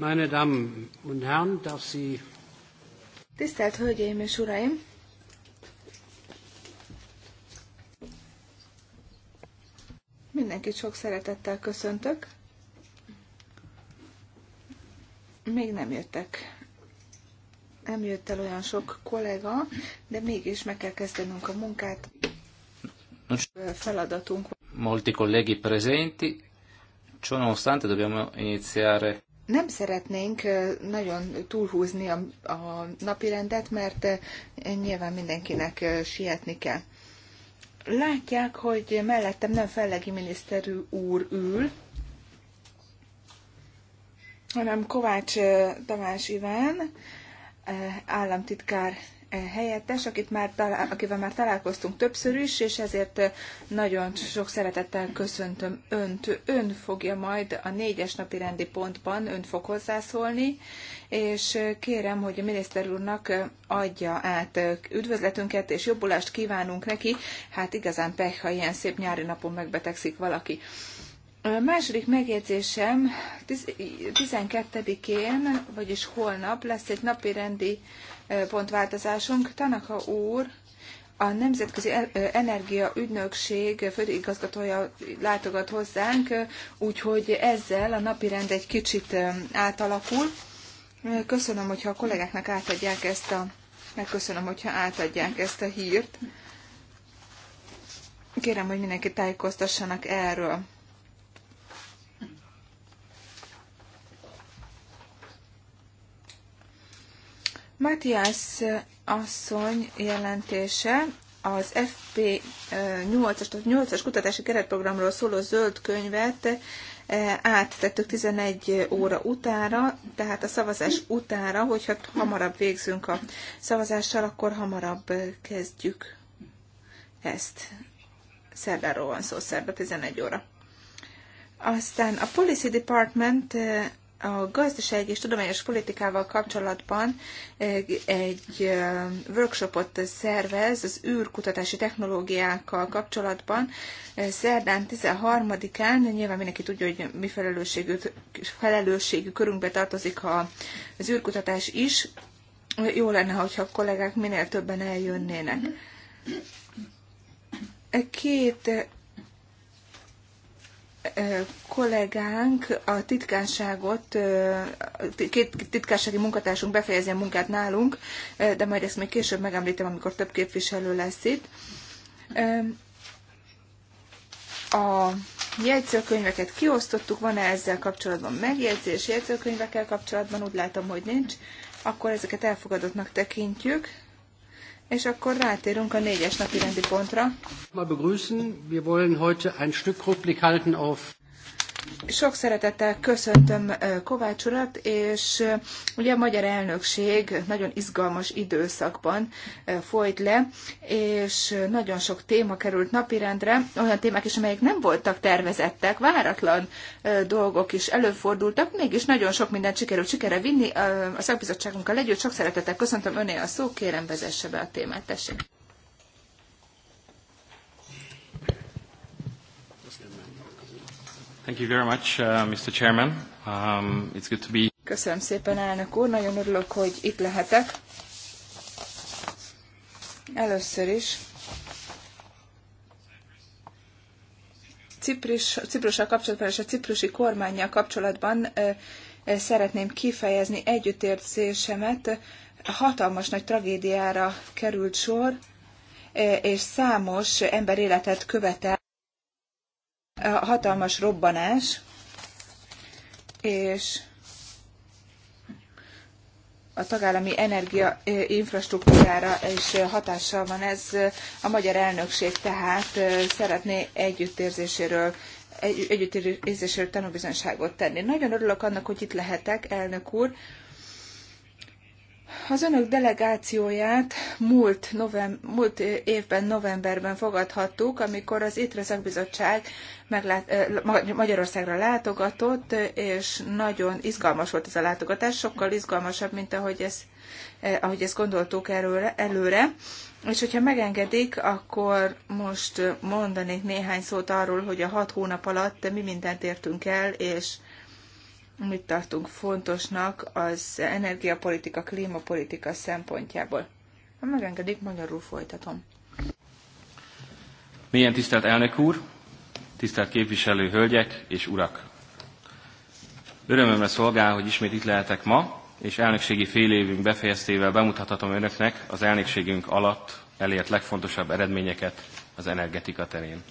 Meine Damen und Herren, darf Sie... Tisztelt Hölgyeim és Uraim! Mindenkit sok szeretettel köszöntök. Még nem jöttek. Nem jött el olyan sok kollega, de mégis meg kell kezdenünk a munkát. Feladatunk. Molti colleghi presenti, ciò nonostante dobbiamo iniziare nem szeretnénk nagyon túlhúzni a, a napirendet, mert nyilván mindenkinek sietni kell. Látják, hogy mellettem nem fellegi miniszterű úr ül, hanem Kovács Tamás Iván, államtitkár helyettes, akit már talál, akivel már találkoztunk többször is, és ezért eh, nagyon sok szeretettel köszöntöm önt. Ön fogja majd a négyes napi rendi pontban, ön fog hozzászólni, és eh, kérem, hogy a miniszter úrnak eh, adja át üdvözletünket, és jobbulást kívánunk neki. Hát igazán pech, ha ilyen szép nyári napon megbetegszik valaki. A második megjegyzésem 12-én, vagyis holnap lesz egy napi rendi pontváltozásunk. Tanaka úr a Nemzetközi Energia Ügynökség főigazgatója látogat hozzánk, úgyhogy ezzel a napirend egy kicsit átalakul. Köszönöm, hogyha a kollégáknak átadják ezt a, megköszönöm, hogyha átadják ezt a hírt. Kérem, hogy mindenki tájékoztassanak erről. Matthias eh, asszony jelentése az FP 8-as, 8-as kutatási keretprogramról szóló zöld könyvet eh, áttettük 11 óra utára, tehát a szavazás utára, hogyha hamarabb végzünk a szavazással, akkor hamarabb eh, kezdjük ezt. Szerdáról van szó, szerda 11 óra. Aztán a Policy Department a gazdasági és tudományos politikával kapcsolatban eh, egy eh, workshopot szervez az űrkutatási technológiákkal kapcsolatban. Eh, szerdán 13-án, de nyilván mindenki tudja, hogy mi felelősségű, felelősségű körünkbe tartozik a az űrkutatás is. Jó lenne, hogyha a kollégák minél többen eljönnének. Két kollégánk a titkárságot, két titkársági munkatársunk befejezi a munkát nálunk, de majd ezt még később megemlítem, amikor több képviselő lesz itt. A jegyzőkönyveket kiosztottuk, van-e ezzel kapcsolatban megjegyzés jegyzőkönyvekkel kapcsolatban? Úgy látom, hogy nincs. Akkor ezeket elfogadottnak tekintjük. És akkor rátérünk a négyes napi rendi pontra. Mal begrüßen. Wir wollen heute ein Stück Rückblick halten auf sok szeretettel köszöntöm Kovács urat, és ugye a magyar elnökség nagyon izgalmas időszakban folyt le, és nagyon sok téma került napirendre, olyan témák is, amelyek nem voltak tervezettek, váratlan dolgok is előfordultak, mégis nagyon sok mindent sikerült sikere vinni a szakbizottságunkkal együtt. Sok szeretettel köszöntöm öné a szó, kérem vezesse be a témát, tessék. Thank you very much, uh, Mr. Chairman. Um, it's good to be... Köszönöm szépen, elnök úr. Nagyon örülök, hogy itt lehetek. Először is Ciprus, Ciprussal kapcsolatban és a ciprusi kormányjal kapcsolatban szeretném kifejezni együttérzésemet. Hatalmas nagy tragédiára került sor, és számos ember életet követel hatalmas robbanás, és a tagállami energia eh, infrastruktúrára is eh, hatással van ez. A magyar elnökség tehát eh, szeretné együttérzéséről egy, együttérzéséről tanúbizonyságot tenni. Nagyon örülök annak, hogy itt lehetek, elnök úr, az önök delegációját múlt, novemb- múlt évben, novemberben fogadhattuk, amikor az ITRE szakbizottság meglát, Magyarországra látogatott, és nagyon izgalmas volt ez a látogatás, sokkal izgalmasabb, mint ahogy ezt, ahogy ezt gondoltuk előre. előre. És hogyha megengedik, akkor most mondanék néhány szót arról, hogy a hat hónap alatt mi mindent értünk el, és mit tartunk fontosnak az energiapolitika, klímapolitika szempontjából. Ha megengedik, magyarul folytatom. Milyen tisztelt elnök úr, tisztelt képviselő hölgyek és urak! Örömömre szolgál, hogy ismét itt lehetek ma, és elnökségi fél évünk befejeztével bemutathatom önöknek az elnökségünk alatt elért legfontosabb eredményeket az energetika terén.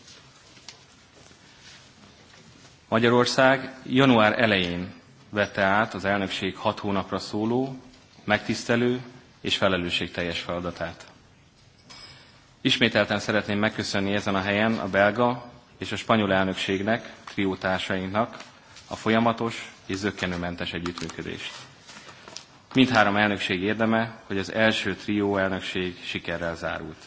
Magyarország január elején vette át az elnökség hat hónapra szóló, megtisztelő és felelősségteljes feladatát. Ismételten szeretném megköszönni ezen a helyen a belga és a spanyol elnökségnek, triótársainknak a folyamatos és zöggenőmentes együttműködést. Mindhárom elnökség érdeme, hogy az első trió elnökség sikerrel zárult.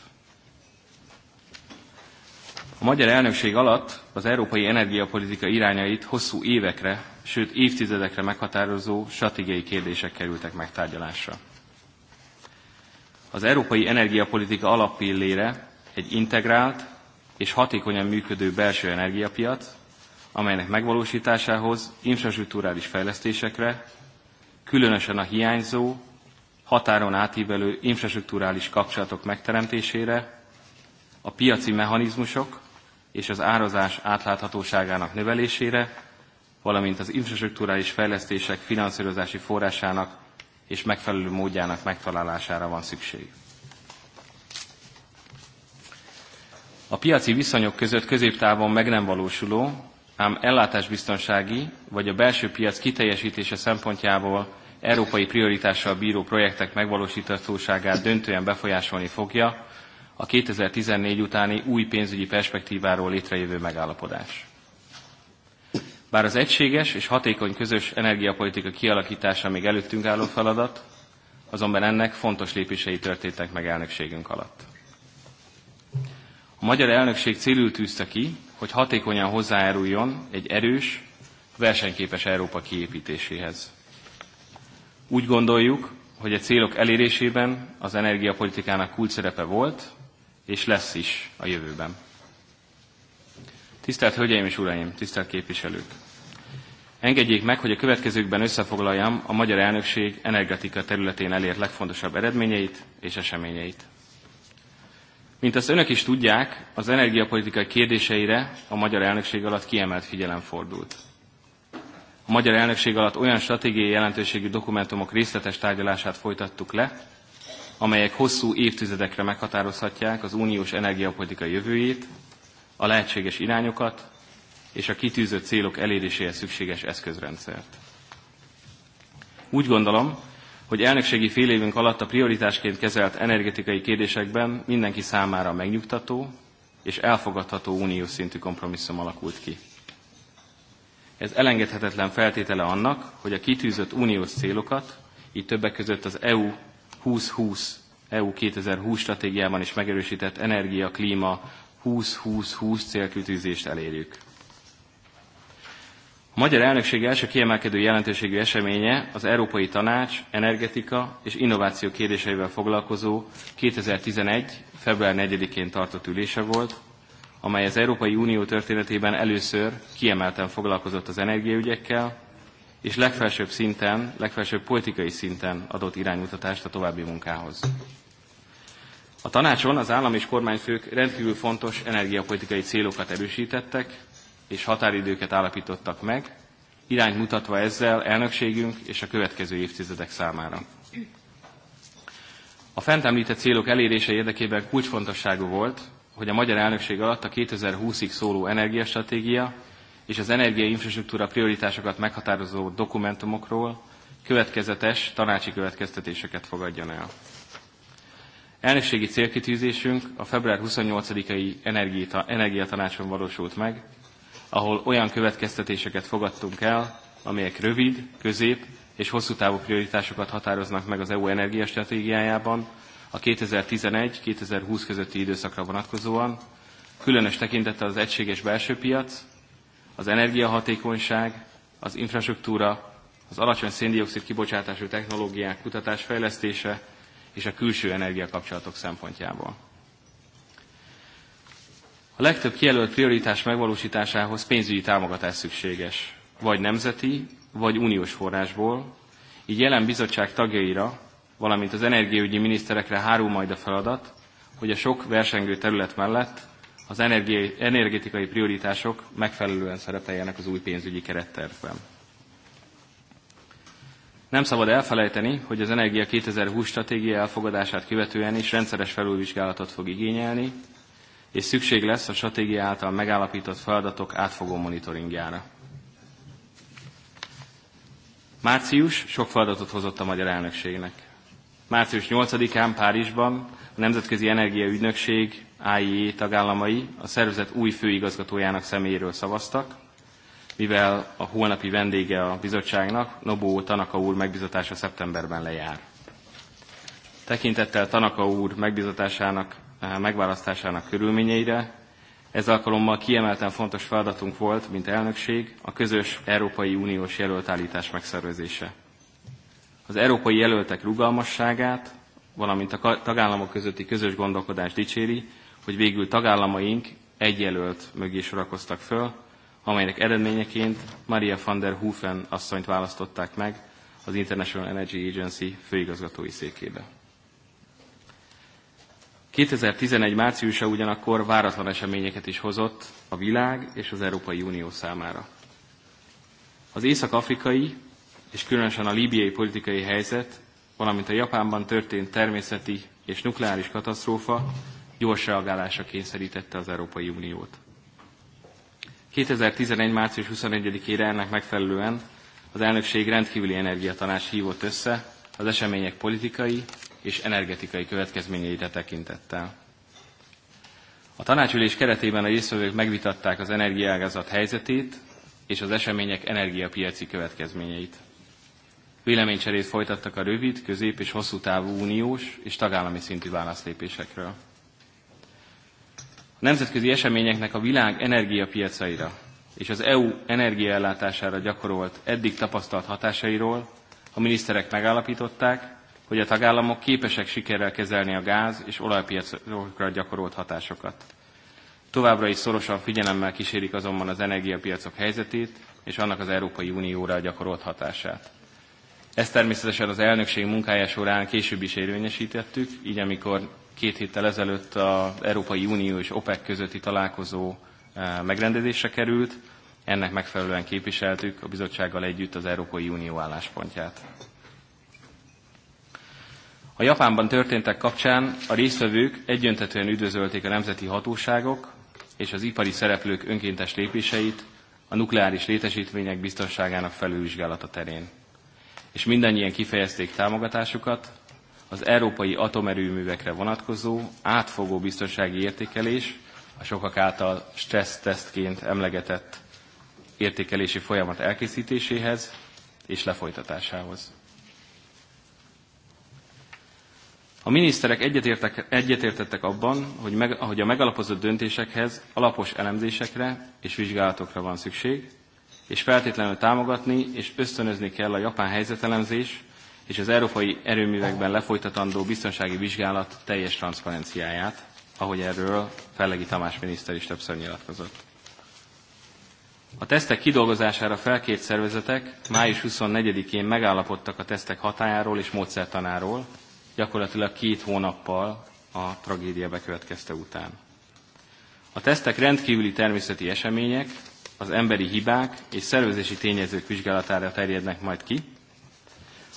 A magyar elnökség alatt az európai energiapolitika irányait hosszú évekre sőt évtizedekre meghatározó stratégiai kérdések kerültek megtárgyalásra. Az európai energiapolitika alappillére egy integrált és hatékonyan működő belső energiapiac, amelynek megvalósításához infrastruktúrális fejlesztésekre, különösen a hiányzó, határon átívelő infrastruktúrális kapcsolatok megteremtésére, a piaci mechanizmusok és az árazás átláthatóságának növelésére, valamint az infrastruktúrális fejlesztések finanszírozási forrásának és megfelelő módjának megtalálására van szükség. A piaci viszonyok között középtávon meg nem valósuló, ám ellátásbiztonsági vagy a belső piac kiteljesítése szempontjából európai prioritással bíró projektek megvalósíthatóságát döntően befolyásolni fogja a 2014 utáni új pénzügyi perspektíváról létrejövő megállapodás. Bár az egységes és hatékony közös energiapolitika kialakítása még előttünk álló feladat, azonban ennek fontos lépései történtek meg elnökségünk alatt. A magyar elnökség célül tűzte ki, hogy hatékonyan hozzájáruljon egy erős, versenyképes Európa kiépítéséhez. Úgy gondoljuk, hogy a célok elérésében az energiapolitikának kulcs szerepe volt, és lesz is a jövőben. Tisztelt Hölgyeim és Uraim, tisztelt képviselők! Engedjék meg, hogy a következőkben összefoglaljam a magyar elnökség energetika területén elért legfontosabb eredményeit és eseményeit. Mint azt önök is tudják, az energiapolitikai kérdéseire a magyar elnökség alatt kiemelt figyelem fordult. A magyar elnökség alatt olyan stratégiai jelentőségű dokumentumok részletes tárgyalását folytattuk le, amelyek hosszú évtizedekre meghatározhatják az uniós energiapolitika jövőjét, a lehetséges irányokat és a kitűzött célok eléréséhez szükséges eszközrendszert. Úgy gondolom, hogy elnökségi fél évünk alatt a prioritásként kezelt energetikai kérdésekben mindenki számára megnyugtató és elfogadható uniós szintű kompromisszum alakult ki. Ez elengedhetetlen feltétele annak, hogy a kitűzött uniós célokat, így többek között az EU 2020 EU 2020 stratégiában is megerősített energia, klíma, 20-20-20 célkütőzést elérjük. A magyar elnökség első kiemelkedő jelentőségű eseménye az Európai Tanács energetika és innováció kérdéseivel foglalkozó 2011. február 4-én tartott ülése volt, amely az Európai Unió történetében először kiemelten foglalkozott az energiaügyekkel, és legfelsőbb szinten, legfelsőbb politikai szinten adott iránymutatást a további munkához. A tanácson az állam és kormányfők rendkívül fontos energiapolitikai célokat erősítettek, és határidőket állapítottak meg, irányt mutatva ezzel elnökségünk és a következő évtizedek számára. A fent említett célok elérése érdekében kulcsfontosságú volt, hogy a magyar elnökség alatt a 2020-ig szóló energiastratégia és az energiainfrastruktúra prioritásokat meghatározó dokumentumokról következetes tanácsi következtetéseket fogadjon el. Elnökségi célkitűzésünk a február 28-ai energiatanácson valósult meg, ahol olyan következtetéseket fogadtunk el, amelyek rövid, közép és hosszú távú prioritásokat határoznak meg az EU energiastratégiájában a 2011-2020 közötti időszakra vonatkozóan, különös tekintettel az egységes belső piac, az energiahatékonyság, az infrastruktúra, az alacsony széndiokszid kibocsátású technológiák kutatás-fejlesztése és a külső energiakapcsolatok szempontjából. A legtöbb kijelölt prioritás megvalósításához pénzügyi támogatás szükséges, vagy nemzeti, vagy uniós forrásból, így jelen bizottság tagjaira, valamint az energiaügyi miniszterekre hárul majd a feladat, hogy a sok versengő terület mellett az energetikai prioritások megfelelően szerepeljenek az új pénzügyi kerettervben. Nem szabad elfelejteni, hogy az Energia 2020 stratégia elfogadását követően is rendszeres felülvizsgálatot fog igényelni, és szükség lesz a stratégia által megállapított feladatok átfogó monitoringjára. Március sok feladatot hozott a magyar elnökségnek. Március 8-án Párizsban a Nemzetközi Ügynökség IEA e tagállamai a szervezet új főigazgatójának személyéről szavaztak, mivel a holnapi vendége a bizottságnak, Nobó Tanaka úr megbizatása szeptemberben lejár. Tekintettel Tanaka úr megbizatásának, eh, megválasztásának körülményeire, ez alkalommal kiemelten fontos feladatunk volt, mint elnökség, a közös Európai Uniós jelöltállítás megszervezése. Az európai jelöltek rugalmasságát, valamint a tagállamok közötti közös gondolkodás dicséri, hogy végül tagállamaink egy jelölt mögé sorakoztak föl, amelynek eredményeként Maria van der Hufen asszonyt választották meg az International Energy Agency főigazgatói székébe. 2011 márciusa ugyanakkor váratlan eseményeket is hozott a világ és az Európai Unió számára. Az észak-afrikai és különösen a líbiai politikai helyzet, valamint a Japánban történt természeti és nukleáris katasztrófa gyors reagálásra kényszerítette az Európai Uniót. 2011. március 21-ére ennek megfelelően az elnökség rendkívüli energiatanács hívott össze az események politikai és energetikai következményeire tekintettel. A tanácsülés keretében a résztvevők megvitatták az energiaágazat helyzetét és az események energiapiaci következményeit. Véleménycserét folytattak a rövid, közép és hosszú távú uniós és tagállami szintű válaszlépésekről. A nemzetközi eseményeknek a világ energiapiacaira és az EU energiaellátására gyakorolt eddig tapasztalt hatásairól a miniszterek megállapították, hogy a tagállamok képesek sikerrel kezelni a gáz és olajpiacokra gyakorolt hatásokat. Továbbra is szorosan figyelemmel kísérik azonban az energiapiacok helyzetét és annak az Európai Unióra gyakorolt hatását. Ezt természetesen az elnökség munkája során később is érvényesítettük, így amikor két héttel ezelőtt az Európai Unió és OPEC közötti találkozó e, megrendezésre került, ennek megfelelően képviseltük a bizottsággal együtt az Európai Unió álláspontját. A Japánban történtek kapcsán a résztvevők egyöntetően üdvözölték a nemzeti hatóságok és az ipari szereplők önkéntes lépéseit a nukleáris létesítmények biztonságának felülvizsgálata terén. És mindannyian kifejezték támogatásukat az európai atomerőművekre vonatkozó átfogó biztonsági értékelés, a sokak által stressztesztként emlegetett értékelési folyamat elkészítéséhez és lefolytatásához. A miniszterek egyetértek, egyetértettek abban, hogy, meg, hogy a megalapozott döntésekhez alapos elemzésekre és vizsgálatokra van szükség, és feltétlenül támogatni és ösztönözni kell a japán helyzetelemzés és az európai erőművekben lefolytatandó biztonsági vizsgálat teljes transzparenciáját, ahogy erről Fellegi Tamás miniszter is többször nyilatkozott. A tesztek kidolgozására felkért szervezetek május 24-én megállapodtak a tesztek hatájáról és módszertanáról, gyakorlatilag két hónappal a tragédia bekövetkezte után. A tesztek rendkívüli természeti események, az emberi hibák és szervezési tényezők vizsgálatára terjednek majd ki,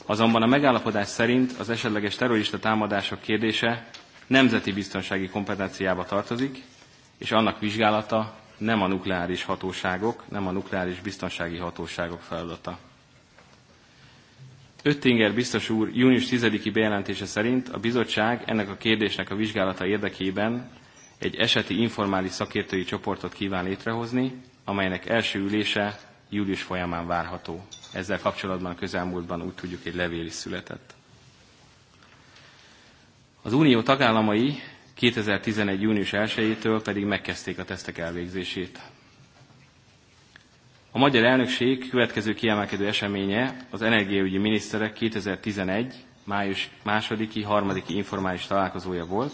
Azonban a megállapodás szerint az esetleges terrorista támadások kérdése nemzeti biztonsági kompetenciába tartozik, és annak vizsgálata nem a nukleáris hatóságok, nem a nukleáris biztonsági hatóságok feladata. Öttinger biztos úr június 10-i bejelentése szerint a bizottság ennek a kérdésnek a vizsgálata érdekében egy eseti informális szakértői csoportot kíván létrehozni, amelynek első ülése július folyamán várható. Ezzel kapcsolatban közelmúltban úgy tudjuk, egy levél is született. Az unió tagállamai 2011. június 1-től pedig megkezdték a tesztek elvégzését. A magyar elnökség következő kiemelkedő eseménye az energiaügyi miniszterek 2011. május 2-i, 3 informális találkozója volt,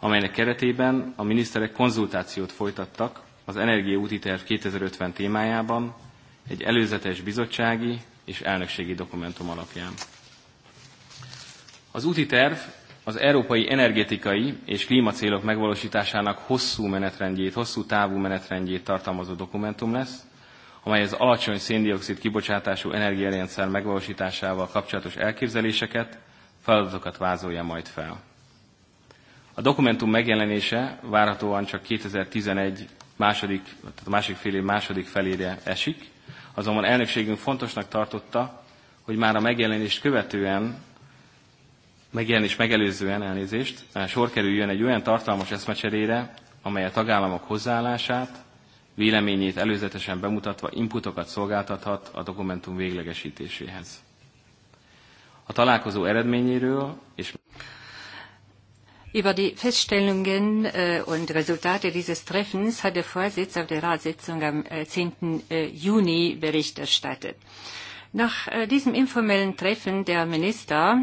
amelynek keretében a miniszterek konzultációt folytattak az Energia úti terv 2050 témájában egy előzetes bizottsági és elnökségi dokumentum alapján. Az úti terv az európai energetikai és klímacélok megvalósításának hosszú menetrendjét, hosszú távú menetrendjét tartalmazó dokumentum lesz, amely az alacsony széndiokszid kibocsátású energiarendszer megvalósításával kapcsolatos elképzeléseket, feladatokat vázolja majd fel. A dokumentum megjelenése várhatóan csak 2011 második, tehát a másik fél év második felére esik, azonban elnökségünk fontosnak tartotta, hogy már a megjelenést követően, megjelenés megelőzően elnézést, sor kerüljön egy olyan tartalmas eszmecserére, amely a tagállamok hozzáállását, véleményét előzetesen bemutatva inputokat szolgáltathat a dokumentum véglegesítéséhez. A találkozó eredményéről és Über die Feststellungen äh, und Resultate dieses Treffens hat der Vorsitz auf der Ratssitzung am 10. Äh, äh, Juni Bericht erstattet. Nach diesem informellen Treffen der Minister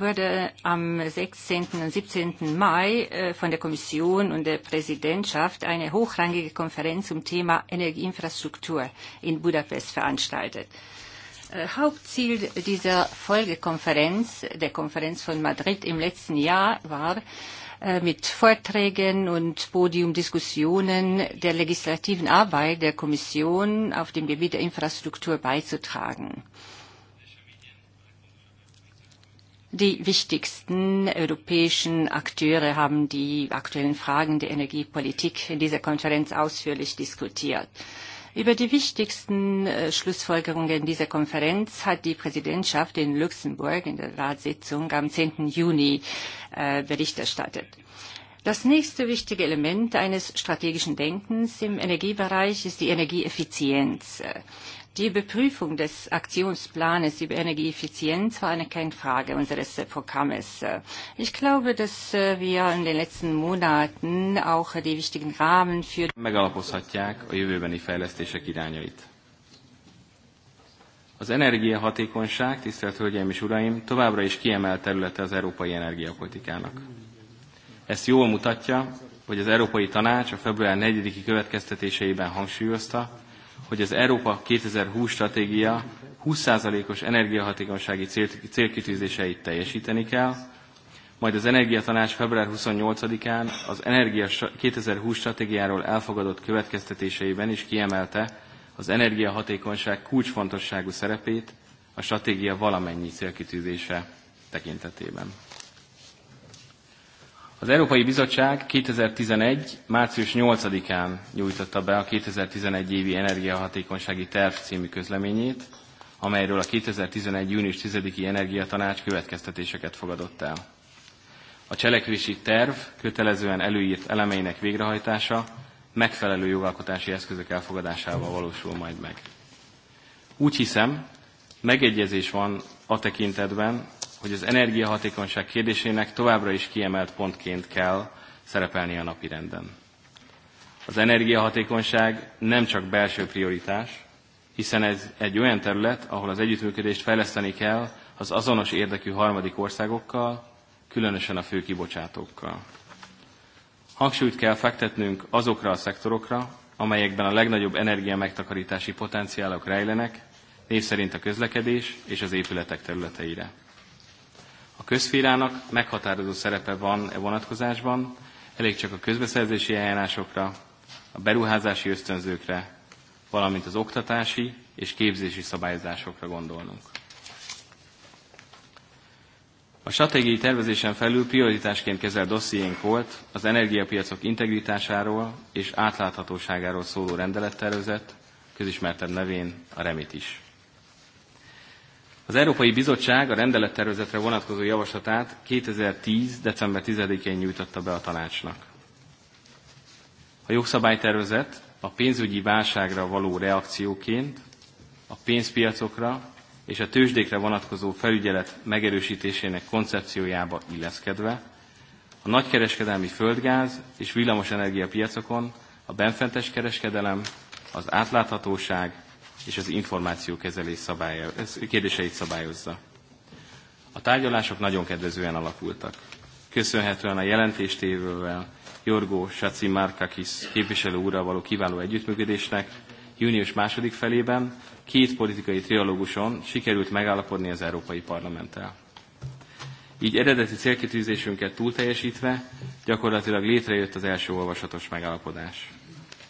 wurde am 16. und 17. Mai von der Kommission und der Präsidentschaft eine hochrangige Konferenz zum Thema Energieinfrastruktur in Budapest veranstaltet. Hauptziel dieser Folgekonferenz, der Konferenz von Madrid im letzten Jahr, war, Äh, mit Vorträgen und Podiumdiskussionen der legislativen Arbeit der Kommission auf dem Gebiet der Infrastruktur beizutragen. Die wichtigsten europäischen Akteure haben die aktuellen Fragen der Energiepolitik in dieser Konferenz ausführlich diskutiert. Über die wichtigsten äh, Schlussfolgerungen dieser Konferenz hat die Präsidentschaft in Luxemburg in der Ratssitzung am 10. Juni äh, Bericht erstattet. Das nächste wichtige Element eines strategischen Denkens im Energiebereich ist die Energieeffizienz. Äh, Die Überprüfung des Aktionsplanes über Energieeffizienz war eine Kernfrage unseres Programmes. Ich glaube, dass äh, wir in den letzten Monaten auch die wichtigen Rahmen für megalapozhatják a jövőbeni fejlesztések irányait. Az energiahatékonyság, tisztelt Hölgyeim és Uraim, továbbra is kiemelt területe az európai energiapolitikának. Ezt jól mutatja, hogy az Európai Tanács a február 4-i következtetéseiben hangsúlyozta, hogy az Európa 2020 stratégia 20%-os energiahatékonysági cél, célkitűzéseit teljesíteni kell, majd az Energiatanács február 28-án az Energia 2020 stratégiáról elfogadott következtetéseiben is kiemelte az energiahatékonyság kulcsfontosságú szerepét a stratégia valamennyi célkitűzése tekintetében. Az Európai Bizottság 2011. március 8-án nyújtotta be a 2011 évi energiahatékonysági terv című közleményét, amelyről a 2011. június 10-i energiatanács következtetéseket fogadott el. A cselekvési terv kötelezően előírt elemeinek végrehajtása megfelelő jogalkotási eszközök elfogadásával valósul majd meg. Úgy hiszem, megegyezés van a tekintetben, hogy az energiahatékonyság kérdésének továbbra is kiemelt pontként kell szerepelni a napirenden. Az energiahatékonyság nem csak belső prioritás, hiszen ez egy olyan terület, ahol az együttműködést fejleszteni kell az azonos érdekű harmadik országokkal, különösen a fő kibocsátókkal. Hangsúlyt kell fektetnünk azokra a szektorokra, amelyekben a legnagyobb energiamegtakarítási potenciálok rejlenek, név szerint a közlekedés és az épületek területeire. A közférának meghatározó szerepe van e vonatkozásban, elég csak a közbeszerzési eljárásokra, a beruházási ösztönzőkre, valamint az oktatási és képzési szabályozásokra gondolnunk. A stratégiai tervezésen felül prioritásként kezel dossziénk volt az energiapiacok integritásáról és átláthatóságáról szóló rendelettervezet, közismertebb nevén a REMIT is. Az Európai Bizottság a rendelettervezetre vonatkozó javaslatát 2010. december 10-én nyújtotta be a tanácsnak. A jogszabálytervezet a pénzügyi válságra való reakcióként a pénzpiacokra és a tőzsdékre vonatkozó felügyelet megerősítésének koncepciójába illeszkedve a nagykereskedelmi földgáz és villamosenergia piacokon a benfentes kereskedelem, az átláthatóság és az információ kezelés szabálya, kérdéseit szabályozza. A tárgyalások nagyon kedvezően alakultak. Köszönhetően a jelentéstévővel, Jorgó Saci Márkakis képviselő úrral való kiváló együttműködésnek június második felében két politikai trialóguson sikerült megállapodni az Európai Parlamenttel. Így eredeti célkitűzésünket túlteljesítve gyakorlatilag létrejött az első olvasatos megállapodás.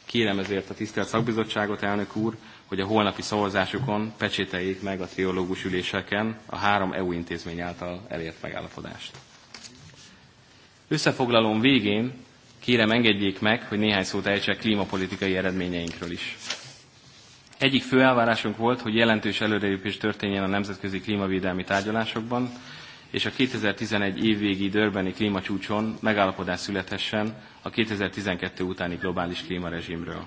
Kérem ezért a tisztelt szakbizottságot, elnök úr, hogy a holnapi szavazásukon pecsételjék meg a triológus üléseken a három EU intézmény által elért megállapodást. Összefoglalom végén kérem engedjék meg, hogy néhány szót ejtsek klímapolitikai eredményeinkről is. Egyik fő elvárásunk volt, hogy jelentős előrelépés történjen a nemzetközi klímavédelmi tárgyalásokban, és a 2011 évvégi Dörbeni klímacsúcson megállapodás születhessen a 2012 utáni globális klímarezsimről.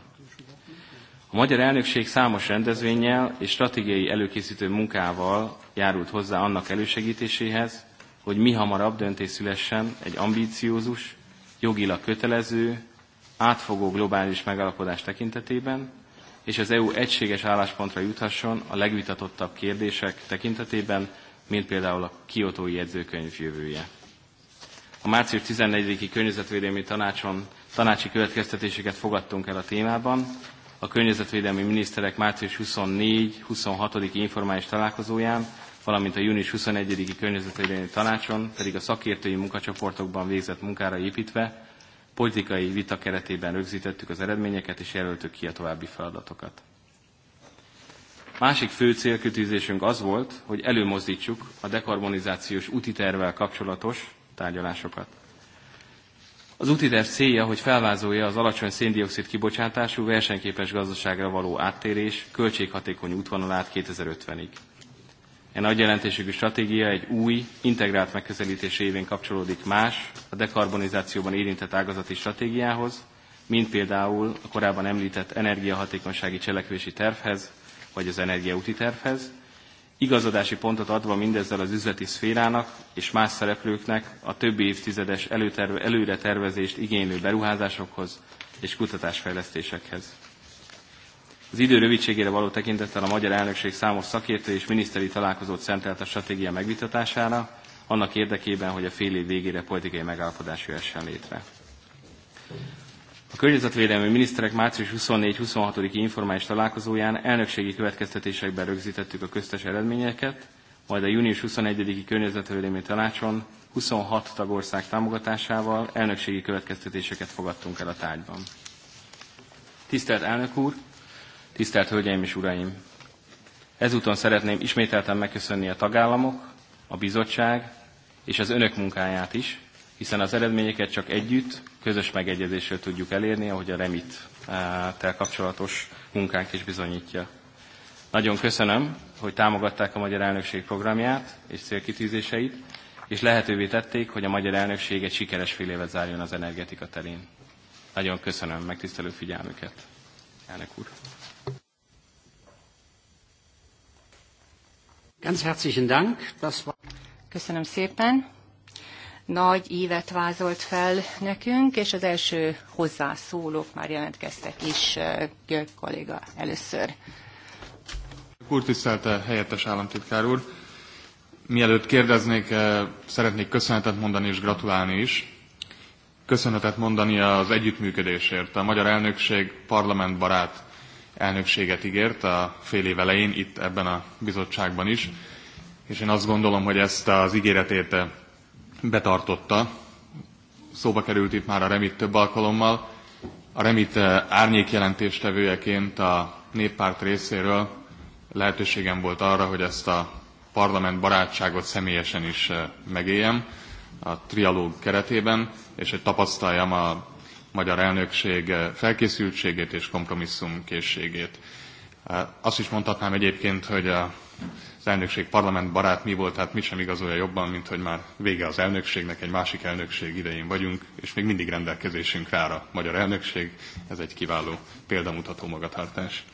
A magyar elnökség számos rendezvényel és stratégiai előkészítő munkával járult hozzá annak elősegítéséhez, hogy mi hamarabb döntés szülessen egy ambíciózus, jogilag kötelező, átfogó globális megalapodás tekintetében, és az EU egységes álláspontra juthasson a legvitatottabb kérdések tekintetében, mint például a kiotói jegyzőkönyv jövője. A március 14-i környezetvédelmi tanácson tanácsi következtetéseket fogadtunk el a témában, a környezetvédelmi miniszterek március 24-26-i informális találkozóján, valamint a június 21-i környezetvédelmi tanácson, pedig a szakértői munkacsoportokban végzett munkára építve politikai vita keretében rögzítettük az eredményeket és jelöltük ki a további feladatokat. Másik fő célkütőzésünk az volt, hogy előmozdítsuk a dekarbonizációs útitervvel kapcsolatos tárgyalásokat. Az úti terv célja, hogy felvázolja az alacsony széndiokszid kibocsátású versenyképes gazdaságra való áttérés költséghatékony útvonalát 2050-ig. E nagy jelentőségű stratégia egy új, integrált megközelítés révén kapcsolódik más, a dekarbonizációban érintett ágazati stratégiához, mint például a korábban említett energiahatékonysági cselekvési tervhez, vagy az energiaúti tervhez, igazodási pontot adva mindezzel az üzleti szférának és más szereplőknek a többi évtizedes előterve, előre tervezést igénylő beruházásokhoz és kutatásfejlesztésekhez. Az idő rövidségére való tekintettel a magyar elnökség számos szakértő és miniszteri találkozót szentelt a stratégia megvitatására, annak érdekében, hogy a fél év végére politikai megállapodás jöhessen létre. A környezetvédelmi miniszterek március 24-26-i informális találkozóján elnökségi következtetésekben rögzítettük a köztes eredményeket, majd a június 21-i környezetvédelmi tanácson 26 tagország támogatásával elnökségi következtetéseket fogadtunk el a tárgyban. Tisztelt elnök úr, tisztelt hölgyeim és uraim! Ezúton szeretném ismételten megköszönni a tagállamok, a bizottság és az önök munkáját is, hiszen az eredményeket csak együtt, közös megegyezéssel tudjuk elérni, ahogy a Remit-tel kapcsolatos munkánk is bizonyítja. Nagyon köszönöm, hogy támogatták a Magyar Elnökség programját és célkitűzéseit, és lehetővé tették, hogy a Magyar Elnökség egy sikeres fél évet zárjon az energetika terén. Nagyon köszönöm megtisztelő figyelmüket, elnök úr. Köszönöm szépen nagy ívet vázolt fel nekünk, és az első hozzászólók már jelentkeztek is, eh, Görg kolléga először. Úr tisztelt eh, helyettes államtitkár úr! Mielőtt kérdeznék, eh, szeretnék köszönetet mondani és gratulálni is. Köszönetet mondani az együttműködésért. A magyar elnökség parlamentbarát elnökséget ígért a fél év elején, itt ebben a bizottságban is, és én azt gondolom, hogy ezt az ígéretét betartotta. Szóba került itt már a remit több alkalommal. A remit eh, árnyékjelentéstevőjeként a néppárt részéről lehetőségem volt arra, hogy ezt a parlament barátságot személyesen is eh, megéljem a trialóg keretében, és hogy tapasztaljam a magyar elnökség eh, felkészültségét és kompromisszumkészségét. Azt is mondhatnám egyébként, hogy a az elnökség parlament barát mi volt, hát mi sem igazolja jobban, mint hogy már vége az elnökségnek, egy másik elnökség idején vagyunk, és még mindig rendelkezésünk rá a magyar elnökség. Ez egy kiváló példamutató magatartás.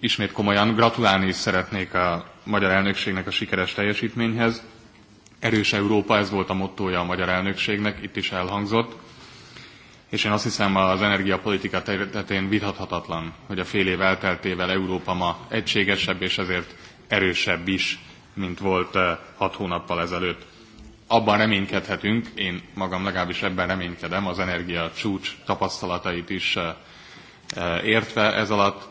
Ismét komolyan gratulálni is szeretnék a magyar elnökségnek a sikeres teljesítményhez. Erős Európa, ez volt a mottója a magyar elnökségnek, itt is elhangzott és én azt hiszem az energiapolitika területén vitathatatlan, hogy a fél év elteltével Európa ma egységesebb és ezért erősebb is, mint volt hat hónappal ezelőtt. Abban reménykedhetünk, én magam legalábbis ebben reménykedem, az energia csúcs tapasztalatait is értve ez alatt,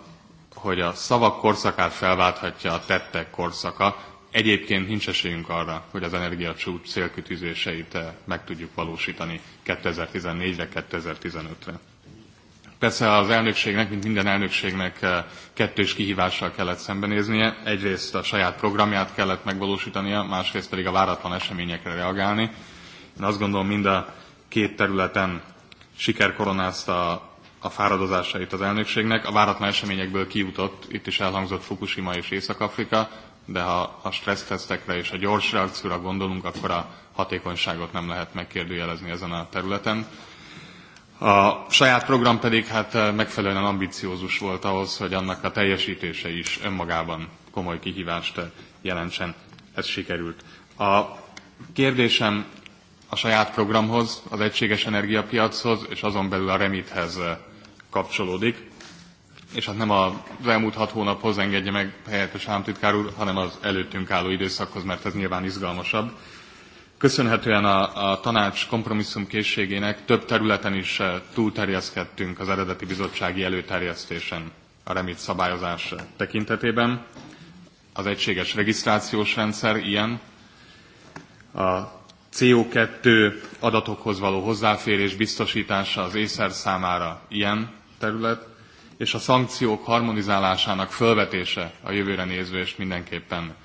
hogy a szavak korszakát felválthatja a tettek korszaka, Egyébként nincs esélyünk arra, hogy az energiacsúcs célkütűzéseit eh, meg tudjuk valósítani 2014-re, 2015-re. Persze az elnökségnek, mint minden elnökségnek eh, kettős kihívással kellett szembenéznie. Egyrészt a saját programját kellett megvalósítania, másrészt pedig a váratlan eseményekre reagálni. Én azt gondolom, mind a két területen siker koronázta a fáradozásait az elnökségnek. A váratlan eseményekből kijutott, itt is elhangzott Fukushima és Észak-Afrika, de ha a stressztesztekre és a gyors reakcióra gondolunk, akkor a hatékonyságot nem lehet megkérdőjelezni ezen a területen. A saját program pedig hát megfelelően ambiciózus volt ahhoz, hogy annak a teljesítése is önmagában komoly kihívást jelentsen. Ez sikerült. A kérdésem a saját programhoz, az egységes energiapiachoz és azon belül a remithez kapcsolódik és hát nem a elmúlt hat hónaphoz engedje meg helyettes államtitkár úr, hanem az előttünk álló időszakhoz, mert ez nyilván izgalmasabb. Köszönhetően a, a tanács kompromisszum készségének több területen is eh, túlterjeszkedtünk az eredeti bizottsági előterjesztésen a remit szabályozás tekintetében. Az egységes regisztrációs rendszer ilyen, a CO2 adatokhoz való hozzáférés biztosítása az észer számára ilyen terület, és a szankciók harmonizálásának fölvetése a jövőre és mindenképpen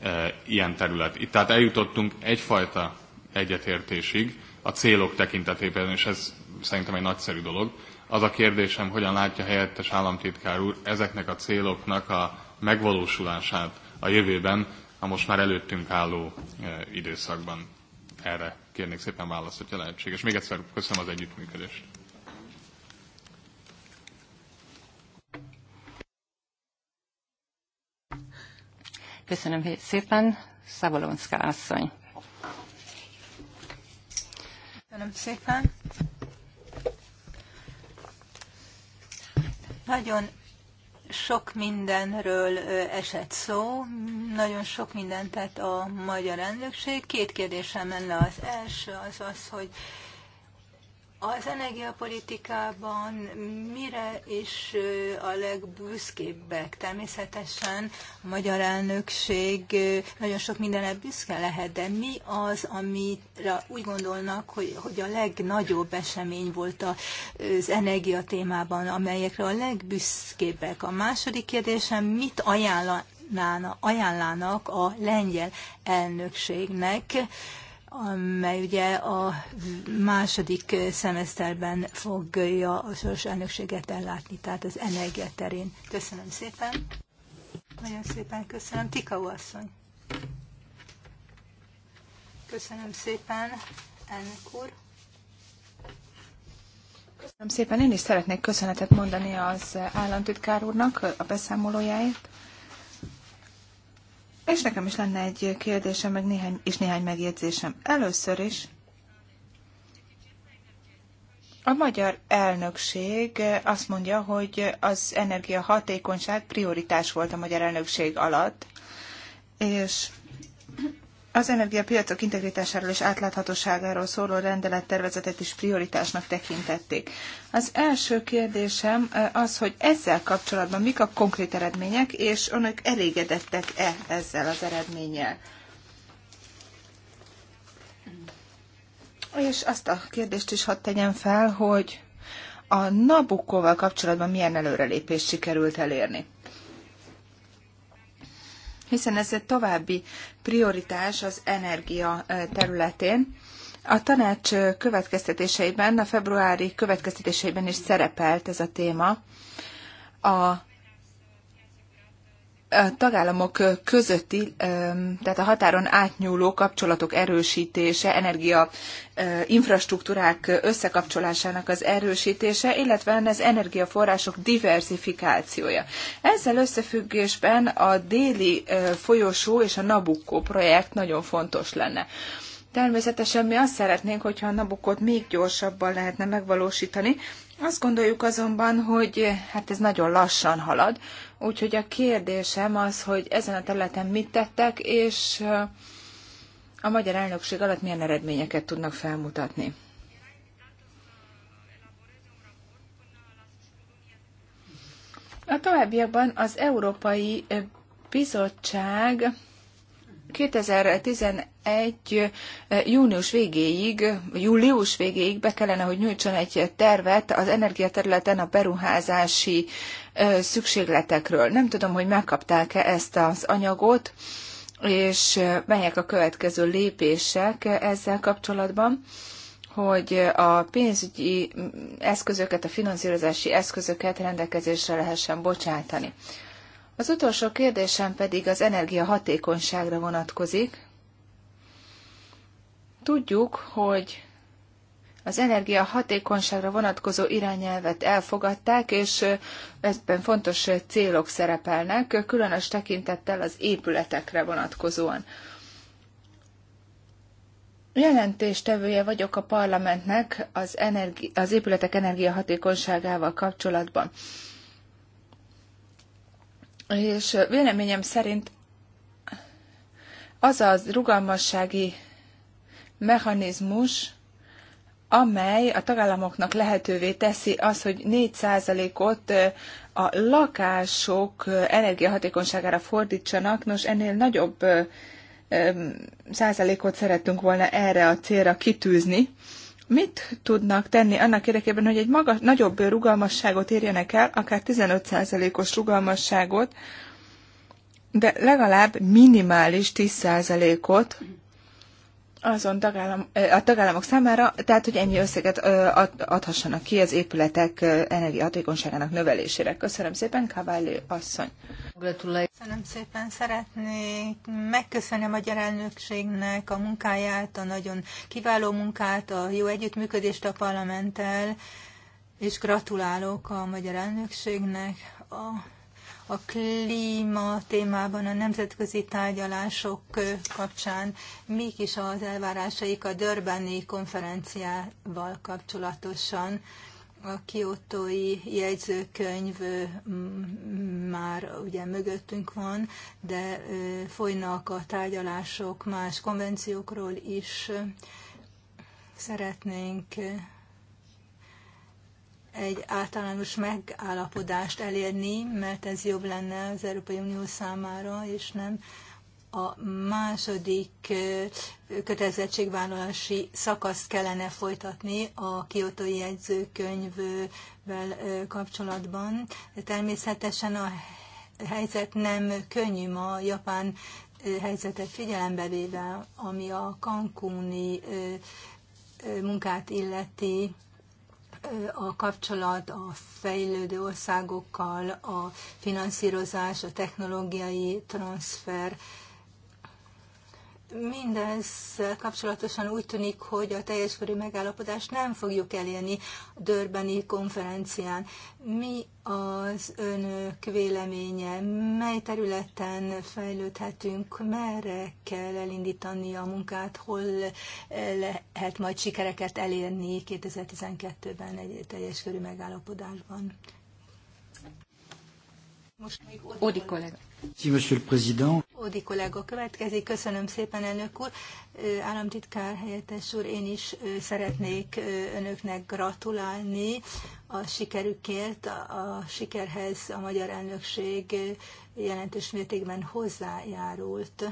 e, ilyen terület. Itt tehát eljutottunk egyfajta egyetértésig a célok tekintetében, és ez szerintem egy nagyszerű dolog. Az a kérdésem, hogyan látja helyettes államtitkár úr ezeknek a céloknak a megvalósulását a jövőben, a most már előttünk álló e, időszakban. Erre kérnék szépen választ, hogyha lehetséges. Még egyszer köszönöm az együttműködést. Köszönöm szépen, Szabolonszka asszony. Köszönöm szépen. Nagyon sok mindenről esett szó, nagyon sok mindent tett a magyar elnökség. Két kérdésem lenne. Az első az az, hogy az energiapolitikában mire is a legbüszkébbek? Természetesen a magyar elnökség nagyon sok mindenre büszke lehet, de mi az, amire úgy gondolnak, hogy, hogy a legnagyobb esemény volt az energia témában, amelyekre a legbüszkébbek? A második kérdésem, mit ajánlanának, ajánlának a lengyel elnökségnek? amely ugye a második szemeszterben fogja a soros elnökséget ellátni, tehát az energia terén. Köszönöm szépen. Nagyon szépen köszönöm. Tika asszony. Köszönöm szépen, elnök úr. Köszönöm szépen. Én is szeretnék köszönetet mondani az államtitkár úrnak a beszámolójáért. És nekem is lenne egy kérdésem, meg néhány, és néhány megjegyzésem. Először is a magyar elnökség azt mondja, hogy az energiahatékonyság prioritás volt a magyar elnökség alatt, és az energiapiacok integritásáról és átláthatóságáról szóló rendelettervezetet is prioritásnak tekintették. Az első kérdésem az, hogy ezzel kapcsolatban mik a konkrét eredmények, és önök elégedettek-e ezzel az eredménnyel? És azt a kérdést is hadd tegyem fel, hogy a Nabukkóval kapcsolatban milyen előrelépést sikerült elérni hiszen ez egy további prioritás az energia területén. A tanács következtetéseiben, a februári következtetéseiben is szerepelt ez a téma. A a tagállamok közötti, tehát a határon átnyúló kapcsolatok erősítése, energia infrastruktúrák összekapcsolásának az erősítése, illetve az energiaforrások diversifikációja. Ezzel összefüggésben a déli folyosó és a Nabucco projekt nagyon fontos lenne. Természetesen mi azt szeretnénk, hogyha a Nabukot még gyorsabban lehetne megvalósítani. Azt gondoljuk azonban, hogy hát ez nagyon lassan halad. Úgyhogy a kérdésem az, hogy ezen a területen mit tettek, és a magyar elnökség alatt milyen eredményeket tudnak felmutatni. A továbbiakban az Európai Bizottság 2011 eh, június végéig, július végéig be kellene, hogy nyújtson egy tervet az energiaterületen a beruházási eh, szükségletekről. Nem tudom, hogy megkapták-e ezt az anyagot, és eh, melyek a következő lépések ezzel kapcsolatban hogy a pénzügyi eszközöket, a finanszírozási eszközöket rendelkezésre lehessen bocsátani. Az utolsó kérdésem pedig az energiahatékonyságra vonatkozik. Tudjuk, hogy az energiahatékonyságra vonatkozó irányelvet elfogadták, és ebben fontos célok szerepelnek, különös tekintettel az épületekre vonatkozóan. Jelentéstevője vagyok a parlamentnek az, energi- az épületek energiahatékonyságával kapcsolatban. És véleményem szerint az az rugalmassági mechanizmus, amely a tagállamoknak lehetővé teszi az, hogy 4%-ot a lakások energiahatékonyságára fordítsanak. Nos, ennél nagyobb százalékot szerettünk volna erre a célra kitűzni. Mit tudnak tenni annak érdekében, hogy egy magas, nagyobb rugalmasságot érjenek el, akár 15%-os rugalmasságot, de legalább minimális 10%-ot azon tagállam, a tagállamok számára, tehát hogy ennyi összeget adhassanak ki az épületek energiahatékonyságának növelésére. Köszönöm szépen, Kavályi asszony. Köszönöm szépen, szeretnék megköszönni a magyar elnökségnek a munkáját, a nagyon kiváló munkát, a jó együttműködést a parlamenttel, és gratulálok a magyar elnökségnek a a klíma témában, a nemzetközi tárgyalások kapcsán, mik is az elvárásaik a Dörbeni konferenciával kapcsolatosan. A kiotói jegyzőkönyv mm, már ugye mögöttünk van, de folynak a tárgyalások más konvenciókról is. Szeretnénk egy általános megállapodást elérni, mert ez jobb lenne az Európai Unió számára, és nem a második kötelezettségvállalási szakaszt kellene folytatni a kiotói jegyzőkönyvvel kapcsolatban. De természetesen a helyzet nem könnyű ma Japán helyzetet figyelembe véve, ami a kankúni munkát illeti, a kapcsolat a fejlődő országokkal, a finanszírozás, a technológiai transfer Mindez kapcsolatosan úgy tűnik, hogy a teljes körű megállapodást nem fogjuk elérni a Dörbeni konferencián. Mi az önök véleménye? Mely területen fejlődhetünk? Merre kell elindítani a munkát? Hol lehet majd sikereket elérni 2012-ben egy teljes körű megállapodásban? Most még Odi kollega. Ódi kollega következik. Köszönöm szépen, elnök úr. Államtitkár helyettes úr, én is szeretnék önöknek gratulálni a sikerükért, a sikerhez a magyar elnökség jelentős mértékben hozzájárult.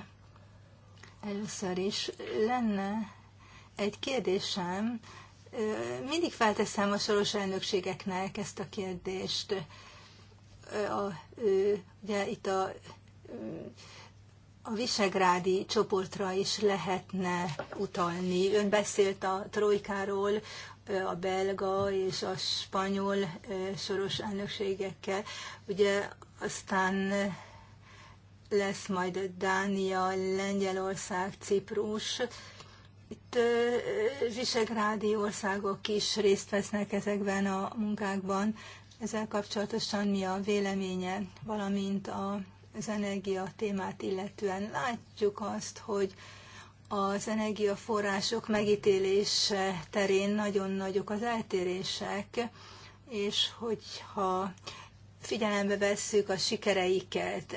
Először is lenne egy kérdésem. Mindig felteszem a soros elnökségeknek ezt a kérdést a, ugye itt a, a visegrádi csoportra is lehetne utalni. Ön beszélt a trojkáról, a belga és a spanyol soros elnökségekkel. Ugye aztán lesz majd Dánia, Lengyelország, Ciprus. Itt visegrádi országok is részt vesznek ezekben a munkákban ezzel kapcsolatosan mi a véleménye, valamint a, az energia témát illetően. Látjuk azt, hogy az energiaforrások megítélése terén nagyon nagyok az eltérések, és hogyha figyelembe vesszük a sikereiket,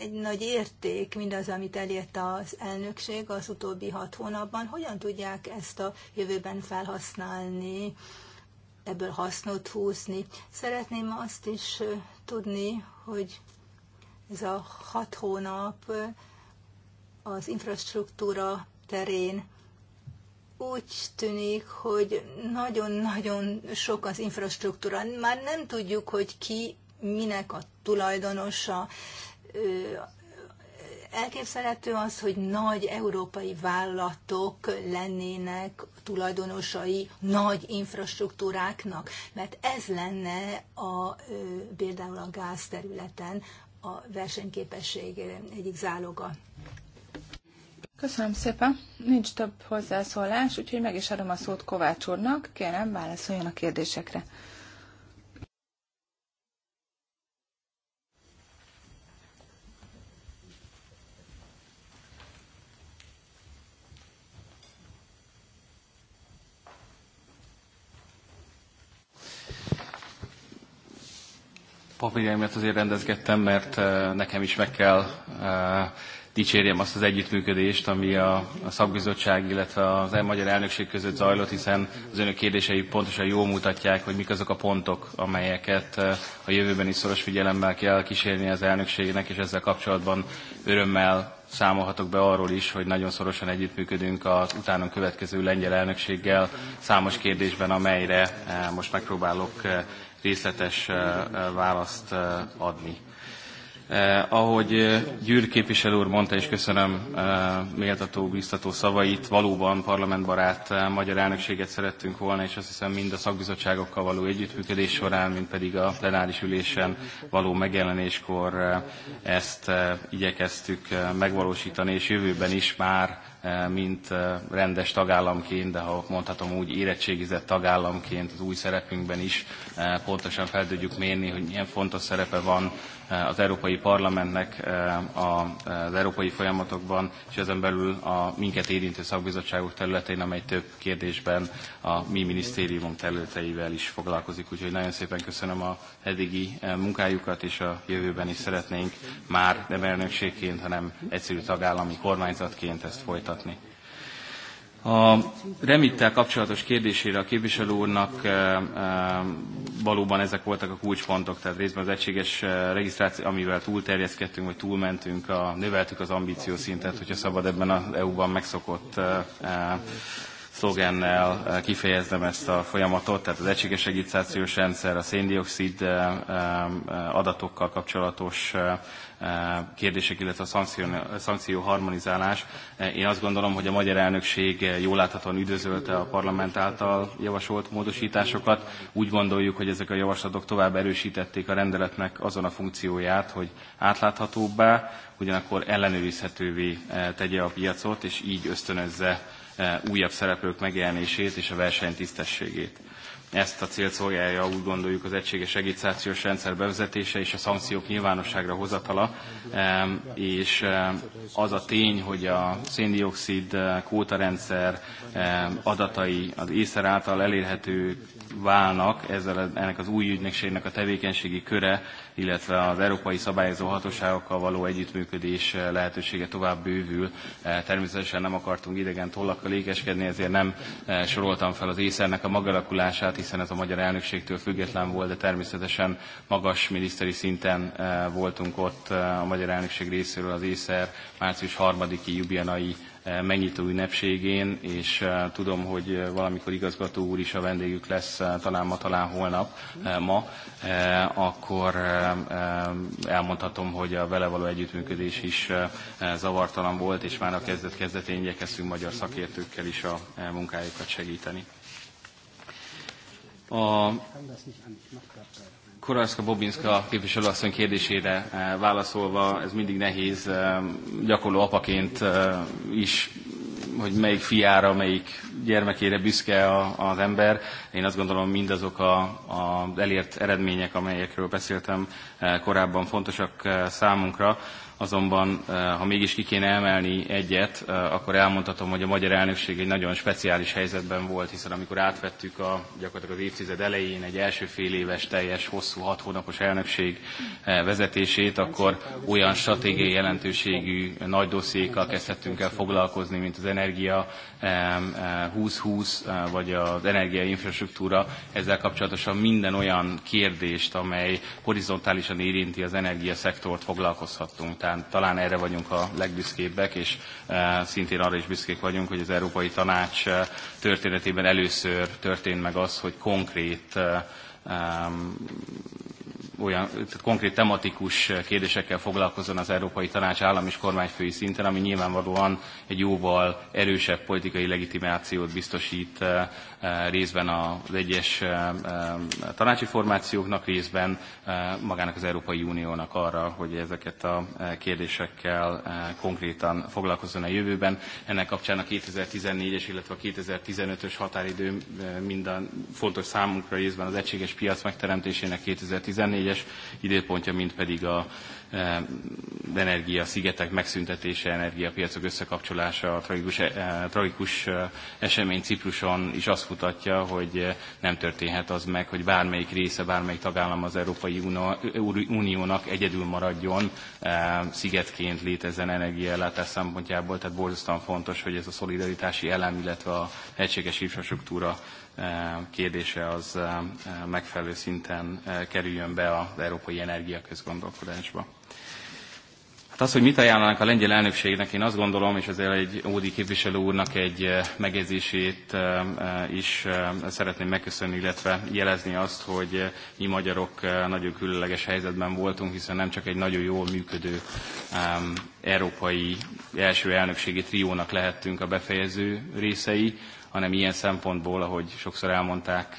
egy nagy érték mindaz, amit elért az elnökség az utóbbi hat hónapban, hogyan tudják ezt a jövőben felhasználni ebből hasznot húzni. Szeretném azt is tudni, hogy ez a hat hónap az infrastruktúra terén úgy tűnik, hogy nagyon-nagyon sok az infrastruktúra. Már nem tudjuk, hogy ki minek a tulajdonosa, Elképzelhető az, hogy nagy európai vállalatok lennének tulajdonosai nagy infrastruktúráknak, mert ez lenne a, például a gáz területen a versenyképesség egyik záloga. Köszönöm szépen. Nincs több hozzászólás, úgyhogy meg is adom a szót Kovács úrnak. Kérem, válaszoljon a kérdésekre. papírjaimat azért rendezgettem, mert eh, nekem is meg kell eh, dicsérjem azt az együttműködést, ami a, a szakbizottság, illetve az e- magyar elnökség között zajlott, hiszen az önök kérdései pontosan jól mutatják, hogy mik azok a pontok, amelyeket eh, a jövőben is szoros figyelemmel kell kísérni az elnökségnek, és ezzel kapcsolatban örömmel számolhatok be arról is, hogy nagyon szorosan együttműködünk az utána következő lengyel elnökséggel számos kérdésben, amelyre most megpróbálok részletes eh, eh, választ eh, adni. Eh, ahogy Gyűr képviselő úr mondta, és köszönöm eh, méltató, biztató szavait, valóban parlamentbarát eh, magyar elnökséget szerettünk volna, és azt hiszem mind a szakbizottságokkal való együttműködés során, mint pedig a plenáris ülésen való megjelenéskor eh, ezt eh, igyekeztük eh, megvalósítani, és jövőben is már Eh, mint eh, rendes tagállamként, de ha mondhatom úgy érettségizett tagállamként az új szerepünkben is eh, pontosan fel tudjuk mérni, hogy milyen fontos szerepe van Eh, az Európai Parlamentnek eh, az európai folyamatokban, és ezen belül a minket érintő szakbizottságok területén, amely több kérdésben a mi minisztériumunk területeivel is foglalkozik. Úgyhogy nagyon szépen köszönöm a eddigi eh, munkájukat, és a jövőben is szeretnénk már nem elnökségként, hanem egyszerű tagállami kormányzatként ezt folytatni. A remittel kapcsolatos kérdésére a képviselő úrnak eh, eh, valóban ezek voltak a kulcspontok, tehát részben az egységes eh, regisztráció, amivel túlterjeszkedtünk, vagy túlmentünk, a, növeltük az ambíciószintet, hogyha szabad ebben az EU-ban megszokott szlogennel eh, kifejeznem ezt a folyamatot, tehát az egységes regisztrációs rendszer, a széndiokszid eh, eh, adatokkal kapcsolatos kérdések, illetve a szankció, szankció harmonizálás. Én azt gondolom, hogy a magyar elnökség jól láthatóan üdvözölte a parlament által javasolt módosításokat. Úgy gondoljuk, hogy ezek a javaslatok tovább erősítették a rendeletnek azon a funkcióját, hogy átláthatóbbá, ugyanakkor ellenőrizhetővé tegye a piacot, és így ösztönözze E, újabb szereplők megjelenését és a verseny tisztességét. Ezt a célt szolgálja, úgy gondoljuk, az egységes regisztrációs rendszer bevezetése és a szankciók nyilvánosságra hozatala, e, és e, az a tény, hogy a széndiokszid kótarendszer adatai az észre által elérhető válnak, ezzel ennek az új ügynökségnek a tevékenységi köre illetve az európai szabályozó hatóságokkal való együttműködés eh, lehetősége tovább bővül. Eh, természetesen nem akartunk idegen tollakkal lékeskedni, ezért nem eh, soroltam fel az észernek a magalakulását, hiszen ez a magyar elnökségtől független volt, de természetesen magas miniszteri szinten voltunk ott a magyar elnökség részéről az észer március 3-i jubianai Eh, megnyitó ünnepségén, és eh, tudom, hogy eh, valamikor igazgató úr is a vendégük lesz, talán ma, talán holnap, ma, akkor elmondhatom, hogy a vele való együttműködés is zavartalan volt, és már a kezdet-kezdetén igyekeztünk magyar szakértőkkel is a munkájukat segíteni. A Korajszka Bobinska képviselőasszony kérdésére eh, válaszolva, ez mindig nehéz eh, gyakorló apaként eh, is, hogy melyik fiára, melyik gyermekére büszke az ember. Én azt gondolom, mindazok az elért eredmények, amelyekről beszéltem korábban fontosak számunkra azonban eh, ha mégis ki kéne emelni egyet, eh, akkor elmondhatom, hogy a magyar elnökség egy nagyon speciális helyzetben volt, hiszen amikor átvettük a, gyakorlatilag az évtized elején egy első fél éves teljes, hosszú, hat hónapos elnökség eh, vezetését, akkor olyan stratégiai jelentőségű nagy dossziékkal kezdhettünk el foglalkozni, mint az energia 2020, vagy az infrastruktúra, ezzel kapcsolatosan minden olyan kérdést, amely horizontálisan érinti az energiaszektort foglalkozhattunk. Tehát talán, talán erre vagyunk a legbüszkébbek, és e, szintén arra is büszkék vagyunk, hogy az Európai Tanács e, történetében először történt meg az, hogy konkrét e, olyan tehát konkrét tematikus kérdésekkel foglalkozzon az Európai Tanács állam és kormányfői szinten, ami nyilvánvalóan egy jóval erősebb politikai legitimációt biztosít részben az egyes tanácsi formációknak, részben magának az Európai Uniónak arra, hogy ezeket a kérdésekkel konkrétan foglalkozzon a jövőben. Ennek kapcsán a 2014-es, illetve a 2015-ös határidő minden fontos számunkra részben az egységes piac megteremtésének 2014-es időpontja, mint pedig a Eh, energia szigetek megszüntetése, energiapiacok összekapcsolása, a tragikus, eh, tragikus eh, esemény Cipruson is azt mutatja, hogy nem történhet az meg, hogy bármelyik része, bármelyik tagállam az Európai Uniónak egyedül maradjon, szigetként létezzen energiaellátás szempontjából, tehát borzasztóan fontos, hogy ez a szolidaritási elem, illetve a egységes infrastruktúra kérdése az megfelelő szinten kerüljön be az európai energiaközgondolkodásba. Hát az, hogy mit ajánlanak a lengyel elnökségnek, én azt gondolom, és ezzel egy Ódi képviselő úrnak egy eh, megjegyzését eh, eh, is szeretném megköszönni, illetve jelezni azt, hogy mi magyarok nagyon különleges helyzetben voltunk, hiszen nem csak egy nagyon jól működő európai első elnökségi triónak lehettünk a befejező részei, hanem ilyen szempontból, ahogy sokszor elmondták,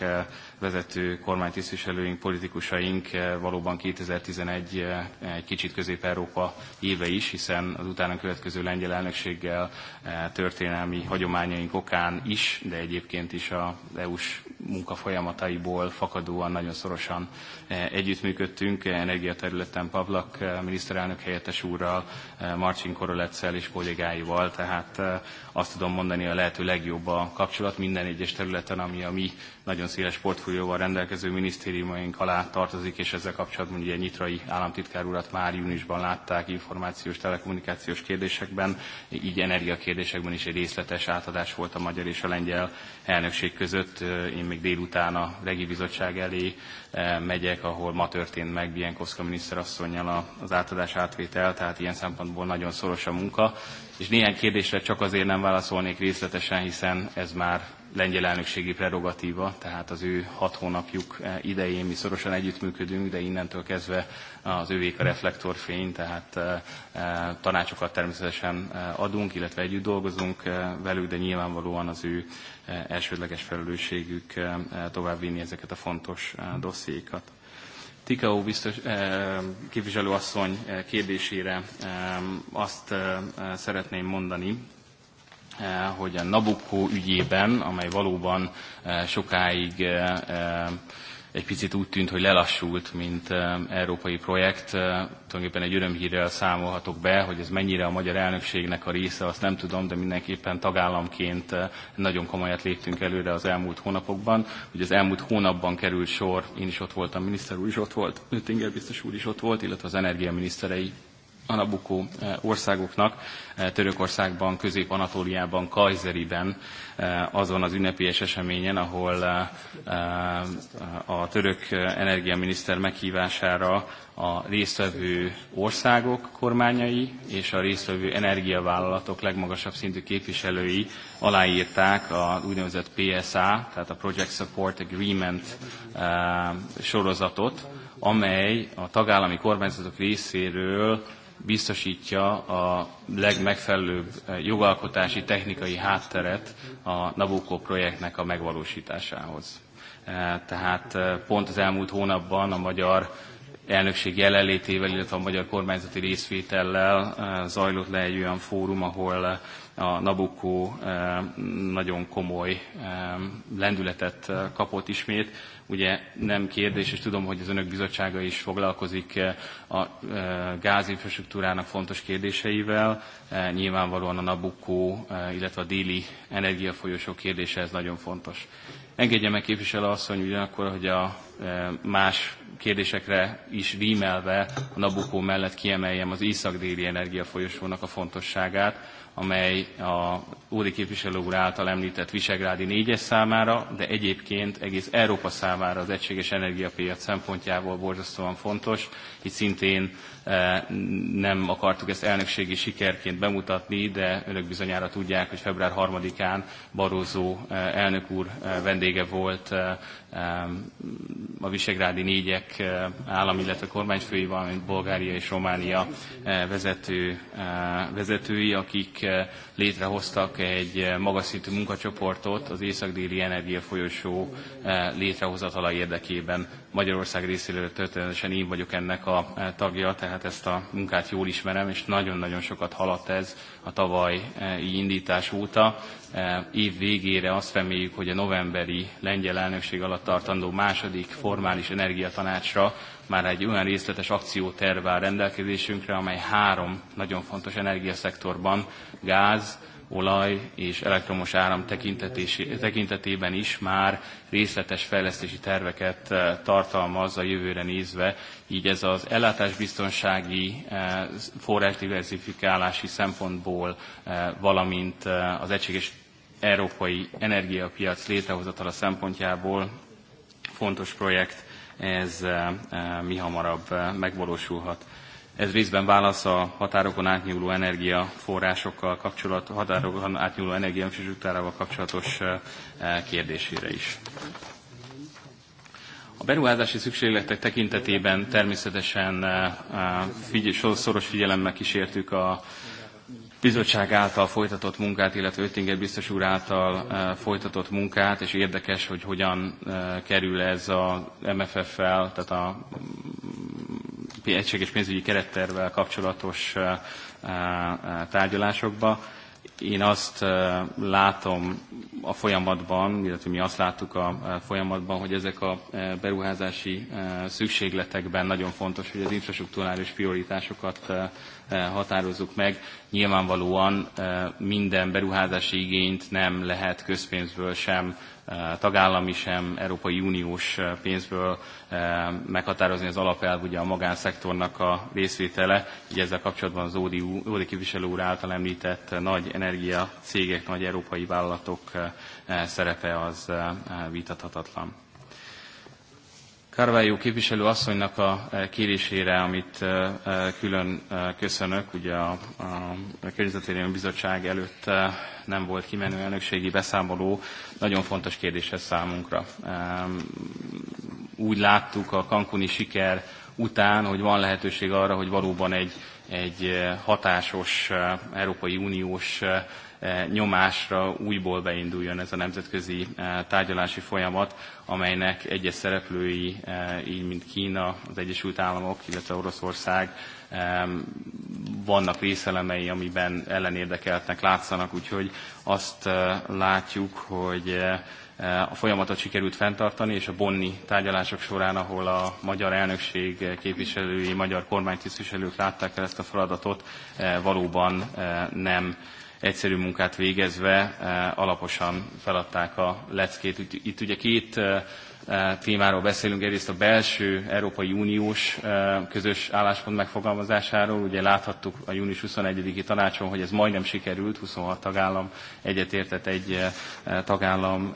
vezető kormánytisztviselőink, politikusaink eh, valóban 2011 eh, egy kicsit Közép-Európa éve is, hiszen az utána következő lengyel elnökséggel eh, történelmi hagyományaink okán is, de egyébként is az EU-s munka folyamataiból fakadóan nagyon szorosan eh, együttműködtünk eh, energiaterületen Pavlak eh, miniszterelnök helyettes úrral, Marcin Koroletszel és kollégáival, tehát azt tudom mondani, a lehető legjobb a kapcsolat minden egyes területen, ami a mi nagyon széles portfólióval rendelkező minisztériumaink alá tartozik, és ezzel kapcsolatban ugye Nyitrai államtitkár urat már júniusban látták információs, telekommunikációs kérdésekben, így energiakérdésekben is egy részletes átadás volt a magyar és a lengyel elnökség között. Én még délután a Regi Bizottság elé eh, megyek, ahol ma történt meg Bienkowska miniszterasszonynal az átadás átvétel, tehát ilyen szempontból nagyon szoros a munka. És néhány kérdésre csak azért nem válaszolnék részletesen, hiszen ez már lengyel elnökségi prerogatíva, tehát az ő hat hónapjuk eh, idején mi szorosan együttműködünk, de innentől kezdve az ővék a reflektorfény, tehát eh, eh, tanácsokat természetesen adunk, illetve együtt dolgozunk velük, de nyilvánvalóan az ő elsődleges felelősségük továbbvinni ezeket a fontos dossziékat. Tikaó biztos képviselőasszony kérdésére azt szeretném mondani, Eh, hogy a Nabucco ügyében, amely valóban eh, sokáig eh, egy picit úgy tűnt, hogy lelassult, mint európai projekt. Tulajdonképpen egy örömhírrel számolhatok be, hogy ez mennyire a magyar elnökségnek a része, azt nem tudom, de mindenképpen tagállamként nagyon komolyat léptünk előre az elmúlt hónapokban. Ugye az elmúlt hónapban került sor, én is ott voltam, miniszter úr is ott volt, Öttinger biztos úr is ott volt, illetve az energiaminiszterei Anabukó eh, országoknak, eh, Törökországban, Közép-Anatóliában, Kajzeriben eh, azon az ünnepélyes eseményen, ahol a török energiaminiszter meghívására a résztvevő országok kormányai és a résztvevő energiavállalatok legmagasabb szintű képviselői aláírták a úgynevezett PSA, tehát a Project Support Agreement sorozatot, amely a tagállami kormányzatok részéről biztosítja a legmegfelelőbb eh, jogalkotási technikai hátteret a Nabucco projektnek a megvalósításához. Eh, tehát eh, pont az elmúlt hónapban a magyar elnökség jelenlétével, illetve a magyar kormányzati részvétellel zajlott le egy olyan fórum, ahol a Nabucco nagyon komoly lendületet kapott ismét ugye nem kérdés, és tudom, hogy az önök bizottsága is foglalkozik eh, a eh, gázinfrastruktúrának fontos kérdéseivel. Eh, nyilvánvalóan a Nabucco, illetve a déli energiafolyosok kérdése ez nagyon fontos. Engedje meg képviselő asszony ugyanakkor, hogy a más kérdésekre is rímelve a Nabucco mellett kiemeljem az észak-déli energiafolyosónak a fontosságát, amely a úri képviselő úr által említett Visegrádi négyes számára, de egyébként egész Európa számára az egységes energiapiac szempontjából borzasztóan fontos, így szintén Eh, nem akartuk ezt elnökségi sikerként bemutatni, de önök bizonyára tudják, hogy február 3-án Barózó eh, elnök úr eh, vendége volt a Visegrádi négyek állam, illetve kormányfői, valamint Bulgária és Románia vezető, vezetői, akik létrehoztak egy magas szintű munkacsoportot az észak-déli energiafolyosó létrehozatala érdekében Magyarország részéről történetesen én vagyok ennek a e, tagja, tehát ezt a munkát jól ismerem, és nagyon-nagyon sokat haladt ez a tavalyi e, indítás óta. E, év végére azt reméljük, hogy a novemberi lengyel elnökség alatt tartandó második formális energiatanácsra már egy olyan részletes akcióterv áll rendelkezésünkre, amely három nagyon fontos energiaszektorban, gáz, olaj és elektromos áram tekintetében is már részletes fejlesztési terveket eh, tartalmaz a jövőre nézve, így ez az ellátásbiztonsági eh, diversifikálási szempontból, eh, valamint az egységes európai energiapiac létrehozatala szempontjából fontos projekt, ez mi hamarabb megvalósulhat. Ez részben válasz a határokon átnyúló energiaforrásokkal kapcsolat, határokon átnyúló energiainfrastruktúrával kapcsolatos kérdésére is. A beruházási szükségletek tekintetében természetesen szoros figyelemmel kísértük a bizottság által folytatott munkát, illetve Öttinger biztos úr által folytatott munkát, és érdekes, hogy hogyan kerül ez a MFF-fel, tehát a egységes pénzügyi kerettervel kapcsolatos tárgyalásokba. Én azt látom a folyamatban, illetve mi azt láttuk a folyamatban, hogy ezek a beruházási szükségletekben nagyon fontos, hogy az infrastruktúrális prioritásokat határozzuk meg. Nyilvánvalóan minden beruházási igényt nem lehet közpénzből sem Eh, tagállami, sem Európai Uniós eh, pénzből eh, meghatározni az alapelv, ugye a magánszektornak a részvétele. Ugye ezzel kapcsolatban az Ódi, Ódi képviselő úr által említett nagy energia cégek, nagy európai vállalatok szerepe az vitathatatlan. Carvalho képviselő asszonynak a e, kérésére, amit e, e, külön köszönök, ugye a, a Környezetvédelmi Bizottság előtt nem volt kimenő elnökségi beszámoló, nagyon fontos kérdés ez számunkra. Úgy láttuk a kankuni siker után, hogy van lehetőség arra, hogy valóban egy, egy hatásos Európai Uniós E, nyomásra újból beinduljon ez a nemzetközi e, tárgyalási folyamat, amelynek egyes szereplői, e, így mint Kína, az Egyesült Államok, illetve Oroszország vannak részelemei, amiben ellenérdekeltnek látszanak, úgyhogy azt látjuk, hogy a folyamatot sikerült fenntartani, és a bonni tárgyalások során, ahol a magyar elnökség képviselői, magyar kormánytisztviselők látták el ezt a feladatot, valóban nem egyszerű munkát végezve eh, alaposan feladták a leckét. Itt ugye két eh, eh, témáról beszélünk, egyrészt a belső Európai Uniós közös álláspont megfogalmazásáról. Ugye láthattuk a június 21-i tanácson, hogy ez majdnem sikerült, 26 tagállam egyetértett, egy tagállam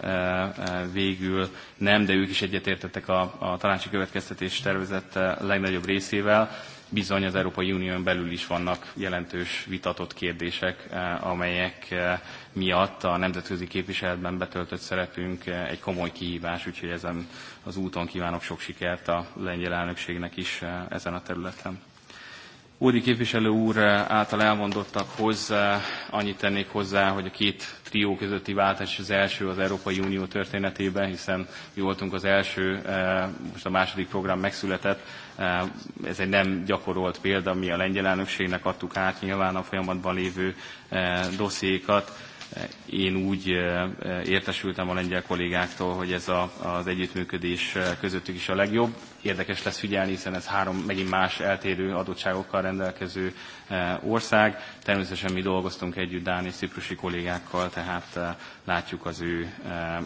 végül nem, de ők is egyetértettek a, a tanácsi következtetés tervezett legnagyobb részével bizony az Európai Unión belül is vannak jelentős vitatott kérdések, eh, amelyek eh, miatt a nemzetközi képviseletben betöltött szerepünk eh, egy komoly kihívás, úgyhogy ezen az úton kívánok sok sikert a lengyel elnökségnek is ezen a területen. Úri képviselő úr által elmondottakhoz annyit tennék hozzá, hogy a két trió közötti váltás az első az Európai Unió történetében, hiszen mi voltunk az első, most a második program megszületett, Eh, ez egy nem gyakorolt példa, mi a lengyel elnökségnek adtuk át nyilván a folyamatban lévő eh, dossziékat. Eh, én úgy értesültem a lengyel kollégáktól, hogy ez a, az együttműködés közöttük is a legjobb. Érdekes lesz figyelni, hiszen ez három megint más eltérő adottságokkal rendelkező ország. Természetesen mi dolgoztunk együtt Dán és Ciprusi kollégákkal, tehát látjuk az ő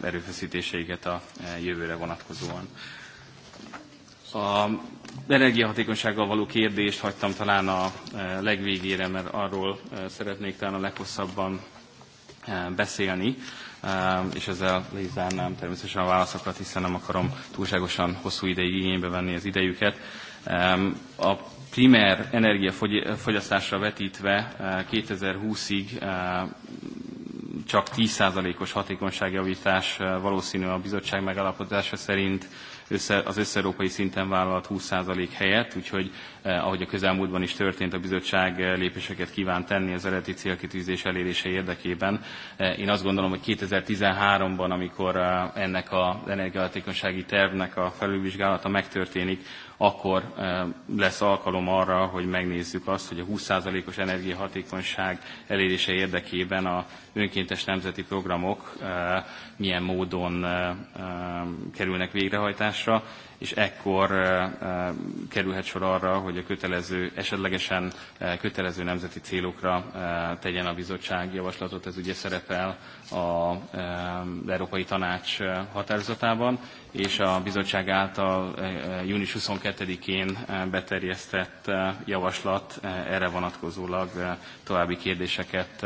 erőfeszítéseiket a jövőre vonatkozóan. A energiahatékonysággal való kérdést hagytam talán a e, legvégére, mert arról e, szeretnék talán a leghosszabban e, beszélni, és ezzel le is zárnám természetesen a válaszokat, hiszen nem akarom túlságosan hosszú ideig igénybe venni az idejüket. A primer energiafogyasztásra vetítve 2020-ig csak 10%-os hatékonyságjavítás valószínű a bizottság megalapodása szerint az összeurópai szinten vállalt 20% helyett, úgyhogy eh, ahogy a közelmúltban is történt, a bizottság eh, lépéseket kíván tenni az eredeti célkitűzés elérése érdekében. Eh, én azt gondolom, hogy 2013-ban, amikor ennek az energiahatékonysági tervnek a felülvizsgálata megtörténik, akkor lesz alkalom arra, hogy megnézzük azt, hogy a 20%-os energiahatékonyság elérése érdekében a önkéntes nemzeti programok milyen módon kerülnek végrehajtásra, és ekkor kerülhet sor arra, hogy a kötelező, esetlegesen kötelező nemzeti célokra tegyen a bizottság javaslatot, ez ugye szerepel az Európai Tanács határozatában, és a bizottság által június 22-én beterjesztett javaslat erre vonatkozólag további kérdéseket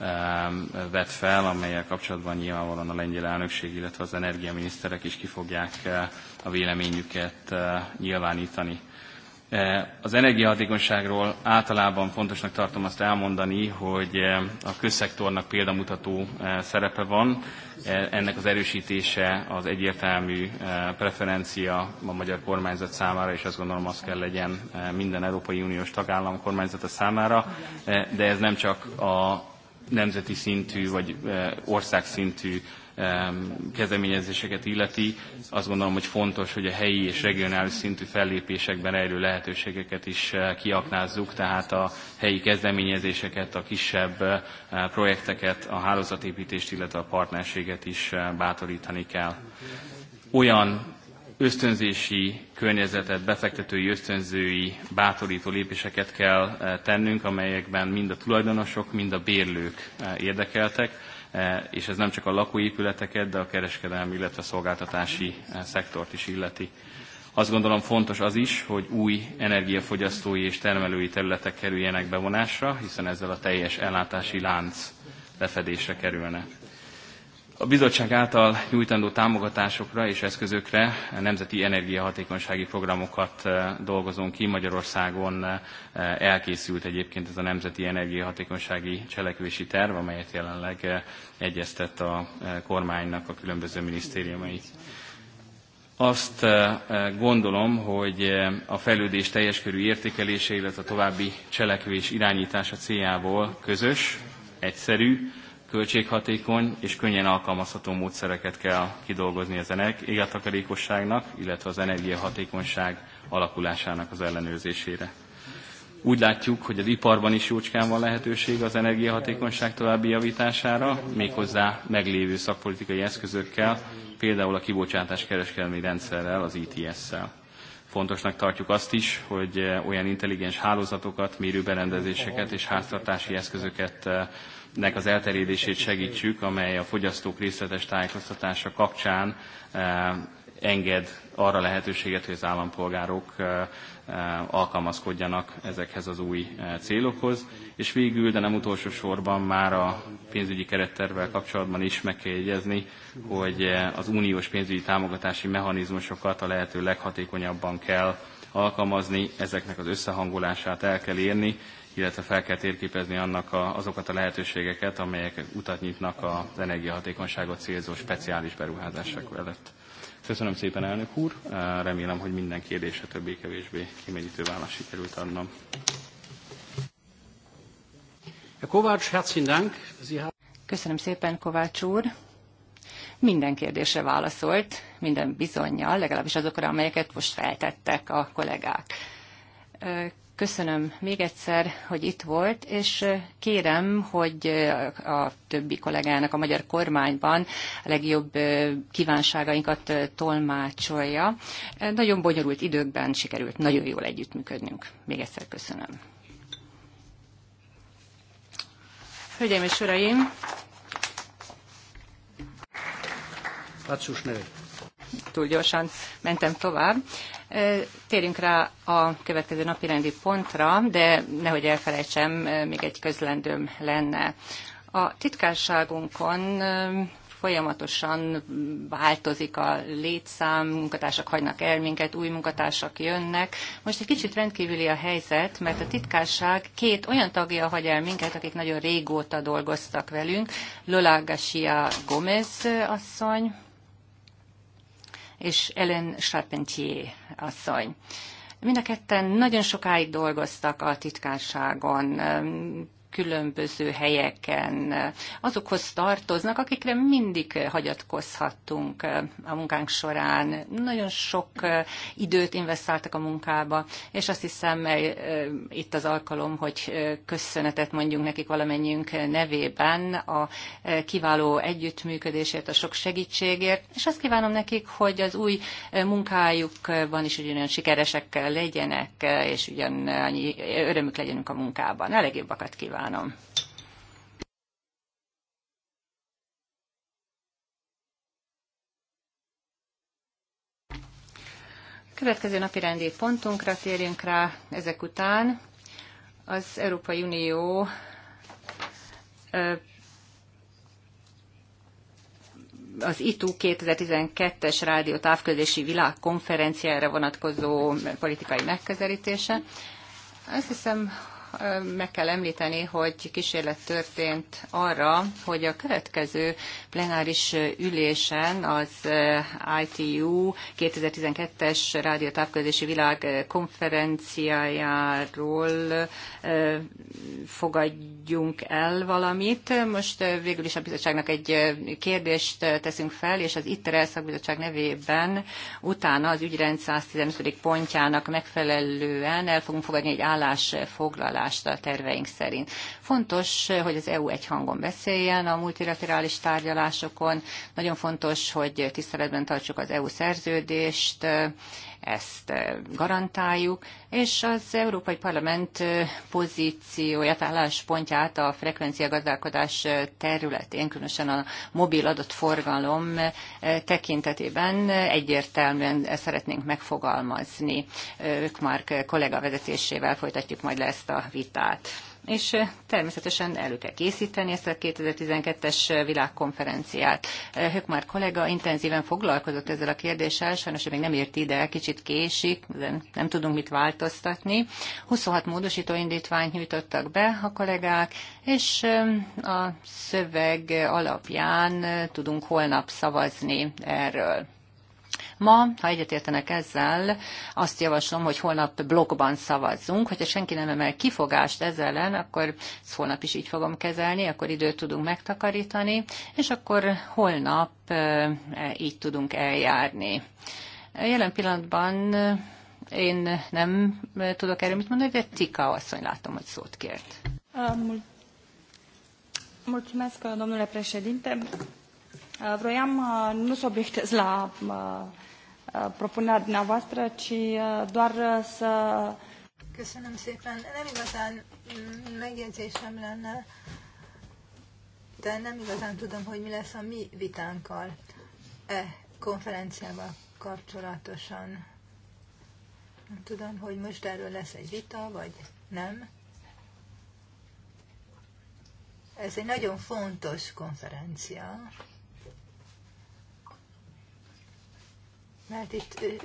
Um, vet fel, amelyek kapcsolatban nyilvánvalóan a lengyel elnökség, illetve az energiaminiszterek is ki fogják uh, a véleményüket uh, nyilvánítani. Uh, az energiahatékonyságról általában fontosnak tartom azt elmondani, hogy a közszektornak példamutató szerepe van. Ennek az erősítése az egyértelmű preferencia a magyar kormányzat számára, és azt gondolom az kell legyen minden Európai Uniós tagállam kormányzata számára, de ez nem csak a nemzeti szintű vagy országszintű kezdeményezéseket illeti, azt gondolom, hogy fontos, hogy a helyi és regionális szintű fellépésekben rejlő lehetőségeket is kiaknázzuk, tehát a helyi kezdeményezéseket, a kisebb projekteket, a hálózatépítést, illetve a partnerséget is bátorítani kell. Olyan ösztönzési környezetet, befektetői ösztönzői, bátorító lépéseket kell eh, tennünk, amelyekben mind a tulajdonosok, mind a bérlők eh, érdekeltek, eh, és ez nem csak a lakóépületeket, de a kereskedelmi, illetve szolgáltatási szektort is illeti. Azt gondolom fontos az is, hogy új energiafogyasztói és termelői területek kerüljenek bevonásra, hiszen ezzel a teljes ellátási lánc lefedésre kerülne. A bizottság által nyújtandó támogatásokra és eszközökre nemzeti energiahatékonysági programokat eh, dolgozunk ki. Magyarországon eh, elkészült egyébként ez a Nemzeti Energiahatékonysági Cselekvési Terv, amelyet jelenleg eh, egyeztet a kormánynak a különböző minisztériumai. Azt gondolom, hogy a fejlődés teljes körű értékelése, illetve a további cselekvés irányítása céljából közös, egyszerű, költséghatékony és könnyen alkalmazható módszereket kell kidolgozni az energiatakarékosságnak, illetve az energiahatékonyság alakulásának az ellenőrzésére. Úgy látjuk, hogy az iparban is jócskán van lehetőség az energiahatékonyság további javítására, méghozzá meglévő szakpolitikai eszközökkel, például a kibocsátás kereskedelmi rendszerrel, az its e szel Fontosnak tartjuk azt is, hogy olyan intelligens hálózatokat, mérőberendezéseket és háztartási eszközöket nek az elterjedését segítsük, amely a fogyasztók részletes tájékoztatása kapcsán eh, enged arra lehetőséget, hogy az állampolgárok eh, eh, alkalmazkodjanak ezekhez az új célokhoz. És végül, de nem utolsó sorban már a pénzügyi kerettervvel kapcsolatban is meg kell jegyezni, hogy az uniós pénzügyi támogatási mechanizmusokat a lehető leghatékonyabban kell alkalmazni, ezeknek az összehangolását el kell érni, illetve fel kell térképezni annak a, azokat a lehetőségeket, amelyek utat nyitnak az energiahatékonyságot célzó speciális beruházások előtt. Köszönöm szépen, elnök úr. Remélem, hogy minden kérdése többé-kevésbé kimerítő választ sikerült adnom. Köszönöm szépen, Kovács úr. Minden kérdésre válaszolt, minden bizonyal, legalábbis azokra, amelyeket most feltettek a kollégák. Köszönöm még egyszer, hogy itt volt, és kérem, hogy a többi kollégának a magyar kormányban a legjobb kívánságainkat tolmácsolja. Nagyon bonyolult időkben sikerült nagyon jól együttműködnünk. Még egyszer köszönöm. Hölgyeim és Uraim! Hát, Túl gyorsan mentem tovább. Térjünk rá a következő napi rendi pontra, de nehogy elfelejtsem, még egy közlendőm lenne. A titkárságunkon folyamatosan változik a létszám, munkatársak hagynak el minket, új munkatársak jönnek. Most egy kicsit rendkívüli a helyzet, mert a titkárság két olyan tagja hagy el minket, akik nagyon régóta dolgoztak velünk. Lola Gomez asszony, és Ellen Charpentier asszony. Mind a ketten nagyon sokáig dolgoztak a titkárságon, különböző helyeken azokhoz tartoznak, akikre mindig hagyatkozhattunk a munkánk során. Nagyon sok időt investáltak a munkába, és azt hiszem itt az alkalom, hogy köszönetet mondjunk nekik valamennyiünk nevében a kiváló együttműködésért, a sok segítségért, és azt kívánom nekik, hogy az új munkájukban is ugyanolyan sikeresek legyenek, és ugyanannyi örömük legyenünk a munkában. A legjobbakat kívánom kívánom. Következő napi rendi pontunkra térjünk rá ezek után. Az Európai Unió az ITU 2012-es rádió távközlési világkonferenciára vonatkozó politikai megközelítése. Azt hiszem, meg kell említeni, hogy kísérlet történt arra, hogy a következő plenáris ülésen az eh, ITU 2012-es rádiótávközlési világ eh, konferenciájáról eh, fogadjunk el valamit. Most végül is a bizottságnak egy kérdést teszünk fel, és az itt szakbizottság nevében utána az ügyrend 115. pontjának megfelelően el fogunk fogadni egy állásfoglalást haladást a terveink szerint. Fontos, hogy az EU egy hangon beszéljen a multilaterális tárgyalásokon. Nagyon fontos, hogy tiszteletben tartsuk az EU szerződést, ezt eh, garantáljuk, és az Európai Parlament eh, pozícióját, álláspontját a frekvencia gazdálkodás eh, területén, különösen a mobil adott forgalom tekintetében egyértelműen szeretnénk megfogalmazni. Ők már kollega vezetésével folytatjuk majd le ezt a vitát és természetesen elő kell készíteni ezt a 2012-es világkonferenciát. Hökmár kollega intenzíven foglalkozott ezzel a kérdéssel, sajnos még nem ért ide, kicsit késik, nem tudunk mit változtatni. 26 módosító indítványt nyújtottak be a kollégák, és a szöveg alapján tudunk holnap szavazni erről. Ma, ha egyetértenek ezzel, azt javaslom, hogy holnap blogban szavazzunk. Hogyha senki nem emel kifogást ezzel ellen, akkor ezt holnap is így fogom kezelni, akkor időt tudunk megtakarítani, és akkor holnap e, így tudunk eljárni. Jelen pillanatban én nem tudok erről mit mondani, de Tika asszony látom, hogy szót kért. Mulțumesc, domnule președinte. Vroiam, nu să obiectez la propunerea dumneavoastră, ci doar să... Köszönöm szépen. Nem igazán mm, megjegyzésem lenne, de nem igazán tudom, hogy mi lesz a mi vitánkkal e konferenciával kapcsolatosan. Nem tudom, hogy most erről lesz egy vita, vagy nem. Ez egy nagyon fontos konferencia. mert hát itt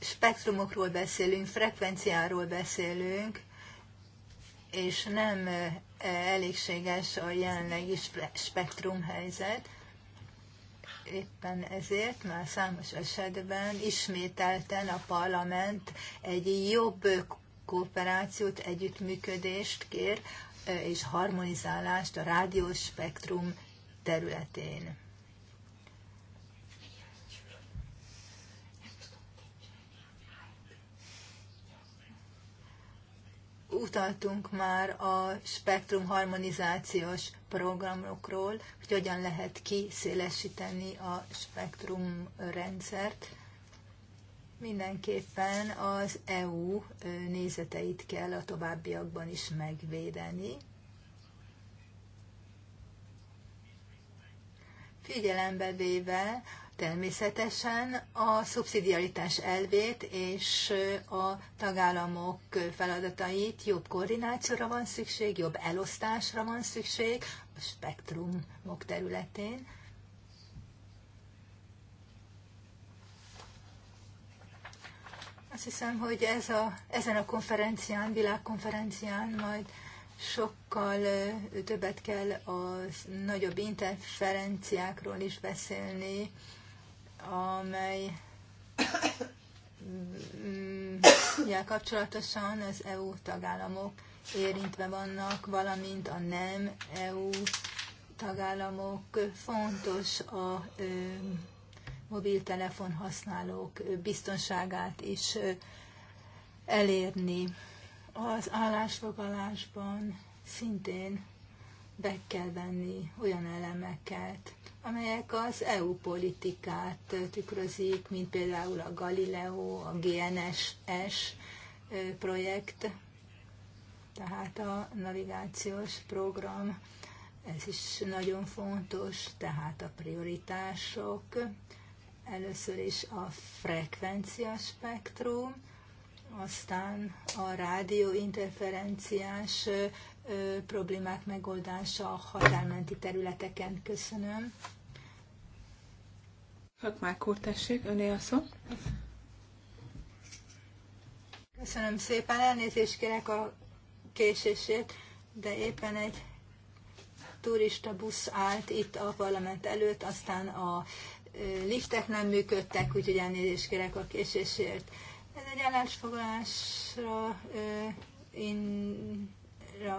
spektrumokról beszélünk, frekvenciáról beszélünk, és nem elégséges a jelenlegi spektrum helyzet. Éppen ezért már számos esetben ismételten a parlament egy jobb kooperációt, együttműködést kér, és harmonizálást a rádiós spektrum területén. utaltunk már a spektrum harmonizációs programokról, hogy hogyan lehet kiszélesíteni a spektrum rendszert. Mindenképpen az EU nézeteit kell a továbbiakban is megvédeni. Figyelembe véve természetesen a szubszidiaritás elvét és a tagállamok feladatait jobb koordinációra van szükség, jobb elosztásra van szükség a spektrumok területén. Azt hiszem, hogy ez a, ezen a konferencián, világkonferencián majd sokkal többet kell a nagyobb interferenciákról is beszélni, amely ilyen mm, kapcsolatosan az EU tagállamok érintve vannak, valamint a nem EU tagállamok. Fontos a ö, mobiltelefon használók biztonságát is ö, elérni. Az állásfoglalásban szintén be kell venni olyan elemeket, amelyek az EU politikát tükrözik, mint például a Galileo, a GNSS projekt, tehát a navigációs program, ez is nagyon fontos, tehát a prioritások, először is a frekvencia spektrum, aztán a rádióinterferenciás problémák megoldása a határmenti területeken. Köszönöm. Hökmák már tessék, öné a szó. Köszönöm szépen, elnézést kérek a késését, de éppen egy turista busz állt itt a parlament előtt, aztán a liftek nem működtek, úgyhogy elnézést kérek a késésért. Ez egy állásfoglalásra in,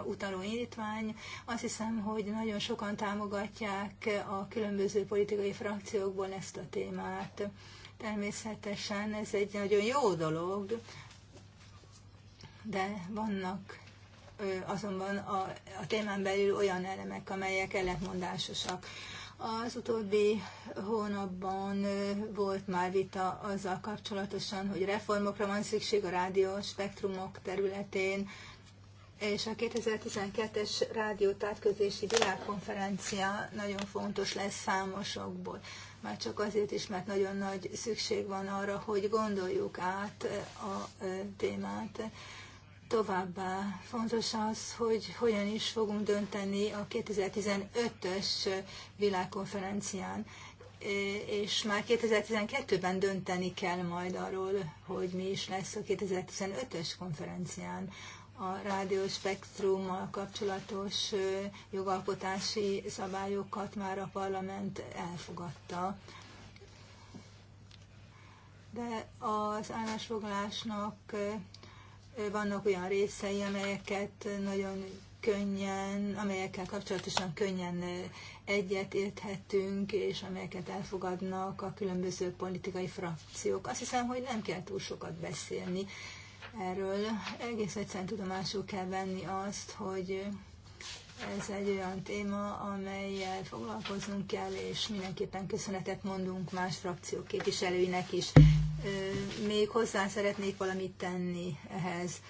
utaló indítvány. Azt hiszem, hogy nagyon sokan támogatják a különböző politikai frakciókból ezt a témát. Természetesen ez egy nagyon jó dolog, de vannak azonban a, a témán belül olyan elemek, amelyek ellentmondásosak. Az utóbbi hónapban volt már vita azzal kapcsolatosan, hogy reformokra van szükség a rádió spektrumok területén, és a 2012-es rádiótátközési világkonferencia nagyon fontos lesz számosokból. Már csak azért is, mert nagyon nagy szükség van arra, hogy gondoljuk át eh, a eh, témát. Továbbá fontos az, hogy hogyan is fogunk dönteni a 2015-ös világkonferencián, eh, és már 2012-ben dönteni kell majd arról, hogy mi is lesz a 2015-ös konferencián a rádióspektrummal kapcsolatos jogalkotási szabályokat már a parlament elfogadta. De az állásfoglalásnak vannak olyan részei, amelyeket nagyon könnyen, amelyekkel kapcsolatosan könnyen egyet érthetünk, és amelyeket elfogadnak a különböző politikai frakciók. Azt hiszem, hogy nem kell túl sokat beszélni erről. Egész egyszerűen tudomásul kell venni azt, hogy ez egy olyan téma, amelyel foglalkoznunk kell, és mindenképpen köszönetet mondunk más frakciók képviselőinek is. Még hozzá szeretnék valamit tenni ehhez.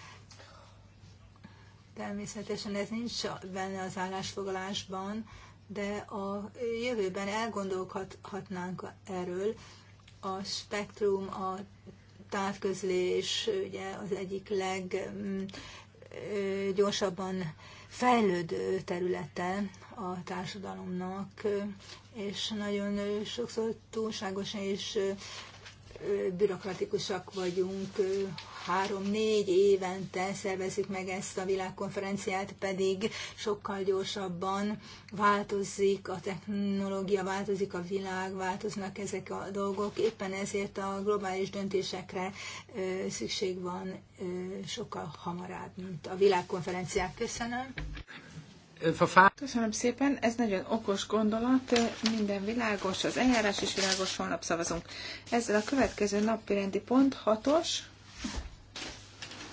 Természetesen ez nincs benne az állásfoglalásban, de a jövőben elgondolkodhatnánk erről. A spektrum, a távközlés ugye az egyik leggyorsabban mm, fejlődő területe a társadalomnak, és nagyon sokszor túlságosan is bürokratikusak vagyunk, három-négy évente szervezzük meg ezt a világkonferenciát, pedig sokkal gyorsabban változik a technológia, változik a világ, változnak ezek a dolgok. Éppen ezért a globális döntésekre szükség van sokkal hamarabb, mint a világkonferenciák. Köszönöm. Verfahren. Köszönöm szépen, ez nagyon okos gondolat, minden világos, az eljárás is világos, holnap szavazunk. Ezzel a következő napi rendi pont, hatos.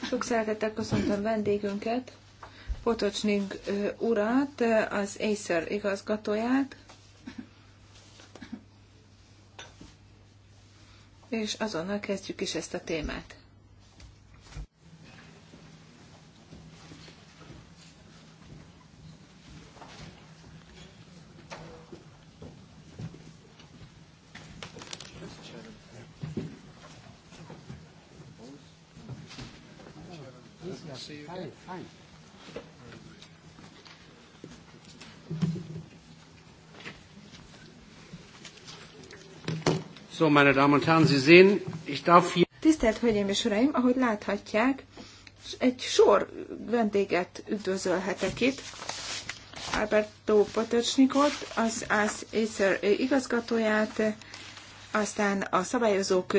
Sok szeretettel köszöntöm vendégünket, Potocsnik urat, az Acer igazgatóját, és azonnal kezdjük is ezt a témát. fine. So, meine Damen und Herren, Sie sehen, ich darf hier... Tisztelt Hölgyeim és Uraim, ahogy láthatják, egy sor vendéget üdvözölhetek itt. Alberto Potocsnikot, az ASZR igazgatóját, aztán a szabályozók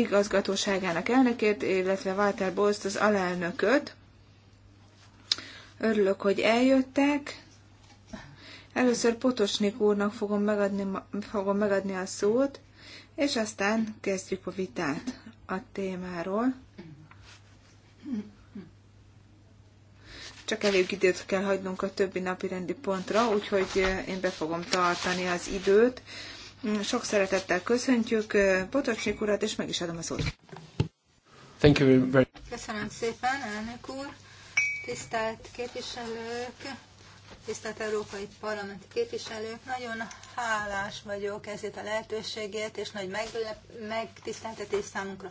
igazgatóságának elnökét, illetve Walter Bost az alelnököt. Örülök, hogy eljöttek. Először Potosnik úrnak fogom megadni, fogom megadni a szót, és aztán kezdjük a vitát a témáról. Csak elég időt kell hagynunk a többi napi rendi pontra, úgyhogy eh, én be fogom tartani az időt sok szeretettel köszöntjük Potocsnik urat, és meg is adom a szót. Thank you very much. Köszönöm szépen, elnök úr, tisztelt képviselők, tisztelt európai parlamenti képviselők. Nagyon hálás vagyok ezért a lehetőségért, és nagy meglep- megtiszteltetés számunkra.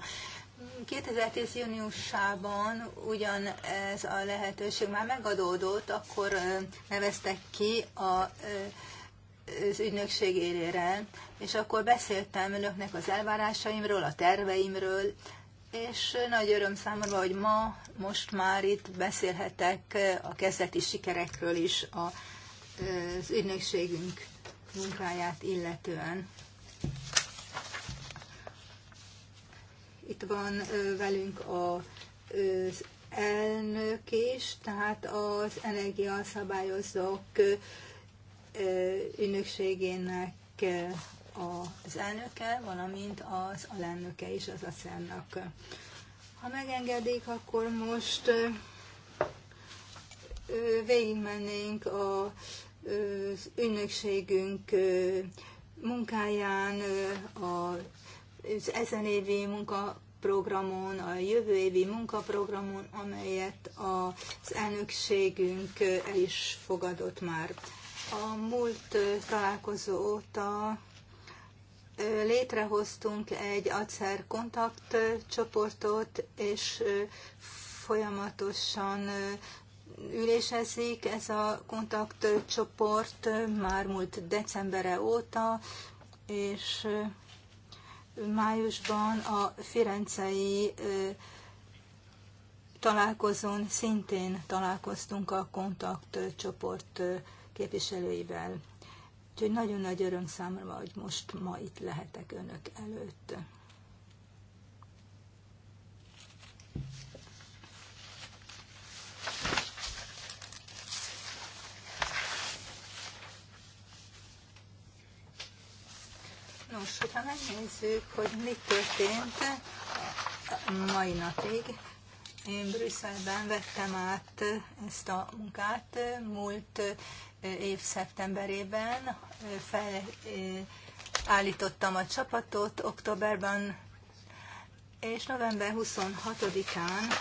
2010. júniusában ugyan ez a lehetőség már megadódott, akkor neveztek ki a az ügynökség élére, és akkor beszéltem önöknek az elvárásaimról, a terveimről, és nagy öröm számomra, hogy ma, most már itt beszélhetek a kezdeti sikerekről is a, az ügynökségünk munkáját illetően. Itt van velünk az elnök is, tehát az energiaszabályozók szabályozók ügynökségének az elnöke, valamint az alelnöke is az a nak Ha megengedik, akkor most végigmennénk az ünnökségünk munkáján, az ezen évi munkaprogramon, a jövő évi munkaprogramon, amelyet az elnökségünk el is fogadott már. A múlt találkozó óta létrehoztunk egy acer csoportot és folyamatosan ülésezik ez a kontakt csoport már múlt decembere óta, és májusban a Firencei találkozón szintén találkoztunk a kontakt csoport képviselőivel. Úgyhogy nagyon nagy öröm számomra, hogy most ma itt lehetek önök előtt. Nos, hogyha megnézzük, hogy mi történt mai napig, én Brüsszelben vettem át ezt a munkát múlt év szeptemberében felállítottam a csapatot októberben, és november 26-án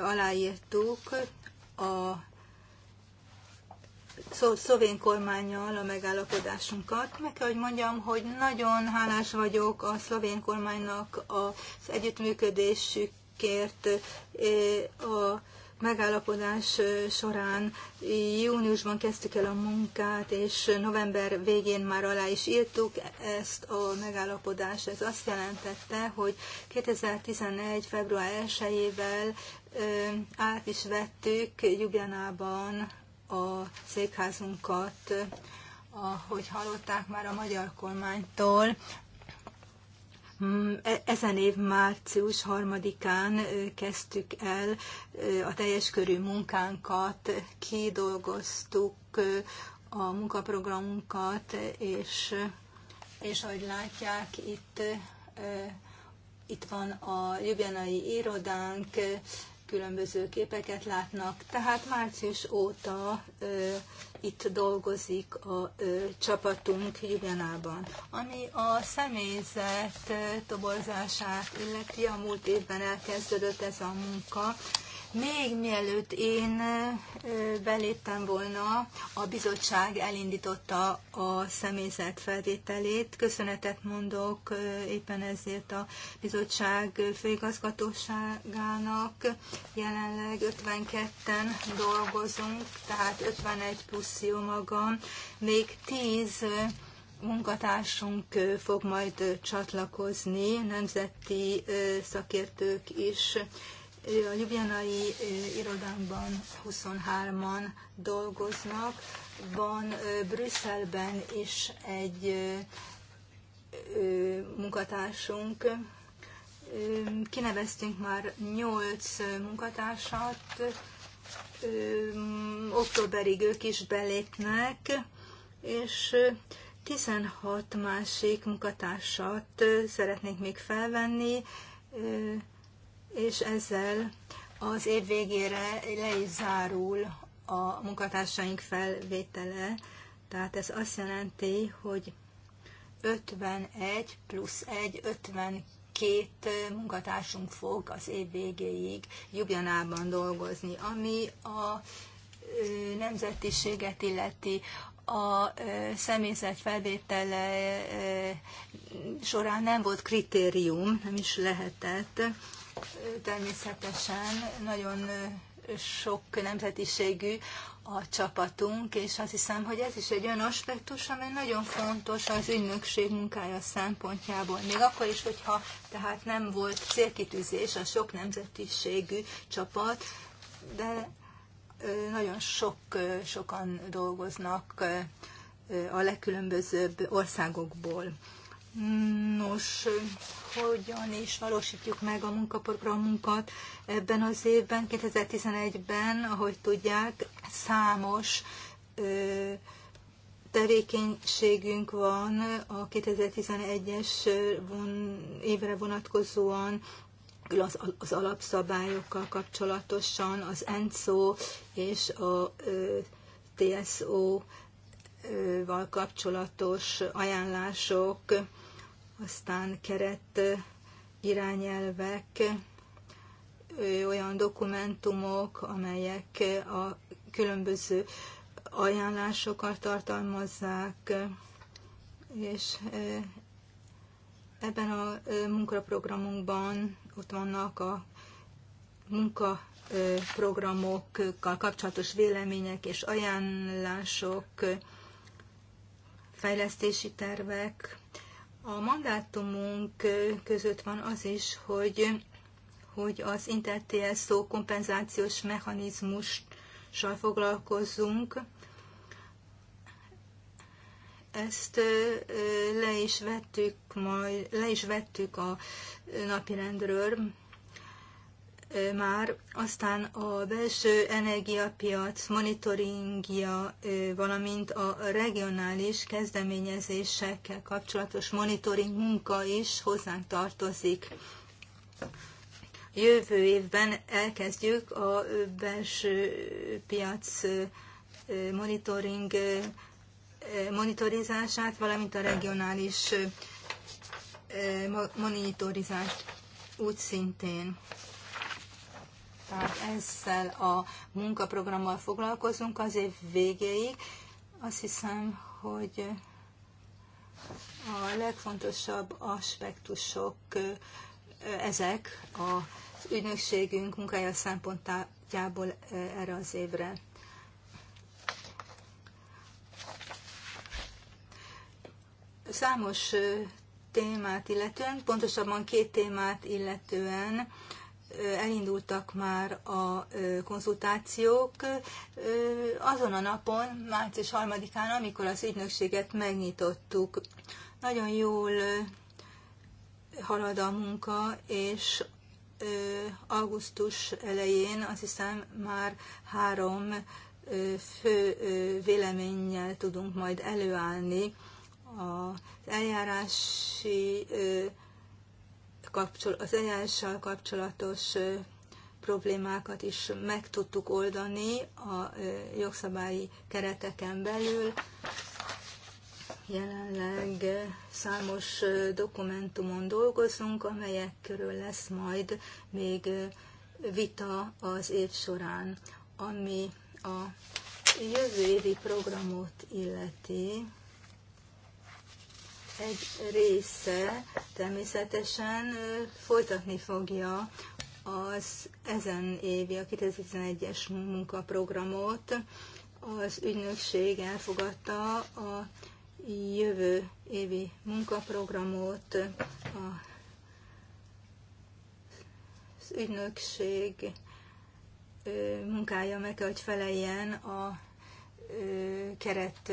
aláírtuk a szovén kormányjal a megállapodásunkat. Meg kell, hogy mondjam, hogy nagyon hálás vagyok a szlovén kormánynak az együttműködésükért, a megállapodás során júniusban kezdtük el a munkát, és november végén már alá is írtuk ezt a megállapodást. Ez azt jelentette, hogy 2011. február 1-ével át is vettük Jubjanában a székházunkat, ahogy hallották már a magyar kormánytól, Hmm, e, ezen év március harmadikán kezdtük el a teljes körű munkánkat, kidolgoztuk a munkaprogramunkat, és, és ahogy látják, itt, itt van a Ljubljanai irodánk, különböző képeket látnak. Tehát március óta itt dolgozik a ö, csapatunk Ljubljanában. Ami a személyzet ö, toborzását illeti, a múlt évben elkezdődött ez a munka. Még mielőtt én beléptem volna, a bizottság elindította a személyzet felvételét. Köszönetet mondok éppen ezért a bizottság főigazgatóságának. Jelenleg 52-en dolgozunk, tehát 51 plusz jó magam. Még 10 munkatársunk fog majd csatlakozni, nemzeti szakértők is a Ljubljanai irodámban 23-an dolgoznak, van Brüsszelben is egy munkatársunk, kineveztünk már 8 munkatársat, októberig ők is belépnek, és 16 másik munkatársat szeretnék még felvenni, és ezzel az év végére le is zárul a munkatársaink felvétele, tehát ez azt jelenti, hogy 51 plusz 1, 52 munkatársunk fog az év végéig Jubjanában dolgozni, ami a nemzetiséget illeti a személyzet felvétele során nem volt kritérium, nem is lehetett. Természetesen nagyon sok nemzetiségű a csapatunk, és azt hiszem, hogy ez is egy olyan aspektus, amely nagyon fontos az ügynökség munkája szempontjából. Még akkor is, hogyha tehát nem volt célkitűzés a sok nemzetiségű csapat, de nagyon sok, sokan dolgoznak a legkülönbözőbb országokból. Nos, hogyan is valósítjuk meg a munkaprogramunkat ebben az évben, 2011-ben, ahogy tudják, számos ö, tevékenységünk van a 2011-es évre vonatkozóan, az, az alapszabályokkal kapcsolatosan, az ENCO és a ö, TSO val kapcsolatos ajánlások aztán keret irányelvek, olyan dokumentumok, amelyek a különböző ajánlásokat tartalmazzák, és ebben a munkaprogramunkban ott vannak a munkaprogramokkal kapcsolatos vélemények és ajánlások, fejlesztési tervek, a mandátumunk között van az is, hogy, hogy az interTSO kompenzációs mechanizmussal foglalkozzunk. Ezt le is vettük, majd, le is vettük a napirendről, már, aztán a belső energiapiac monitoringja, valamint a regionális kezdeményezésekkel kapcsolatos monitoring munka is hozzánk tartozik. Jövő évben elkezdjük a belső piac monitoring monitorizását, valamint a regionális monitorizást úgy szintén tehát ezzel a munkaprogrammal foglalkozunk az év végéig. Azt hiszem, hogy a legfontosabb aspektusok ezek az ügynökségünk munkája szempontjából erre az évre. Számos témát illetően, pontosabban két témát illetően elindultak már a konzultációk azon a napon, március 3-án, amikor az ügynökséget megnyitottuk. Nagyon jól halad a munka, és augusztus elején azt hiszem már három fő véleménnyel tudunk majd előállni az eljárási az anyással kapcsolatos problémákat is meg tudtuk oldani a jogszabályi kereteken belül. Jelenleg számos dokumentumon dolgozunk, amelyek körül lesz majd még vita az év során, ami a jövő évi programot illeti egy része természetesen folytatni fogja az ezen évi, a 2011-es munkaprogramot. Az ügynökség elfogadta a jövő évi munkaprogramot, az ügynökség munkája meg kell, hogy feleljen a keret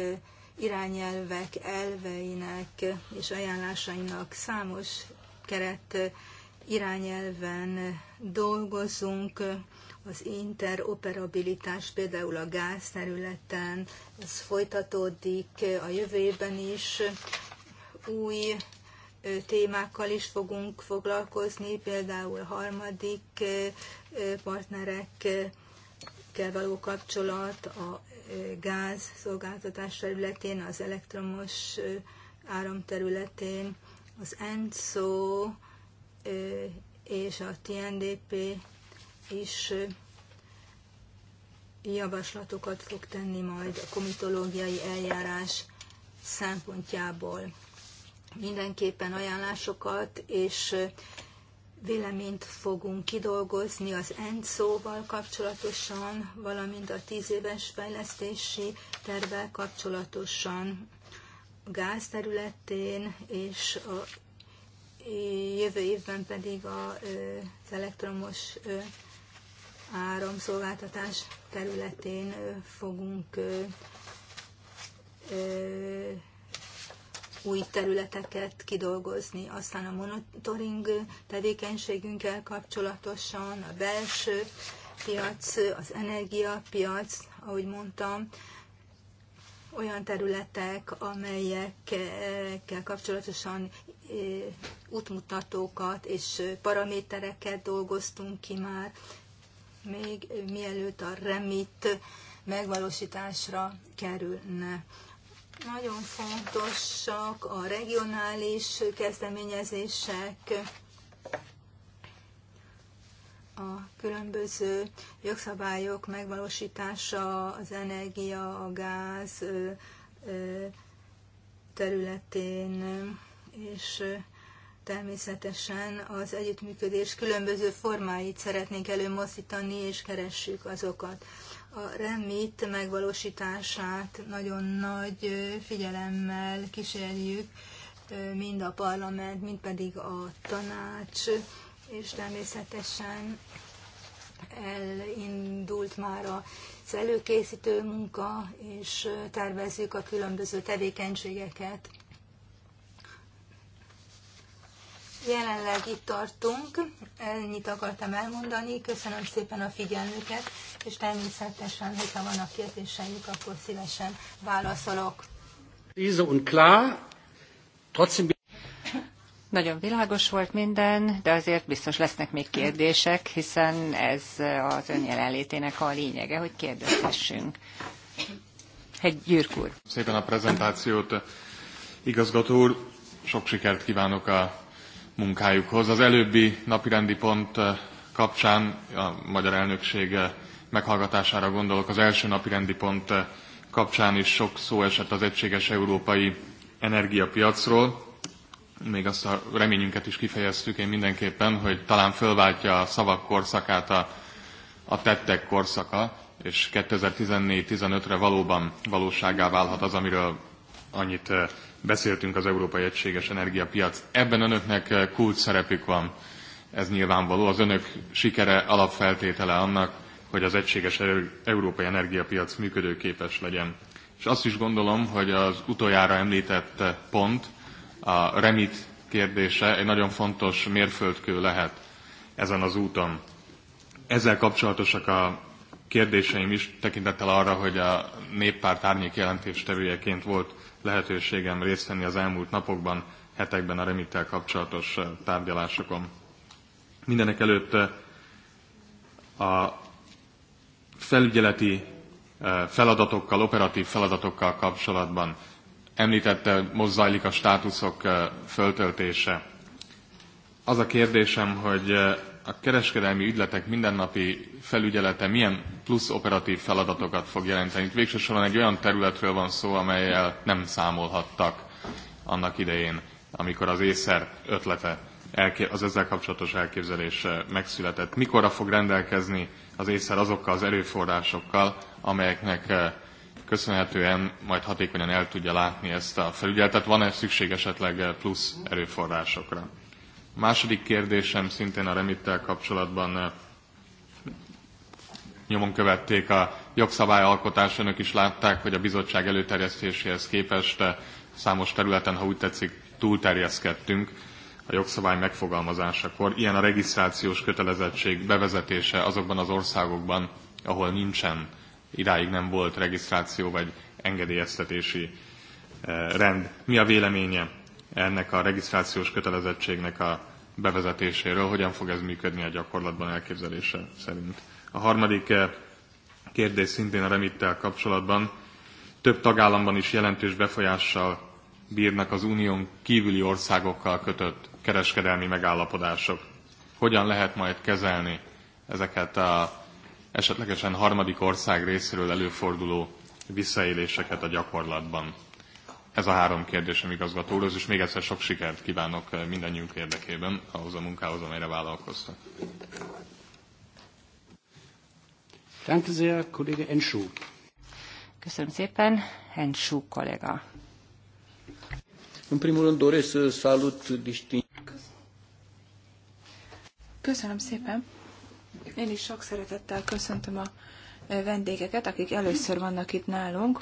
irányelvek elveinek és ajánlásainak számos keret irányelven dolgozunk, az interoperabilitás például a gáz területen, ez folytatódik a jövőben is, új témákkal is fogunk foglalkozni, például a harmadik partnerekkel való kapcsolat, a gáz szolgáltatás területén, az elektromos áram területén, az ENSO és a TNDP is javaslatokat fog tenni majd a komitológiai eljárás szempontjából. Mindenképpen ajánlásokat és véleményt fogunk kidolgozni az ENCO-val kapcsolatosan, valamint a tíz éves fejlesztési tervvel kapcsolatosan a gáz területén, és a jövő évben pedig az elektromos áramszolgáltatás területén fogunk új területeket kidolgozni. Aztán a monitoring tevékenységünkkel kapcsolatosan a belső piac, az energiapiac, ahogy mondtam, olyan területek, amelyekkel kapcsolatosan eh, útmutatókat és paramétereket dolgoztunk ki már, még mielőtt a remit megvalósításra kerülne. Nagyon fontosak a regionális kezdeményezések, a különböző jogszabályok megvalósítása az energia, a gáz területén, és természetesen az együttműködés különböző formáit szeretnénk előmozdítani, és keressük azokat a remit megvalósítását nagyon nagy figyelemmel kísérjük, mind a parlament, mind pedig a tanács, és természetesen elindult már a előkészítő munka, és tervezzük a különböző tevékenységeket. Jelenleg itt tartunk, ennyit akartam elmondani, köszönöm szépen a figyelmüket, és természetesen, hogyha vannak kérdéseink, akkor szívesen válaszolok. Nagyon világos volt minden, de azért biztos lesznek még kérdések, hiszen ez az ön jelenlétének a lényege, hogy kérdezhessünk. Egy Gyürk úr. Szépen a prezentációt, igazgató úr, sok sikert kívánok a munkájukhoz. Az előbbi napirendi pont eh, kapcsán a magyar elnökség meghallgatására gondolok. Az első napirendi pont eh, kapcsán is sok szó esett az egységes európai energiapiacról. Még azt a reményünket is kifejeztük én mindenképpen, hogy talán fölváltja a szavak korszakát a, a tettek korszaka, és 2014-15-re valóban valóságá válhat az, amiről annyit eh, beszéltünk az Európai Egységes Energiapiac. Ebben önöknek eh, kult szerepük van, ez nyilvánvaló. Az önök sikere alapfeltétele annak, hogy az egységes európai energiapiac működőképes legyen. És azt is gondolom, hogy az utoljára említett eh, pont, a remit kérdése egy nagyon fontos mérföldkő lehet ezen az úton. Ezzel kapcsolatosak a kérdéseim is tekintettel arra, hogy a néppárt árnyék jelentéstevőjeként volt lehetőségem részt venni az elmúlt napokban, hetekben a remittel kapcsolatos tárgyalásokon. Mindenek előtt a felügyeleti feladatokkal, operatív feladatokkal kapcsolatban említette, mozzajlik a státuszok föltöltése. Az a kérdésem, hogy a kereskedelmi ügyletek mindennapi felügyelete milyen plusz operatív feladatokat fog jelenteni. Itt végső soron egy olyan területről van szó, amelyel nem számolhattak annak idején, amikor az észer ötlete, az ezzel kapcsolatos elképzelés megszületett. Mikorra fog rendelkezni az észer azokkal az erőforrásokkal, amelyeknek eh, köszönhetően majd hatékonyan el tudja látni ezt a felügyeletet. Van-e szükség esetleg eh, plusz erőforrásokra? Második kérdésem szintén a remittel kapcsolatban eh, nyomon követték a jogszabályalkotás, önök is látták, hogy a bizottság előterjesztéséhez képest eh, számos területen, ha úgy tetszik, túlterjeszkedtünk a jogszabály megfogalmazásakor. Ilyen a regisztrációs kötelezettség bevezetése azokban az országokban, ahol nincsen, idáig nem volt regisztráció vagy engedélyeztetési eh, rend. Mi a véleménye ennek a regisztrációs kötelezettségnek a bevezetéséről, hogyan fog ez működni a gyakorlatban elképzelése szerint. A harmadik eh, kérdés szintén a remittel kapcsolatban. Több tagállamban is jelentős befolyással bírnak az unión kívüli országokkal kötött kereskedelmi megállapodások. Hogyan lehet majd kezelni ezeket a esetlegesen harmadik ország részéről előforduló visszaéléseket a gyakorlatban? Ez a három kérdésem igazgató úr, és még egyszer sok sikert kívánok eh, mindannyiunk érdekében ahhoz a munkához, amelyre vállalkoztak. Köszönöm szépen, Enschu kollega. Köszönöm szépen. Én is sok szeretettel köszöntöm a eh, vendégeket, akik először vannak itt nálunk.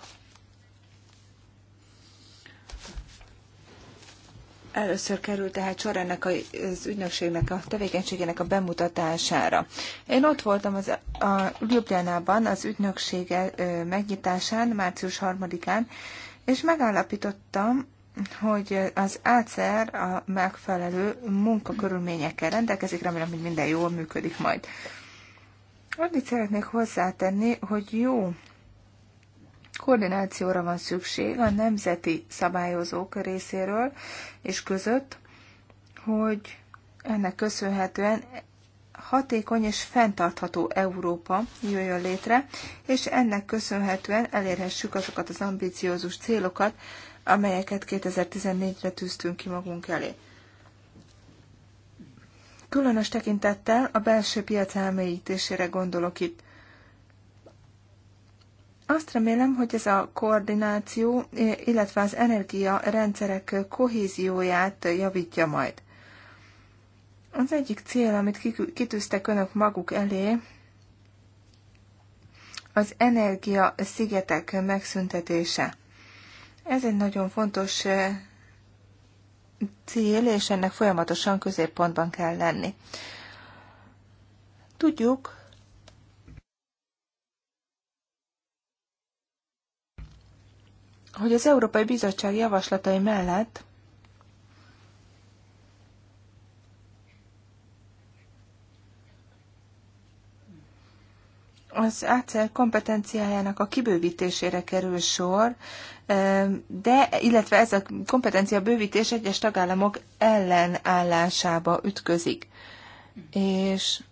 Először került tehát sor ennek az ügynökségnek a tevékenységének a bemutatására. Én ott voltam az, a Ljubljánában az ügynökség megnyitásán, március 3-án, és megállapítottam, hogy az ACR a megfelelő munkakörülményekkel rendelkezik, remélem, hogy minden jól működik majd. Annyit szeretnék hozzátenni, hogy jó koordinációra van szükség a nemzeti szabályozók részéről és között, hogy ennek köszönhetően hatékony és fenntartható Európa jöjjön létre, és ennek köszönhetően elérhessük azokat az ambiciózus célokat, amelyeket 2014-re tűztünk ki magunk elé. Különös tekintettel a belső piac elmélyítésére gondolok itt. Azt remélem, hogy ez a koordináció, illetve az energia rendszerek kohézióját javítja majd. Az egyik cél, amit kitűztek önök maguk elé, az energia szigetek megszüntetése. Ez egy nagyon fontos e, cél, és ennek folyamatosan középpontban kell lenni. Tudjuk, hogy az Európai Bizottság javaslatai mellett az ACER kompetenciájának a kibővítésére kerül sor, de, illetve ez a kompetencia bővítés egyes tagállamok ellenállásába ütközik. És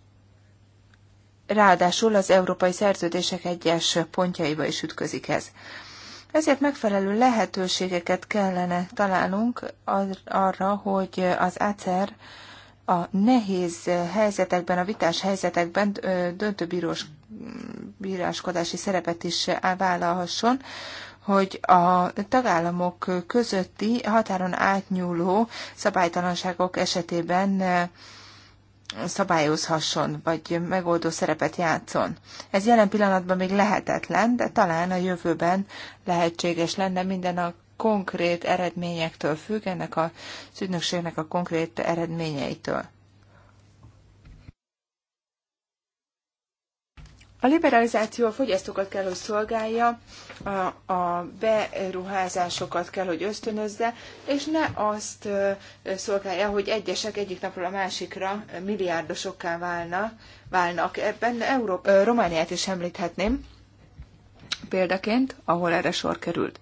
ráadásul az európai szerződések egyes pontjaiba is ütközik ez. Ezért megfelelő lehetőségeket kellene találnunk arra, hogy az ACER a nehéz helyzetekben, a vitás helyzetekben döntőbírós bíráskodási szerepet is vállalhasson, hogy a tagállamok közötti határon átnyúló szabálytalanságok esetében szabályozhasson, vagy megoldó szerepet játszon. Ez jelen pillanatban még lehetetlen, de talán a jövőben lehetséges lenne minden a konkrét eredményektől függ, ennek a ügynökségnek a konkrét eredményeitől. A liberalizáció a fogyasztókat kell, hogy szolgálja, a, a beruházásokat kell, hogy ösztönözze, és ne azt szolgálja, hogy egyesek egyik napról a másikra milliárdosokká válna, válnak. Ebben Európa, Romániát is említhetném példaként, ahol erre sor került.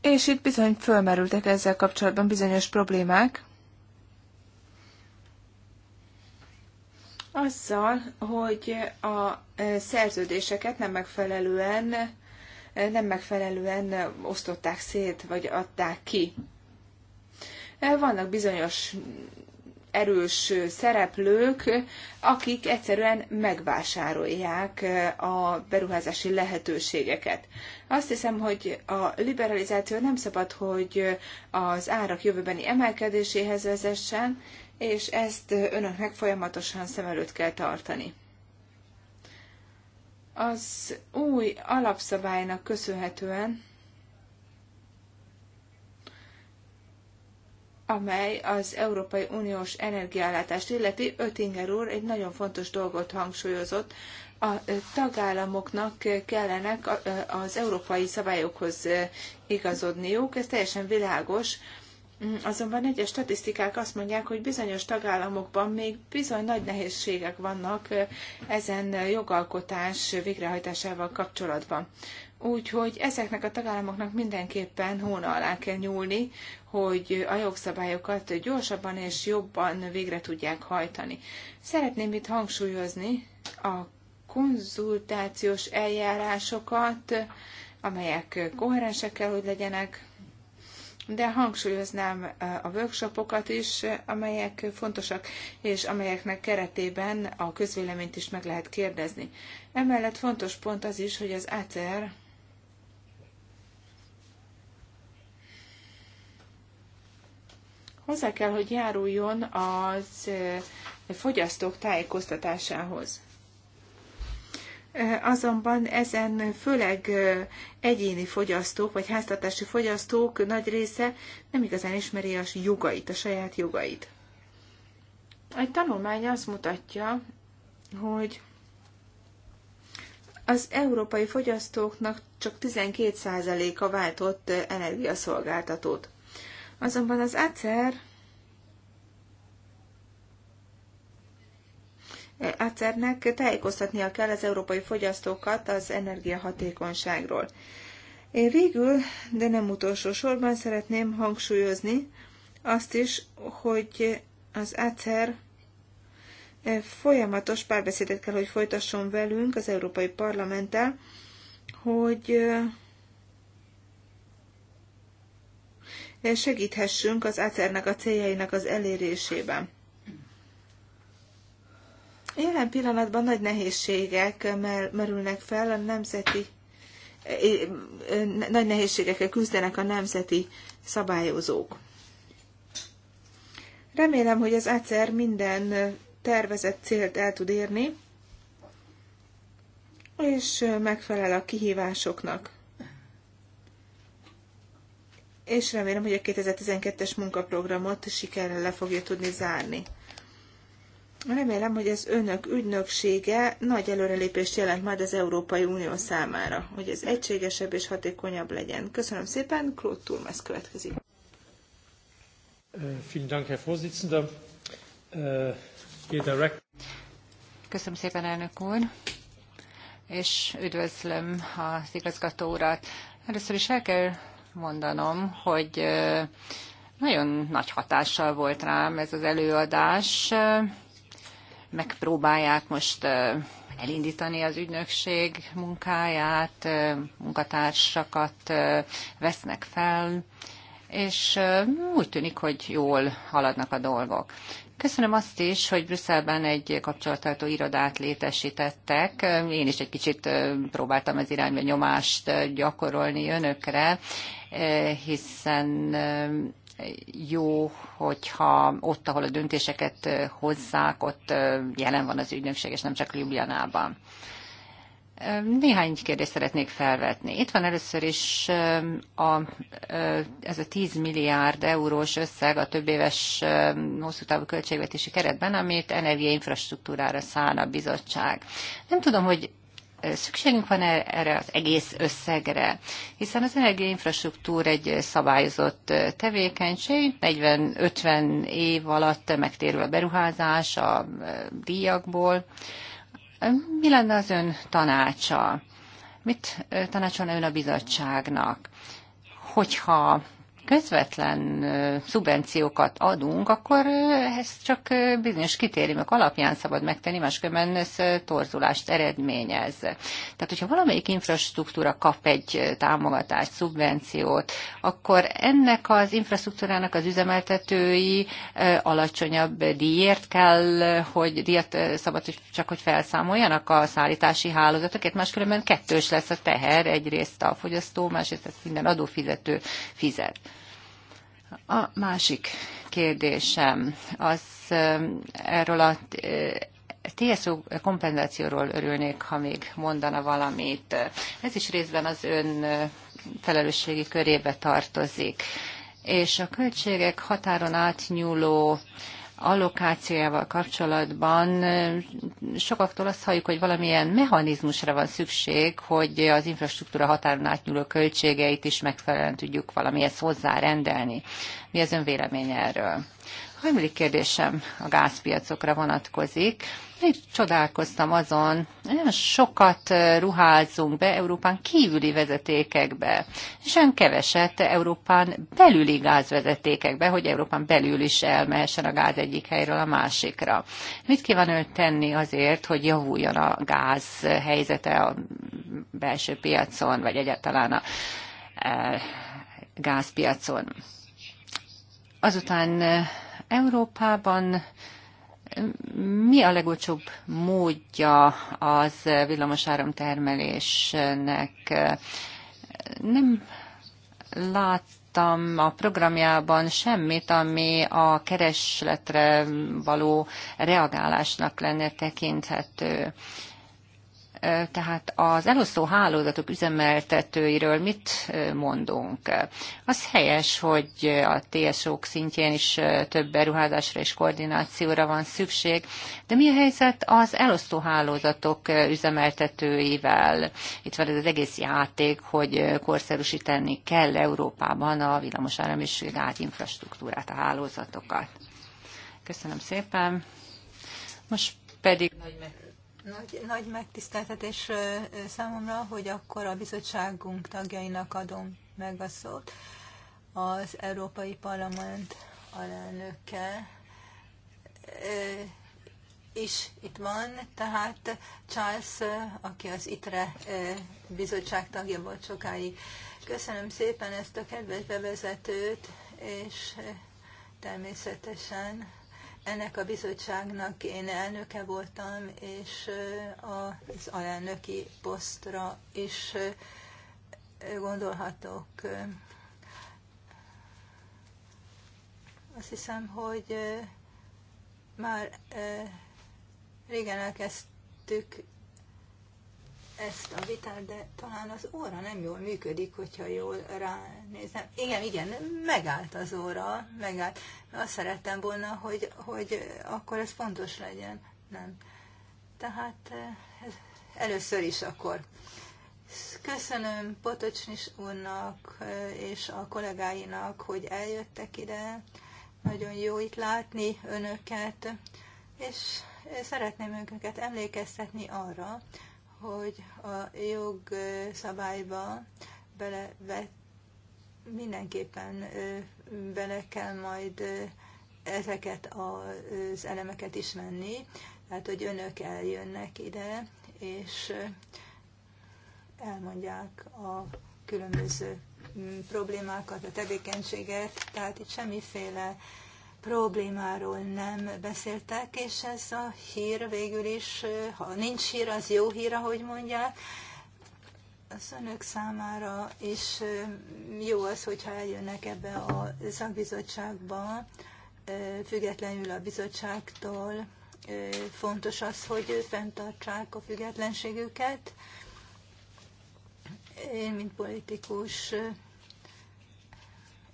És itt bizony fölmerültek ezzel kapcsolatban bizonyos problémák, azzal, hogy a e, szerződéseket nem megfelelően e, nem megfelelően osztották szét, vagy adták ki. E, vannak bizonyos erős szereplők, akik egyszerűen megvásárolják a beruházási lehetőségeket. Azt hiszem, hogy a liberalizáció nem szabad, hogy az árak jövőbeni emelkedéséhez vezessen, és ezt önöknek folyamatosan szem előtt kell tartani. Az új alapszabálynak köszönhetően, amely az Európai Uniós energiállátást illeti, Ötinger úr egy nagyon fontos dolgot hangsúlyozott, a tagállamoknak kellenek az európai szabályokhoz igazodniuk, ez teljesen világos, Mm, azonban egyes statisztikák azt mondják, hogy bizonyos tagállamokban még bizony nagy nehézségek vannak ezen jogalkotás végrehajtásával kapcsolatban. Úgyhogy ezeknek a tagállamoknak mindenképpen hóna alá kell nyúlni, hogy a jogszabályokat gyorsabban és jobban végre tudják hajtani. Szeretném itt hangsúlyozni a konzultációs eljárásokat, amelyek koherensek kell, hogy legyenek, de hangsúlyoznám a workshopokat is, amelyek fontosak, és amelyeknek keretében a közvéleményt is meg lehet kérdezni. Emellett fontos pont az is, hogy az ACR e hozzá kell, hogy járuljon az fogyasztók tájékoztatásához azonban ezen főleg egyéni fogyasztók, vagy háztartási fogyasztók nagy része nem igazán ismeri a jogait, a saját jogait. Egy tanulmány azt mutatja, hogy az európai fogyasztóknak csak 12%-a váltott energiaszolgáltatót. Azonban az ACER ACER-nek tájékoztatnia kell az európai fogyasztókat az energiahatékonyságról. Én végül, de nem utolsó sorban szeretném hangsúlyozni azt is, hogy az ACER e, folyamatos párbeszédet kell, hogy folytasson velünk az Európai Parlamenttel, hogy e, segíthessünk az ACER-nek a céljainak az elérésében. Jelen pillanatban nagy nehézségek merülnek fel a nemzeti nagy nehézségekkel küzdenek a nemzeti szabályozók. Remélem, hogy az egyszer minden tervezett célt el tud érni, és megfelel a kihívásoknak. És remélem, hogy a 2012-es munkaprogramot sikerrel le fogja tudni zárni. Remélem, hogy ez önök ügynöksége nagy előrelépést jelent majd az Európai Unió számára, hogy ez egységesebb és hatékonyabb legyen. Köszönöm szépen, Claude Turmes következik. Köszönöm szépen, elnök úr, és üdvözlöm az igazgató urat. Először is el kell mondanom, hogy nagyon nagy hatással volt rám ez az előadás megpróbálják most elindítani az ügynökség munkáját, munkatársakat vesznek fel, és úgy tűnik, hogy jól haladnak a dolgok. Köszönöm azt is, hogy Brüsszelben egy kapcsolattartó irodát létesítettek. Én is egy kicsit próbáltam az irányba nyomást gyakorolni önökre, hiszen jó, hogyha ott, ahol a döntéseket hozzák, ott jelen van az ügynökség, és nem csak Ljubljanában. Néhány kérdést szeretnék felvetni. Itt van először is a, ez a 10 milliárd eurós összeg a több éves hosszú távú költségvetési keretben, amit energiainfrastruktúrára száll a bizottság. Nem tudom, hogy szükségünk van er-, erre az egész összegre, hiszen az energiainfrastruktúra egy szabályozott tevékenység, 40-50 év alatt megtérül a beruházás a díjakból. Mi lenne az ön tanácsa? Mit tanácsolna ön a bizottságnak? Hogyha közvetlen szubvenciókat adunk, akkor ezt csak bizonyos kritériumok alapján szabad megtenni, máskülönben ez torzulást eredményez. Tehát, hogyha valamelyik infrastruktúra kap egy támogatást, szubvenciót, akkor ennek az infrastruktúrának az üzemeltetői alacsonyabb díjért kell, hogy díjat szabad, hogy csak hogy felszámoljanak a szállítási hálózatokért, máskülönben kettős lesz a teher, egyrészt a fogyasztó, másrészt minden adófizető fizet. A másik kérdésem az um, erről a eh, TSO kompenzációról örülnék, ha még mondana valamit. Ez is részben az ön eh, felelősségi körébe tartozik. És a költségek határon átnyúló allokációjával kapcsolatban sokaktól azt halljuk, hogy valamilyen mechanizmusra van szükség, hogy az infrastruktúra határon átnyúló költségeit is megfelelően tudjuk valamihez hozzárendelni. Mi az ön véleménye erről? A harmadik kérdésem a gázpiacokra vonatkozik. Én csodálkoztam azon, nagyon sokat ruházunk be Európán kívüli vezetékekbe, és olyan keveset Európán belüli gázvezetékekbe, hogy Európán belül is elmehessen a gáz egyik helyről a másikra. Mit kíván ő tenni azért, hogy javuljon a gáz helyzete a belső piacon, vagy egyáltalán a e, gázpiacon? Azután Európában mi a legolcsóbb módja az villamosáram termelésnek? Nem láttam a programjában semmit, ami a keresletre való reagálásnak lenne tekinthető. Tehát az elosztó hálózatok üzemeltetőiről mit mondunk? Az helyes, hogy a TSO-k szintjén is több beruházásra és koordinációra van szükség, de mi a helyzet az elosztó hálózatok üzemeltetőivel? Itt van ez az egész játék, hogy korszerűsíteni kell Európában a villamosáraműség átinfrastruktúrát, a hálózatokat. Köszönöm szépen. Most pedig nagy meg nagy, nagy megtiszteltetés számomra, hogy akkor a bizottságunk tagjainak adom meg a szót. Az Európai Parlament alelnöke is itt van, tehát Charles, aki az ITRE bizottság tagja volt sokáig. Köszönöm szépen ezt a kedves bevezetőt, és természetesen ennek a bizottságnak én elnöke voltam, és az alelnöki posztra is gondolhatok. Azt hiszem, hogy már régen elkezdtük ezt a vitát, de talán az óra nem jól működik, hogyha jól ránézem. Igen, igen, megállt az óra, megállt. Azt szerettem volna, hogy, hogy akkor ez fontos legyen. Nem. Tehát eh, ez először is akkor. Köszönöm Potocsnis úrnak eh, és a kollégáinak, hogy eljöttek ide. Nagyon jó itt látni önöket, és eh, szeretném önöket emlékeztetni arra, hogy a jog jogszabályba belevet, mindenképpen bele kell majd ezeket az elemeket is venni, tehát hogy önök eljönnek ide, és elmondják a különböző problémákat, a tevékenységet, tehát itt semmiféle problémáról nem beszéltek, és ez a hír végül is, ha nincs hír, az jó hír, ahogy mondják. Az önök számára is jó az, hogyha eljönnek ebbe a szakbizottságba, függetlenül a bizottságtól. Fontos az, hogy fenntartsák a függetlenségüket. Én, mint politikus,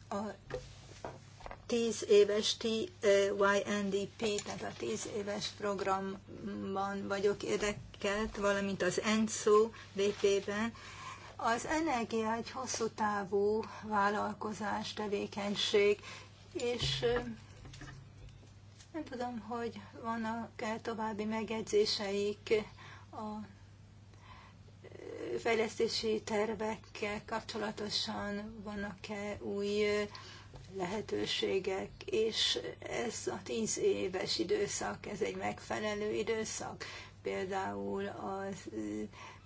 a 10 éves TYNDP, tehát a 10 éves programban vagyok érdekelt, valamint az ENSO DP-ben. Az energia egy hosszú távú vállalkozás, tevékenység, és nem tudom, hogy vannak-e további megjegyzéseik a fejlesztési tervekkel kapcsolatosan, vannak-e új lehetőségek, és ez a tíz éves időszak, ez egy megfelelő időszak. Például a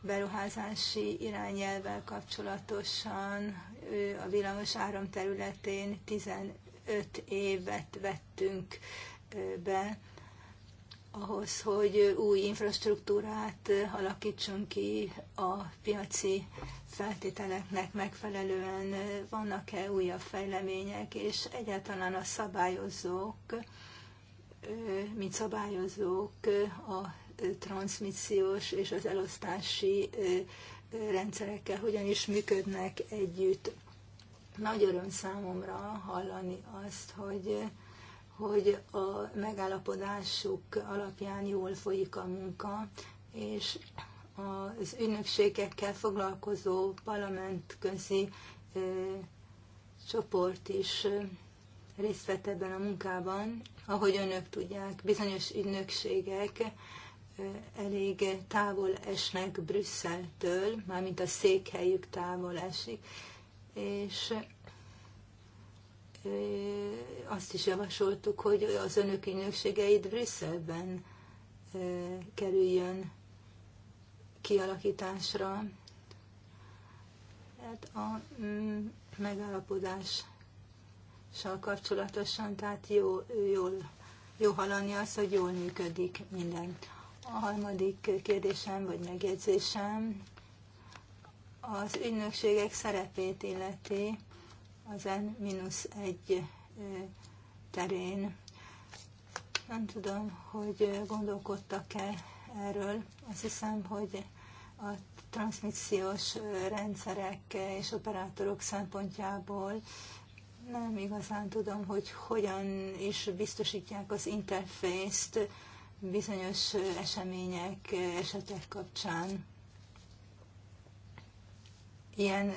beruházási irányelvvel kapcsolatosan a villamos áram területén 15 évet vettünk be ahhoz, hogy új infrastruktúrát alakítsunk ki a piaci feltételeknek megfelelően vannak-e újabb fejlemények, és egyáltalán a szabályozók, mint szabályozók a transmissziós és az elosztási rendszerekkel hogyan is működnek együtt. Nagy öröm számomra hallani azt, hogy, hogy a megállapodásuk alapján jól folyik a munka, és az ünnepségekkel foglalkozó parlamentközi csoport is részt vett ebben a munkában. Ahogy önök tudják, bizonyos ügynökségek elég távol esnek Brüsszeltől, mármint a székhelyük távol esik, és azt is javasoltuk, hogy az önök ügynökségeit Brüsszelben kerüljön kialakításra. Tehát a mm, megállapodással kapcsolatosan, tehát jó, jól, jó hallani az, hogy jól működik minden. A harmadik kérdésem vagy megjegyzésem az ügynökségek szerepét illeti az N-1 terén. Nem tudom, hogy gondolkodtak-e erről. Azt hiszem, hogy a transmissziós rendszerek és operátorok szempontjából nem igazán tudom, hogy hogyan is biztosítják az interfészt bizonyos események, esetek kapcsán. Ilyen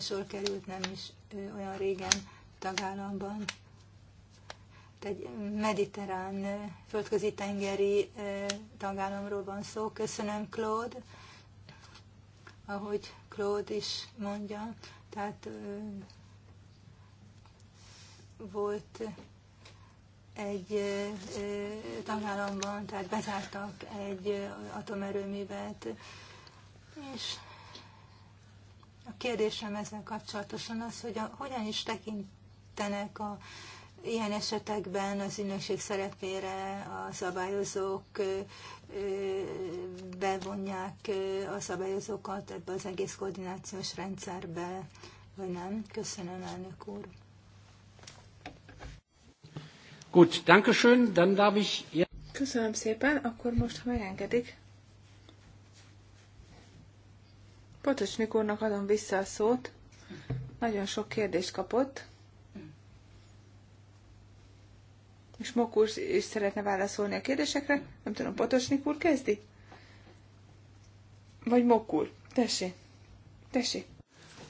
sor került nem is olyan régen tagállamban. Egy mediterrán, földközi tengeri tagállamról van szó. Köszönöm, Claude ahogy Claude is mondja, tehát volt egy tagállamban, tehát bezártak egy atomerőművet, és a kérdésem ezzel kapcsolatosan az, hogy a, hogyan is tekintenek a Ilyen esetekben az ügynökség szerepére a szabályozók bevonják a szabályozókat ebbe az egész koordinációs rendszerbe, vagy nem? Köszönöm, elnök úr. Gut, danke schön, dann darf ich... Köszönöm szépen, akkor most, ha megengedik. Potocsnik úrnak adom vissza a szót. Nagyon sok kérdést kapott. és Mokus is szeretne válaszolni a kérdésekre. Nem tudom, Potosnik úr kezdi? Vagy Mokur? Tessé. Tessé.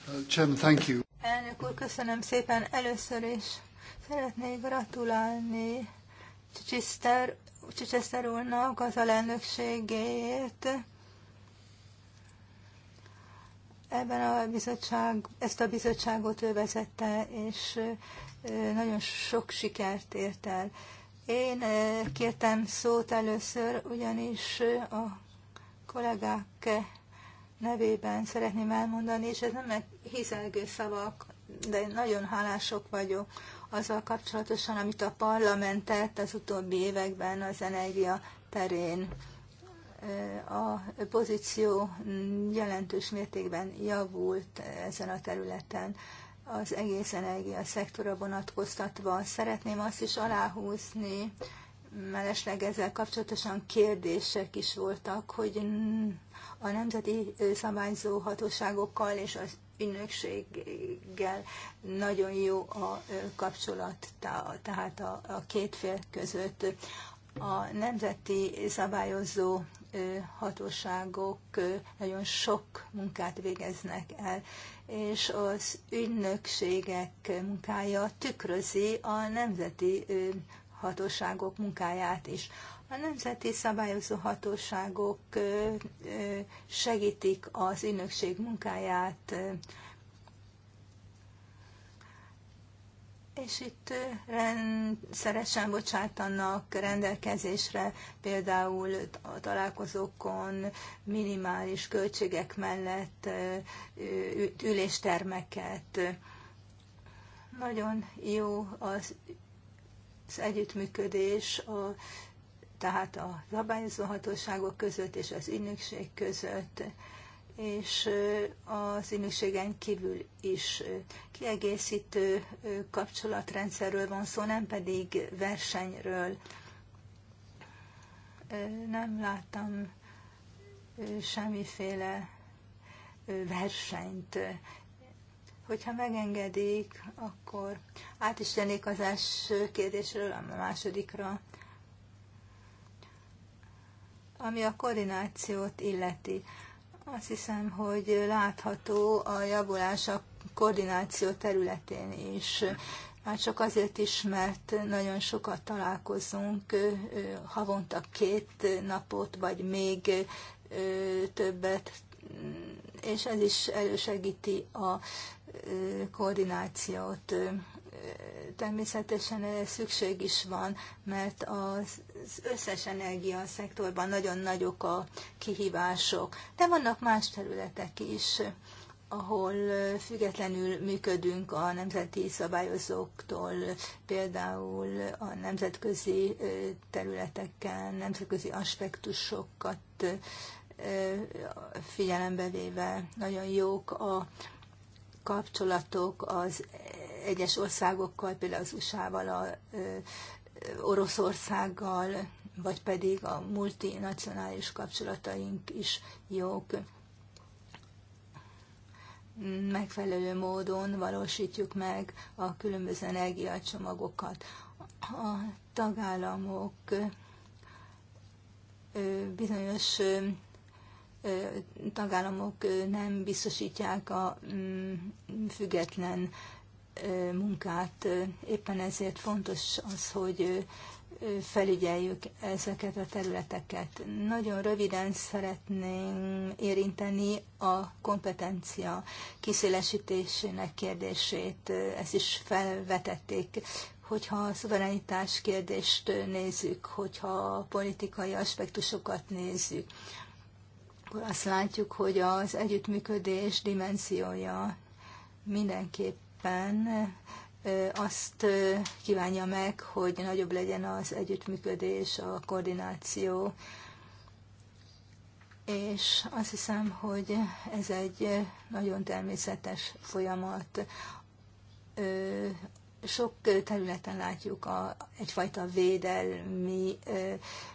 Tessék. Chairman, thank you. Elnök úr, köszönöm szépen. Először is szeretnék gratulálni Csicsiszter, Csicsiszter úrnak az alelnökségéért. Ebben a bizottság, ezt a bizottságot ő vezette, és nagyon sok sikert ért el. Én kértem szót először, ugyanis a kollégák nevében szeretném elmondani, és ez nem hizelgő szavak, de nagyon hálások vagyok azzal kapcsolatosan, amit a parlament tett az utóbbi években az energia terén. A pozíció jelentős mértékben javult ezen a területen az egész energia szektora vonatkoztatva. Szeretném azt is aláhúzni, mellesleg ezzel kapcsolatosan kérdések is voltak, hogy a nemzeti szabályzó hatóságokkal és az ügynökséggel nagyon jó a kapcsolat, tehát a, a két fél között. A nemzeti szabályozó hatóságok nagyon sok munkát végeznek el, és az ügynökségek munkája tükrözi a nemzeti hatóságok munkáját is. A nemzeti szabályozó hatóságok segítik az ügynökség munkáját és itt rendszeresen bocsátanak rendelkezésre például a találkozókon minimális költségek mellett üléstermeket. Nagyon jó az, az együttműködés a tehát a szabályozó hatóságok között és az ügynökség között és az imiségen kívül is kiegészítő kapcsolatrendszerről van szó, nem pedig versenyről. Nem láttam semmiféle versenyt. Hogyha megengedik, akkor át is tennék az első kérdésről a másodikra. Ami a koordinációt illeti, azt hiszem, hogy látható a javulás a koordináció területén is. Már hát csak azért is, mert nagyon sokat találkozunk, havonta két napot, vagy még többet, és ez is elősegíti a koordinációt természetesen erre eh, szükség is van, mert az összes energia szektorban nagyon nagyok a kihívások, de vannak más területek is, ahol eh, függetlenül működünk a nemzeti szabályozóktól, például a nemzetközi eh, területeken, nemzetközi aspektusokat figyelembe véve nagyon jók a kapcsolatok az egyes országokkal, például az USA-val, a, Oroszországgal, vagy pedig a multinacionális kapcsolataink is jók. Megfelelő módon valósítjuk meg a különböző energiacsomagokat. A tagállamok bizonyos tagállamok nem biztosítják a mm, független munkát. Éppen ezért fontos az, hogy felügyeljük ezeket a területeket. Nagyon röviden szeretném érinteni a kompetencia kiszélesítésének kérdését. Ezt is felvetették hogyha a szuverenitás kérdést nézzük, hogyha a politikai aspektusokat nézzük, akkor azt látjuk, hogy az együttműködés dimenziója mindenképp mindenképpen azt kívánja meg, hogy nagyobb legyen az együttműködés, a koordináció, és azt hiszem, hogy ez egy nagyon természetes folyamat. Sok területen látjuk a, egyfajta védelmi,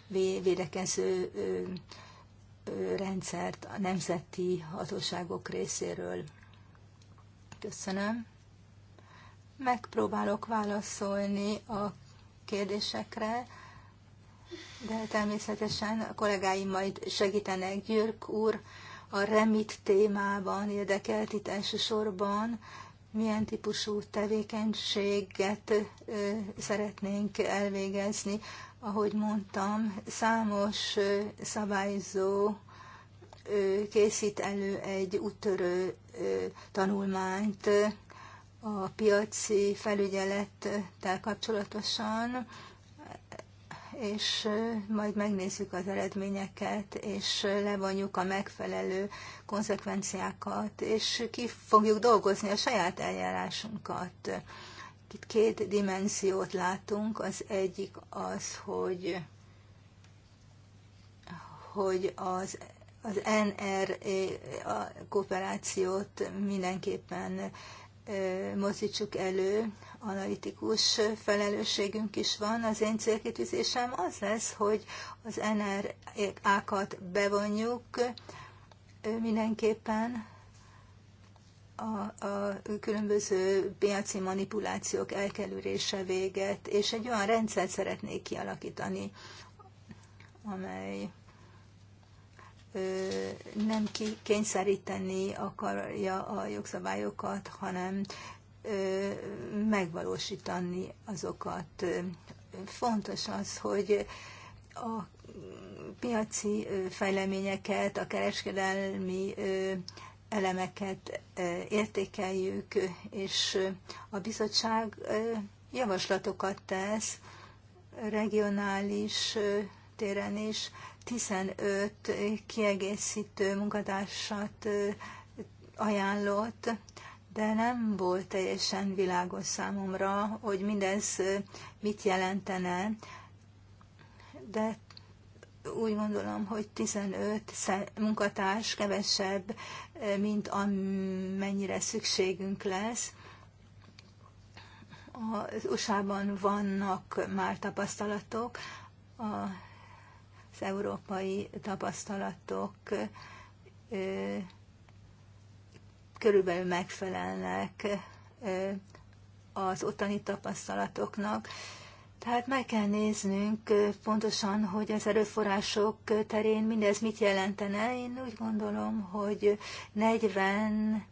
védekező rendszert a nemzeti hatóságok részéről. Köszönöm. Megpróbálok válaszolni a kérdésekre, de természetesen a kollégáim majd segítenek. Györk úr a remit témában érdekelt itt elsősorban, milyen típusú tevékenységet ö, szeretnénk elvégezni. Ahogy mondtam, számos ö, szabályzó ö, készít elő egy úttörő ö, tanulmányt a piaci felügyelettel kapcsolatosan, és majd megnézzük az eredményeket, és levonjuk a megfelelő konzekvenciákat, és ki fogjuk dolgozni a saját eljárásunkat. Itt két dimenziót látunk, az egyik az, hogy, hogy az az NR e, kooperációt mindenképpen mozdítsuk elő, analitikus felelősségünk is van. Az én célkitűzésem az lesz, hogy az NRA-kat bevonjuk mindenképpen a, a különböző piaci manipulációk elkerülése véget, és egy olyan rendszert szeretnék kialakítani, amely nem kényszeríteni akarja a jogszabályokat, hanem megvalósítani azokat. Fontos az, hogy a piaci fejleményeket, a kereskedelmi elemeket értékeljük, és a bizottság javaslatokat tesz regionális téren is, 15 kiegészítő munkatársat ajánlott, de nem volt teljesen világos számomra, hogy mindez mit jelentene, de úgy gondolom, hogy 15 munkatárs kevesebb, mint amennyire szükségünk lesz. Az USA-ban vannak már tapasztalatok, a az európai tapasztalatok körülbelül megfelelnek az ottani tapasztalatoknak. Tehát meg kell néznünk pontosan, hogy az erőforrások terén mindez mit jelentene. Én úgy gondolom, hogy 40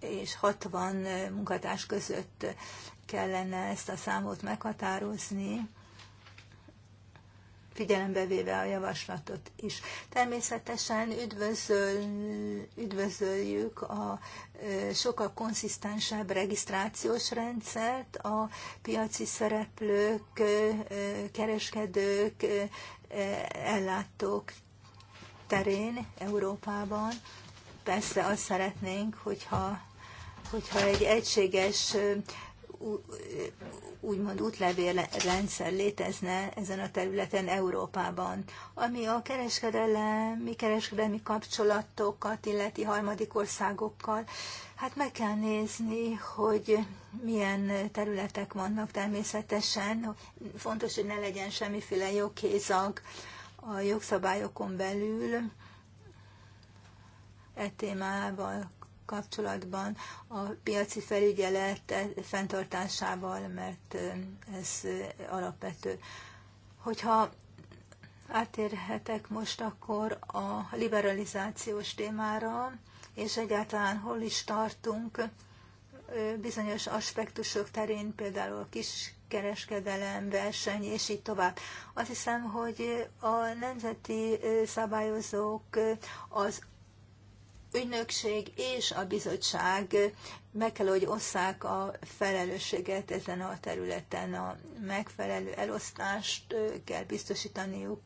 és 60 munkatárs között kellene ezt a számot meghatározni figyelembe véve a javaslatot is. Természetesen üdvözöl, üdvözöljük a sokkal konszisztensebb regisztrációs rendszert a piaci szereplők, kereskedők, ellátók terén Európában. Persze azt szeretnénk, hogyha, hogyha egy egységes úgymond útlevélrendszer létezne ezen a területen Európában, ami a kereskedelmi, kereskedelmi kapcsolatokat illeti harmadik országokkal. Hát meg kell nézni, hogy milyen területek vannak természetesen. Fontos, hogy ne legyen semmiféle jogkézag a jogszabályokon belül e témával kapcsolatban a piaci felügyelet fenntartásával, mert ez alapvető. Hogyha átérhetek most akkor a liberalizációs témára, és egyáltalán hol is tartunk bizonyos aspektusok terén, például a kis kereskedelem, verseny, és így tovább. Azt hiszem, hogy a nemzeti szabályozók az ügynökség és a bizottság meg kell, hogy osszák a felelősséget ezen a területen. A megfelelő elosztást kell biztosítaniuk.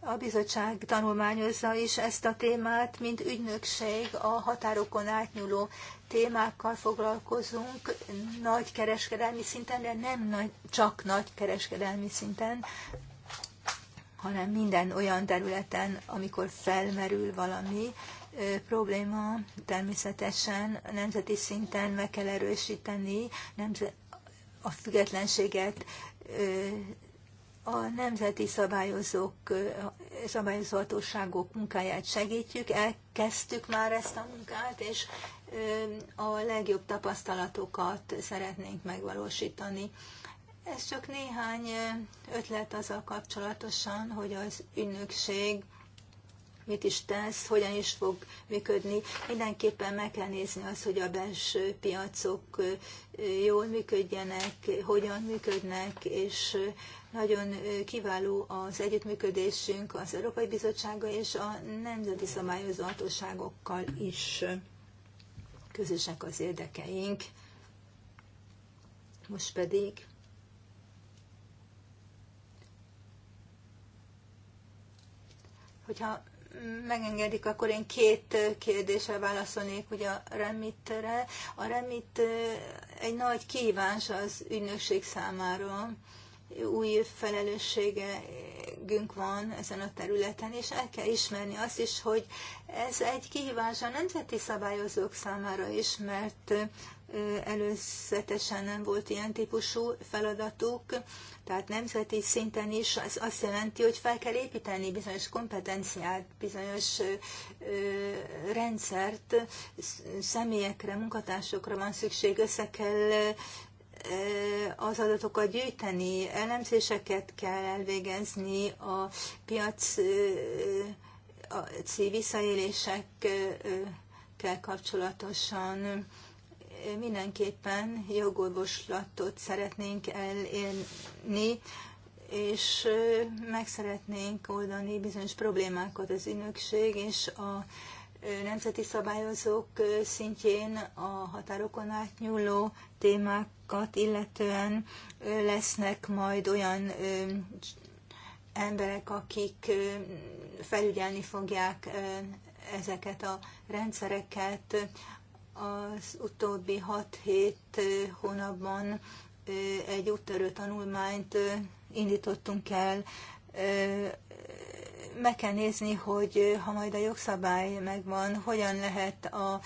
A bizottság tanulmányozza is ezt a témát, mint ügynökség a határokon átnyúló témákkal foglalkozunk, nagy kereskedelmi szinten, de nem nagy, csak nagy kereskedelmi szinten, hanem minden olyan területen, amikor felmerül valami, probléma természetesen nemzeti szinten meg kell erősíteni nemzet, a függetlenséget a nemzeti szabályozók, szabályozhatóságok munkáját segítjük, elkezdtük már ezt a munkát, és a legjobb tapasztalatokat szeretnénk megvalósítani. Ez csak néhány ötlet azzal kapcsolatosan, hogy az ünnökség mit is tesz, hogyan is fog működni. Mindenképpen meg kell nézni azt, hogy a belső piacok jól működjenek, hogyan működnek, és nagyon kiváló az együttműködésünk az Európai Bizottsága és a nemzeti szabályozó hatóságokkal is közösek az érdekeink. Most pedig hogyha megengedik, akkor én két kérdésre válaszolnék ugye a remitre. A remit egy nagy kívás az ügynökség számára. Új felelősségünk van ezen a területen, és el kell ismerni azt is, hogy ez egy kihívás a nemzeti szabályozók számára is, mert előzetesen nem volt ilyen típusú feladatuk, tehát nemzeti szinten is az azt jelenti, hogy fel kell építeni bizonyos kompetenciát, bizonyos rendszert, személyekre, munkatársokra van szükség, össze kell az adatokat gyűjteni, elemzéseket kell elvégezni a piac piaci visszaélésekkel kapcsolatosan mindenképpen jogorvoslatot szeretnénk elérni, és meg szeretnénk oldani bizonyos problémákat az ünökség és a nemzeti szabályozók szintjén a határokon átnyúló témákat illetően lesznek majd olyan emberek, akik felügyelni fogják ezeket a rendszereket, az utóbbi hat-hét hónapban egy úttörő tanulmányt indítottunk el. Meg kell nézni, hogy ha majd a jogszabály megvan, hogyan lehet a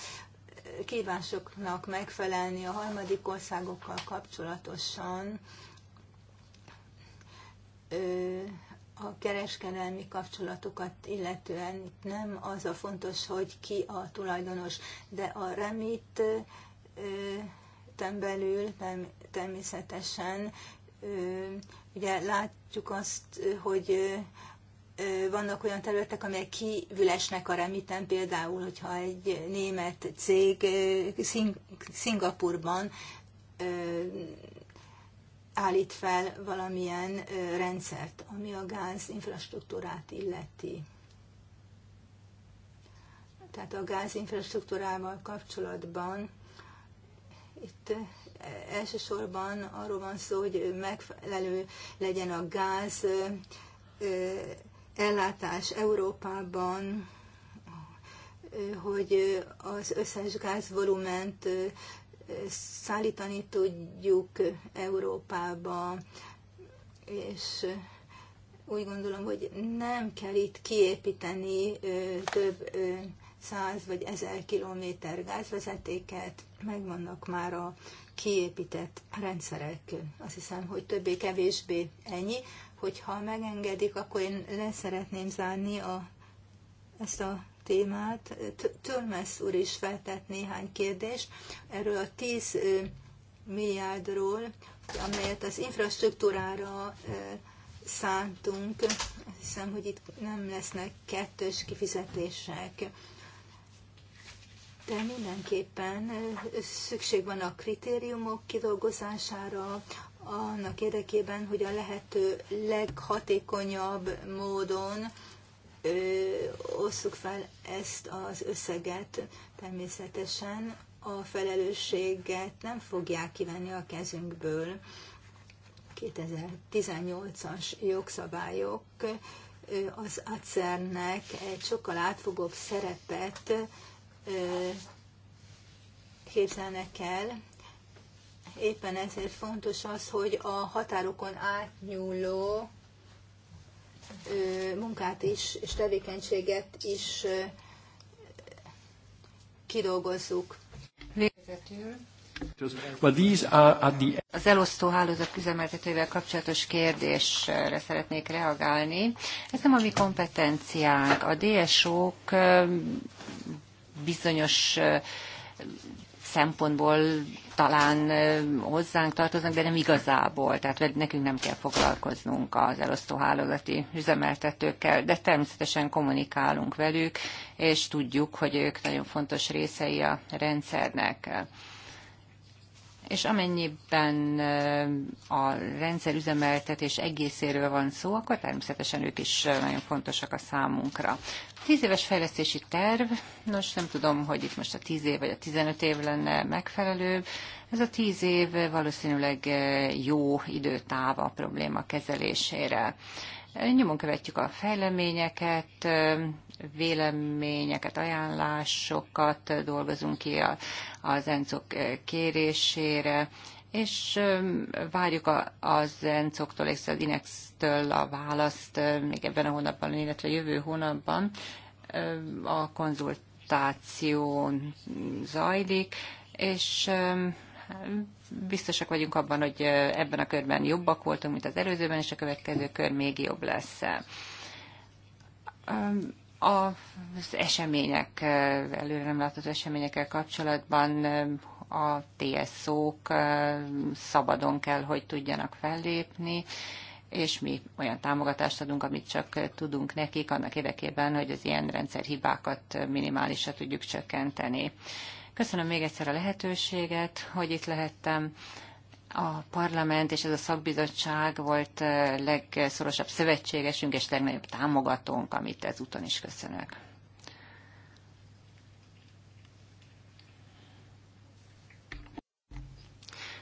kívásoknak megfelelni a harmadik országokkal kapcsolatosan a kereskedelmi kapcsolatokat illetően itt nem az a fontos, hogy ki a tulajdonos, de a remit belül természetesen ugye látjuk azt, hogy vannak olyan területek, amelyek kívülesnek a remiten, például, hogyha egy német cég Szing- Szingapurban állít fel valamilyen rendszert, ami a gáz infrastruktúrát illeti. Tehát a gáz infrastruktúrával kapcsolatban itt elsősorban arról van szó, hogy megfelelő legyen a gáz ellátás Európában, hogy az összes gázvolument szállítani tudjuk Európába, és úgy gondolom, hogy nem kell itt kiépíteni több száz vagy ezer kilométer gázvezetéket, megvannak már a kiépített rendszerek. Azt hiszem, hogy többé-kevésbé ennyi. Hogyha megengedik, akkor én leszeretném zárni a, ezt a témát. Törmesz úr is feltett néhány kérdést erről a 10 milliárdról, amelyet az infrastruktúrára szántunk. Hiszem, hogy itt nem lesznek kettős kifizetések. De mindenképpen szükség van a kritériumok kidolgozására, annak érdekében, hogy a lehető leghatékonyabb módon osszuk fel ezt az összeget természetesen. A felelősséget nem fogják kivenni a kezünkből. 2018-as jogszabályok az ACER-nek egy sokkal átfogóbb szerepet képzelnek el. Éppen ezért fontos az, hogy a határokon átnyúló munkát is, és tevékenységet is kidolgozzuk. Az elosztó hálózat üzemeltetővel kapcsolatos kérdésre szeretnék reagálni. Ez nem a mi kompetenciánk. A DSO-k bizonyos szempontból talán hozzánk tartoznak, de nem igazából, tehát nekünk nem kell foglalkoznunk az elosztóhálózati üzemeltetőkkel, de természetesen kommunikálunk velük, és tudjuk, hogy ők nagyon fontos részei a rendszernek és amennyiben a rendszer üzemeltetés egészéről van szó, akkor természetesen ők is nagyon fontosak a számunkra. Tíz éves fejlesztési terv, nos nem tudom, hogy itt most a tíz év vagy a tizenöt év lenne megfelelő. Ez a tíz év valószínűleg jó időtáv a probléma kezelésére. Nyomon követjük a fejleményeket, véleményeket, ajánlásokat dolgozunk ki az ENCOK kérésére, és várjuk az encoktól és az inex a választ még ebben a hónapban, illetve jövő hónapban a konzultáció zajlik, és biztosak vagyunk abban, hogy ebben a körben jobbak voltunk, mint az előzőben, és a következő kör még jobb lesz. Az események, előre nem látható eseményekkel kapcsolatban a tso ok szabadon kell, hogy tudjanak fellépni, és mi olyan támogatást adunk, amit csak tudunk nekik, annak érdekében, hogy az ilyen rendszerhibákat minimálisra tudjuk csökkenteni. Köszönöm még egyszer a lehetőséget, hogy itt lehettem. A parlament és ez a szakbizottság volt eh, legszorosabb szövetségesünk és legnagyobb támogatónk, amit ezúton is köszönök.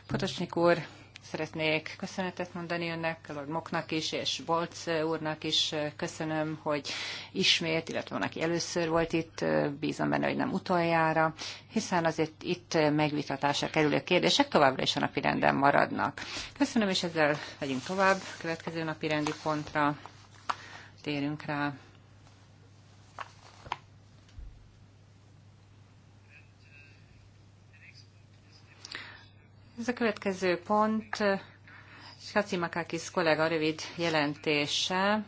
Potosnyik úr, Szeretnék köszönetet mondani önnek, Lord Moknak is, és Bolc úrnak is köszönöm, hogy ismét, illetve van, aki először volt itt, bízom benne, hogy nem utoljára, hiszen azért itt megvitatásra kerülő kérdések továbbra is a napi renden maradnak. Köszönöm, és ezzel megyünk tovább, következő napi rendi pontra térünk rá. Ez a következő pont, Skacimakakis kollega rövid jelentése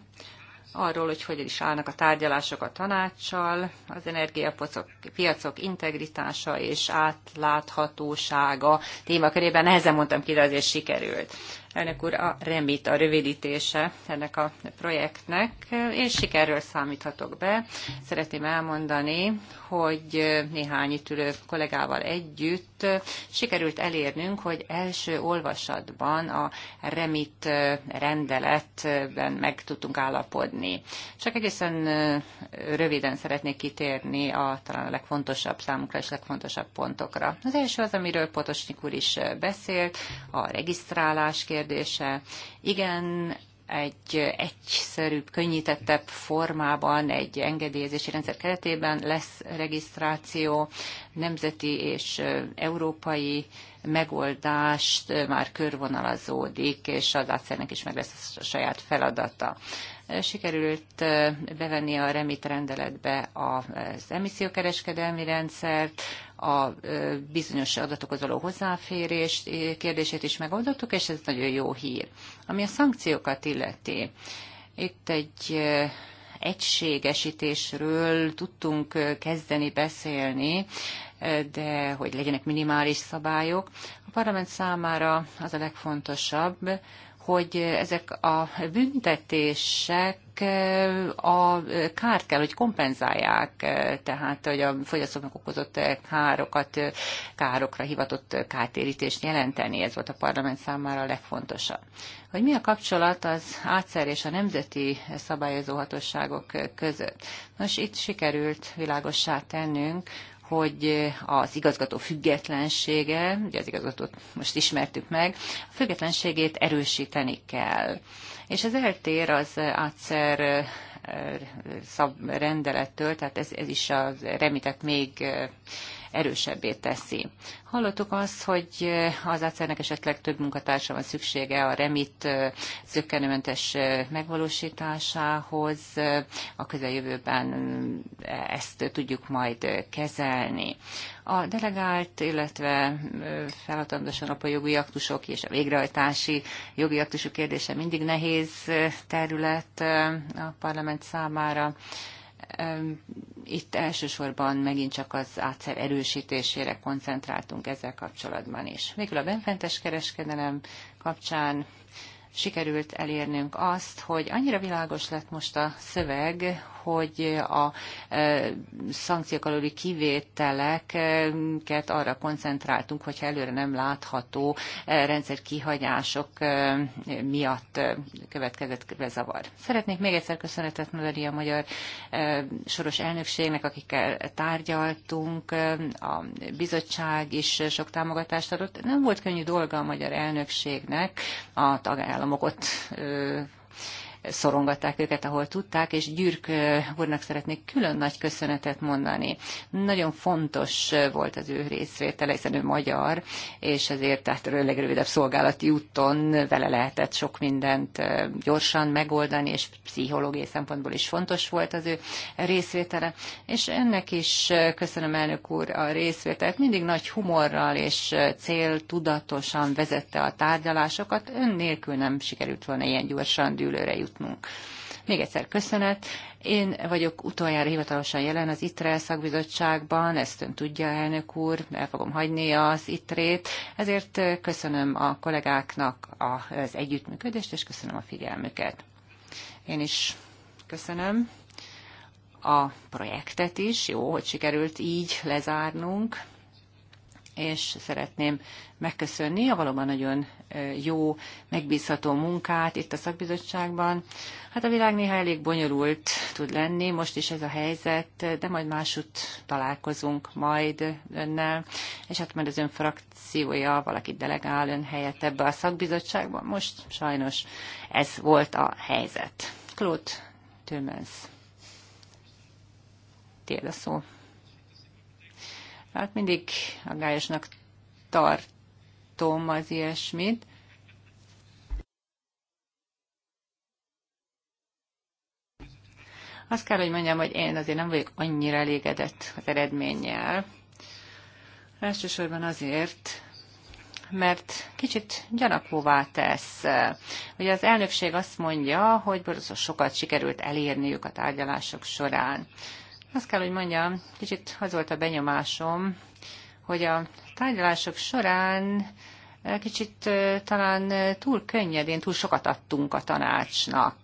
arról, hogy hogyan is állnak a tárgyalások a tanácssal, az energiapiacok integritása és átláthatósága témakörében. Nehezen mondtam ki, de azért sikerült elnök úr, a remit, a rövidítése ennek a projektnek. Én sikerről számíthatok be. Szeretném elmondani, hogy néhány ülő kollégával együtt sikerült elérnünk, hogy első olvasatban a remit rendeletben meg tudtunk állapodni. Csak egészen röviden szeretnék kitérni a talán a legfontosabb számunkra és legfontosabb pontokra. Az első az, amiről Potosnik úr is beszélt, a regisztrálás kérdés kérdése. Igen, egy egyszerűbb, könnyítettebb formában, egy engedélyezési rendszer keretében lesz regisztráció, nemzeti és európai megoldást már körvonalazódik, és az átszernek is meg lesz a saját feladata. Sikerült bevenni a remit rendeletbe az emissziókereskedelmi rendszert, a bizonyos adatokhoz való hozzáférés kérdését is megoldottuk, és ez nagyon jó hír. Ami a szankciókat illeti, itt egy egységesítésről tudtunk kezdeni beszélni, de hogy legyenek minimális szabályok. A parlament számára az a legfontosabb, hogy ezek a büntetések eh, a kárt kell, hogy kompenzálják, eh, tehát hogy a fogyasztóknak okozott eh, károkat, károkra hivatott kártérítést jelenteni. Ez volt a parlament számára a legfontosabb. Hogy mi a kapcsolat az átszer és a nemzeti szabályozóhatóságok között? Nos, itt sikerült világossá tennünk, hogy az igazgató függetlensége, ugye az igazgatót most ismertük meg, a függetlenségét erősíteni kell. És az eltér az átszer rendelettől, tehát ez, ez is a remitet még erősebbé teszi. Hallottuk azt, hogy az ACER-nek esetleg több munkatársa van szüksége a remit zöggenőmentes megvalósításához. A közeljövőben ezt tudjuk majd kezelni. A delegált, illetve feladandós a jogi aktusok és a végrehajtási jogi aktusok kérdése mindig nehéz terület a parlament számára. Itt elsősorban megint csak az átszer erősítésére koncentráltunk ezzel kapcsolatban is. Végül a benfentes kereskedelem kapcsán sikerült elérnünk azt, hogy annyira világos lett most a szöveg, hogy a e, szankciók alóli kivételeket arra koncentráltunk, hogyha előre nem látható e, rendszer kihagyások e, miatt következett bezavar. Szeretnék még egyszer köszönetet mondani a magyar soros elnökségnek, akikkel tárgyaltunk, a bizottság is sok támogatást adott. Nem volt könnyű dolga a magyar elnökségnek, a tagállamok ott szorongatták őket, ahol tudták, és Gyürk úrnak szeretnék külön nagy köszönetet mondani. Nagyon fontos volt az ő részvétele, hiszen ő magyar, és ezért tehát legrövidebb szolgálati úton vele lehetett sok mindent gyorsan megoldani, és pszichológiai szempontból is fontos volt az ő részvétele. És ennek is köszönöm elnök úr a részvételt. Mindig nagy humorral és cél tudatosan vezette a tárgyalásokat. Ön nélkül nem sikerült volna ilyen gyorsan dűlőre jutni jutnunk. Még egyszer köszönet. Én vagyok utoljára hivatalosan jelen az ITRE szakbizottságban, ezt ön tudja, elnök úr, el fogom hagyni az ITRE-t, ezért köszönöm a kollégáknak az együttműködést, és köszönöm a figyelmüket. Én is köszönöm a projektet is, jó, hogy sikerült így lezárnunk és szeretném megköszönni a valóban nagyon jó, megbízható munkát itt a szakbizottságban. Hát a világ néha elég bonyolult tud lenni, most is ez a helyzet, de majd másút találkozunk majd önnel, és hát mert az ön frakciója valakit delegál ön helyett ebbe a szakbizottságban, most sajnos ez volt a helyzet. Claude Tömens. Tiéd a szó. Hát mindig aggályosnak tartom az ilyesmit. Azt kell, hogy mondjam, hogy én azért nem vagyok annyira elégedett az eredménnyel. Elsősorban azért, mert kicsit gyanakóvá tesz. Ugye az elnökség azt mondja, hogy borzasztó sokat sikerült elérniük a tárgyalások során. Azt kell, hogy mondjam, kicsit az volt a benyomásom, hogy a tárgyalások során eh, kicsit eh, talán eh, túl könnyedén, túl sokat adtunk a tanácsnak,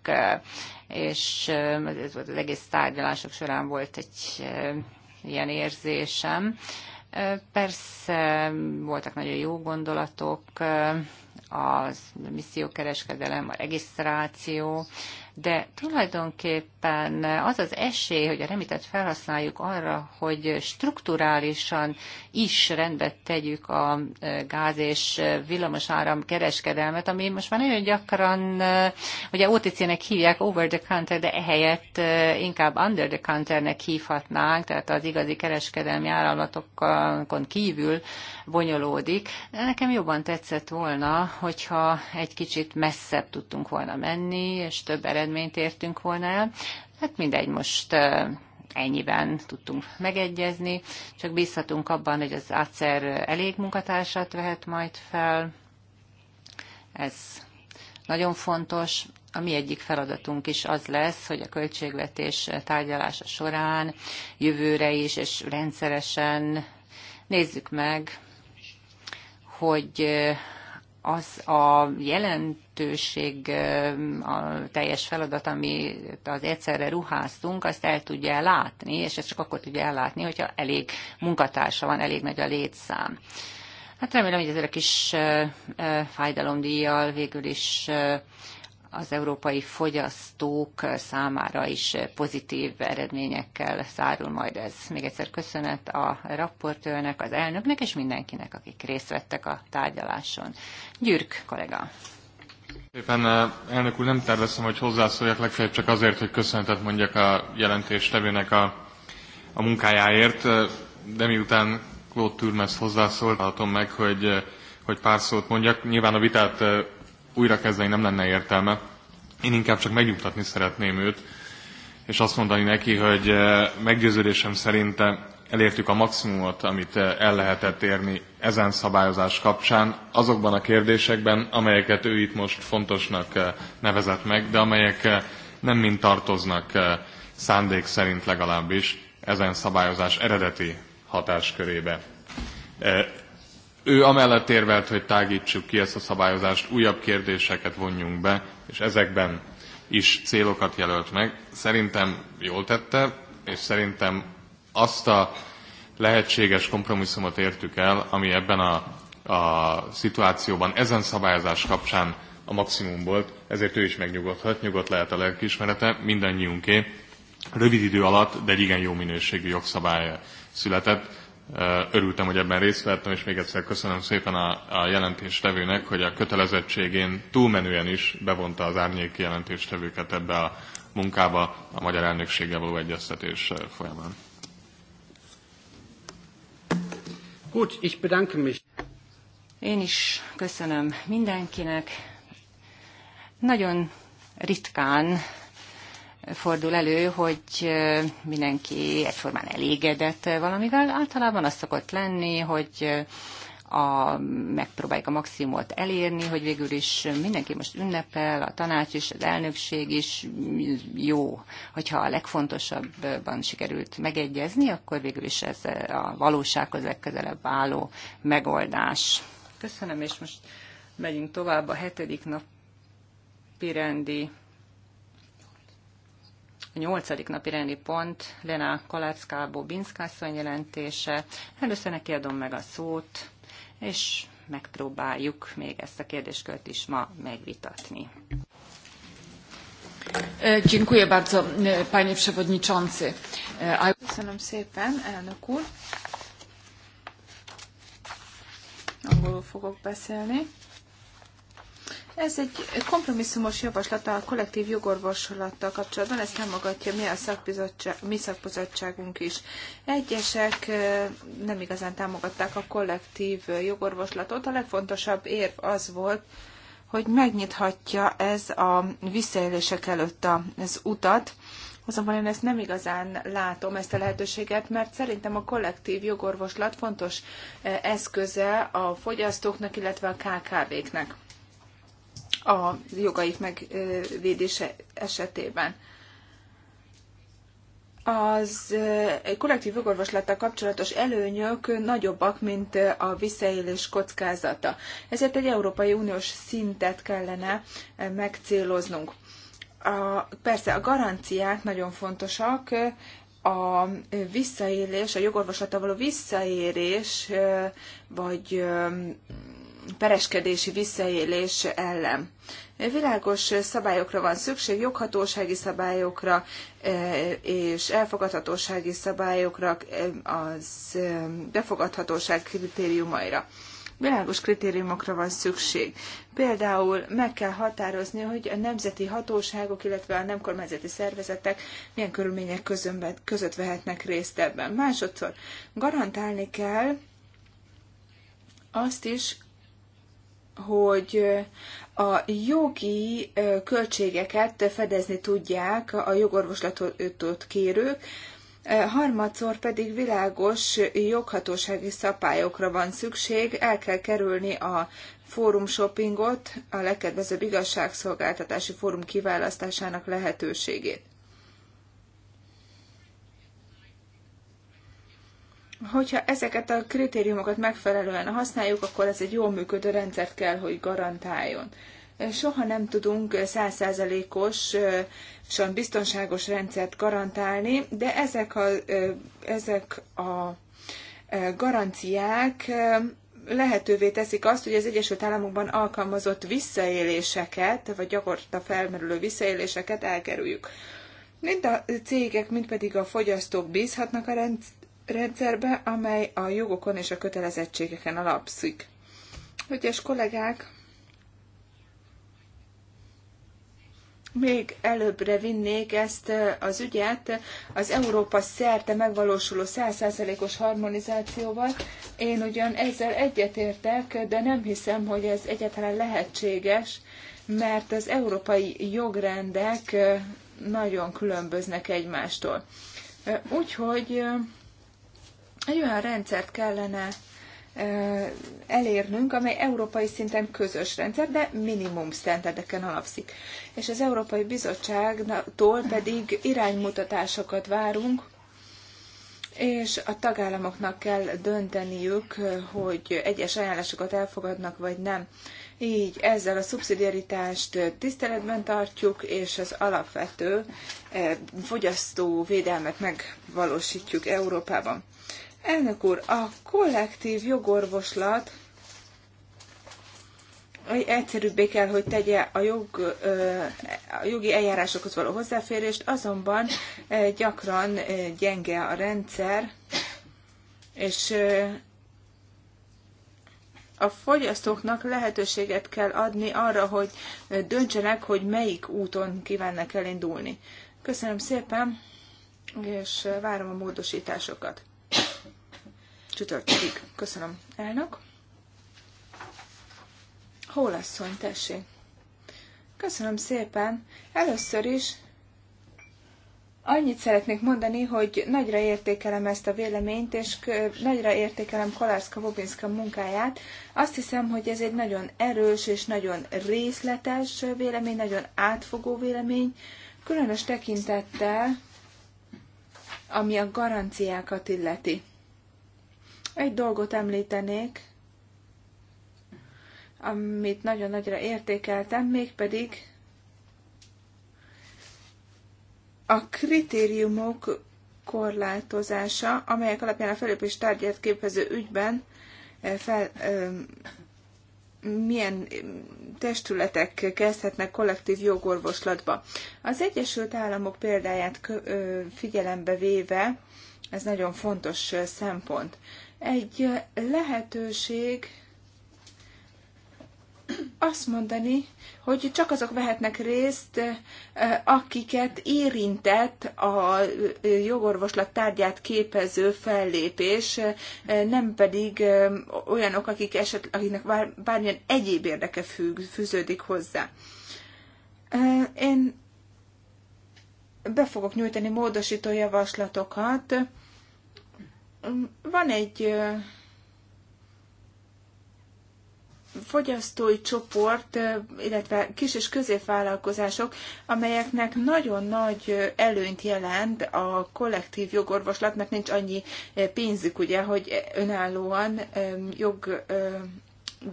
és ez volt az egész tárgyalások során volt egy ilyen érzésem. Persze voltak nagyon jó gondolatok, a missziókereskedelem, a regisztráció, de tulajdonképpen az az esély, hogy a remitet felhasználjuk arra, hogy strukturálisan is rendbe tegyük a e, gáz és e, áram kereskedelmet, ami most már nagyon gyakran, e, ugye OTC-nek hívják over the counter, de ehelyett inkább under the counternek hívhatnánk, tehát az igazi kereskedelmi áramlatokon kívül bonyolódik. De nekem jobban tetszett volna, hogyha egy kicsit messzebb tudtunk volna menni, és több eredményt értünk volna el. Hát mindegy, most ennyiben tudtunk megegyezni, csak bízhatunk abban, hogy az ACER elég munkatársat vehet majd fel. Ez nagyon fontos. A mi egyik feladatunk is az lesz, hogy a költségvetés tárgyalása során jövőre is és rendszeresen nézzük meg, hogy az a jelentőség, a teljes feladat, amit az egyszerre ruháztunk, azt el tudja látni, és ezt csak akkor tudja ellátni, hogyha elég munkatársa van, elég nagy a létszám. Hát remélem, hogy ezzel a kis fájdalomdíjjal végül is az európai fogyasztók számára is pozitív eredményekkel zárul majd ez. Még egyszer köszönet a rapportőrnek, az elnöknek és mindenkinek, akik részt vettek a tárgyaláson. Gyürk kollega. Éppen eh, elnök úr, nem tervezem, hogy hozzászóljak legfeljebb csak azért, hogy köszönetet mondjak a jelentéstevőnek a, a munkájáért, eh, de miután Claude Turmes hozzászólt, hallhatom meg, hogy, eh, hogy pár szót mondjak. Nyilván a vitát újrakezdeni nem lenne értelme. Én inkább csak megnyugtatni szeretném őt, és azt mondani neki, hogy eh, meggyőződésem szerint elértük a maximumot, amit eh, el lehetett érni ezen szabályozás kapcsán, azokban a kérdésekben, amelyeket ő itt most fontosnak eh, nevezett meg, de amelyek nem mind tartoznak szándék szerint legalábbis ezen szabályozás eredeti hatáskörébe ő amellett érvelt, hogy tágítsuk ki ezt a szabályozást, újabb kérdéseket vonjunk be, és ezekben is célokat jelölt meg. Szerintem jól tette, és szerintem azt a lehetséges kompromisszumot értük el, ami ebben a, a szituációban, ezen szabályozás kapcsán a maximum volt, ezért ő is megnyugodhat, nyugodt lehet a lelkiismerete, mindannyiunké. Rövid idő alatt, de egy igen jó minőségű jogszabály született, Örültem, hogy ebben részt vettem, és még egyszer köszönöm szépen a, a jelentéstevőnek, hogy a kötelezettségén túlmenően is bevonta az árnyék jelentéstevőket ebbe a munkába a magyar elnökséggel való egyeztetés folyamán. Gut, ich bedanke mich. Én is köszönöm mindenkinek. Nagyon ritkán fordul elő, hogy mindenki egyformán elégedett valamivel. Általában az szokott lenni, hogy a, megpróbáljuk a maximumot elérni, hogy végül is mindenki most ünnepel, a tanács is, az elnökség is jó. Hogyha a legfontosabban sikerült megegyezni, akkor végül is ez a valósághoz legközelebb álló megoldás. Köszönöm, és most megyünk tovább a hetedik nap pirendi nyolcadik napi rendi pont, Lena Kalecká-Bobinszkászony jelentése. Először neki adom meg a szót, és megpróbáljuk még ezt a kérdéskört is ma megvitatni. E, dziękuję bardzo, e, panie przewodniczący. E, Köszönöm szépen, elnök úr. Angolul fogok beszélni. Ez egy kompromisszumos javaslat a kollektív jogorvoslattal kapcsolatban, ezt támogatja mi a mi szakbizottságunk is. Egyesek nem igazán támogatták a kollektív jogorvoslatot. A legfontosabb érv az volt, hogy megnyithatja ez a visszaélések előtt az utat, Azonban én ezt nem igazán látom, ezt a lehetőséget, mert szerintem a kollektív jogorvoslat fontos eszköze a fogyasztóknak, illetve a KKV-knek a jogaik megvédése esetében. Az egy eh, kollektív jogorvoslattal kapcsolatos előnyök nagyobbak, mint eh, a visszaélés kockázata. Ezért egy Európai Uniós szintet kellene eh, megcéloznunk. A, persze a garanciák nagyon fontosak, a visszaélés, a jogorvoslata való visszaérés, vagy pereskedési visszaélés ellen. Világos szabályokra van szükség, joghatósági szabályokra eh, és elfogadhatósági szabályokra, eh, az eh, befogadhatóság kritériumaira. Világos kritériumokra van szükség. Például meg kell határozni, hogy a nemzeti hatóságok, illetve a nem kormányzati szervezetek milyen körülmények között vehetnek részt ebben. Másodszor garantálni kell azt is, hogy a jogi költségeket fedezni tudják a jogorvoslatot kérők, harmadszor pedig világos joghatósági szabályokra van szükség, el kell kerülni a fórum shoppingot, a legkedvezőbb igazságszolgáltatási fórum kiválasztásának lehetőségét. Hogyha ezeket a kritériumokat megfelelően használjuk, akkor ez egy jól működő rendszert kell, hogy garantáljon. Soha nem tudunk százszázalékosan biztonságos rendszert garantálni, de ezek a, ezek a garanciák lehetővé teszik azt, hogy az Egyesült Államokban alkalmazott visszaéléseket, vagy gyakorta felmerülő visszaéléseket elkerüljük. Mind a cégek, mind pedig a fogyasztók bízhatnak a rendszerbe, amely a jogokon és a kötelezettségeken alapszik. Egyes kollégák még előbbre vinnék ezt az ügyet az Európa szerte megvalósuló 100%-os harmonizációval. Én ugyan ezzel egyetértek, de nem hiszem, hogy ez egyáltalán lehetséges, mert az európai jogrendek nagyon különböznek egymástól. Úgyhogy egy olyan rendszert kellene elérnünk, amely európai szinten közös rendszer, de minimum standardeken alapszik. És az Európai Bizottságtól pedig iránymutatásokat várunk, és a tagállamoknak kell dönteniük, hogy egyes ajánlásokat elfogadnak vagy nem. Így ezzel a szubszidiaritást tiszteletben tartjuk, és az alapvető fogyasztóvédelmet megvalósítjuk Európában. Elnök úr, a kollektív jogorvoslat egyszerűbbé kell, hogy tegye a, jog, a jogi eljárásokhoz való hozzáférést, azonban gyakran gyenge a rendszer, és a fogyasztóknak lehetőséget kell adni arra, hogy döntsenek, hogy melyik úton kívánnak elindulni. Köszönöm szépen, és várom a módosításokat csütörtökig. Köszönöm, elnök. Hol hogy tessék? Köszönöm szépen. Először is annyit szeretnék mondani, hogy nagyra értékelem ezt a véleményt, és nagyra értékelem Kolárszka Bobinska munkáját. Azt hiszem, hogy ez egy nagyon erős és nagyon részletes vélemény, nagyon átfogó vélemény, különös tekintettel, ami a garanciákat illeti. Egy dolgot említenék, amit nagyon nagyra értékeltem, mégpedig a kritériumok korlátozása, amelyek alapján a felépés tárgyát képező ügyben eh, fel, eh, milyen testületek kezdhetnek kollektív jogorvoslatba. Az Egyesült Államok példáját figyelembe véve, ez nagyon fontos eh, szempont egy lehetőség azt mondani, hogy csak azok vehetnek részt, eh, akiket érintett a eh, jogorvoslat tárgyát képező fellépés, eh, nem pedig olyanok, akik eset, akiknek bármilyen egyéb érdeke függ, fűződik hozzá. Én be fogok nyújtani módosító javaslatokat, van egy fogyasztói csoport, illetve kis- és középvállalkozások, amelyeknek nagyon nagy előnyt jelent a kollektív jogorvoslat, mert nincs annyi pénzük, ugye, hogy önállóan jog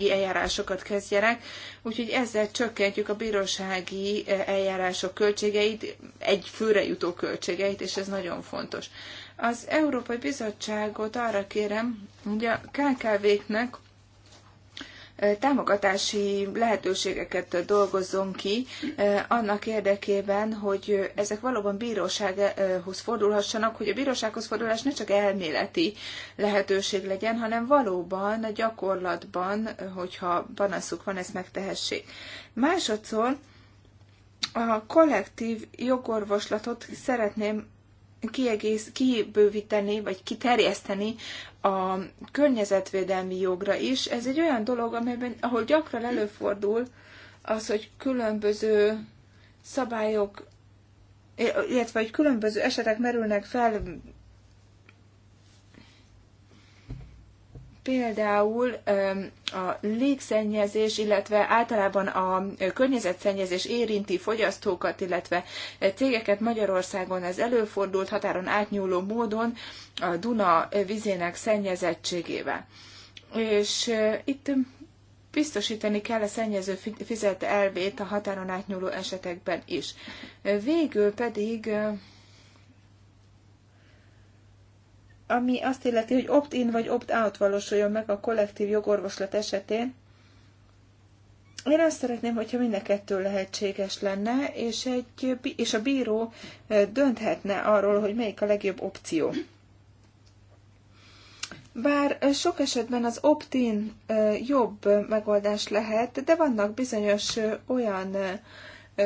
eljárásokat kezdjenek, úgyhogy ezzel csökkentjük a bírósági eh, eljárások költségeit, egy főre jutó költségeit, és ez nagyon fontos. Az Európai Bizottságot arra kérem, hogy a KKV-knek támogatási lehetőségeket dolgozzon ki annak érdekében, hogy ezek valóban bírósághoz fordulhassanak, hogy a bírósághoz fordulás ne csak elméleti lehetőség legyen, hanem valóban a gyakorlatban, hogyha panaszuk van, ezt megtehessék. Másodszor a kollektív jogorvoslatot szeretném kiegész, kibővíteni, vagy kiterjeszteni a környezetvédelmi jogra is. Ez egy olyan dolog, amelyben, ahol gyakran előfordul az, hogy különböző szabályok, illetve hogy különböző esetek merülnek fel Például a légszennyezés, illetve általában a környezetszennyezés érinti fogyasztókat, illetve cégeket Magyarországon ez előfordult határon átnyúló módon a Duna vizének szennyezettségével. És itt biztosítani kell a szennyező fizet elvét a határon átnyúló esetekben is. Végül pedig ami azt illeti, hogy opt-in vagy opt-out valósuljon meg a kollektív jogorvoslat esetén, én azt szeretném, hogyha mind a kettő lehetséges lenne, és, egy, és a bíró dönthetne arról, hogy melyik a legjobb opció. Bár sok esetben az opt-in jobb megoldás lehet, de vannak bizonyos olyan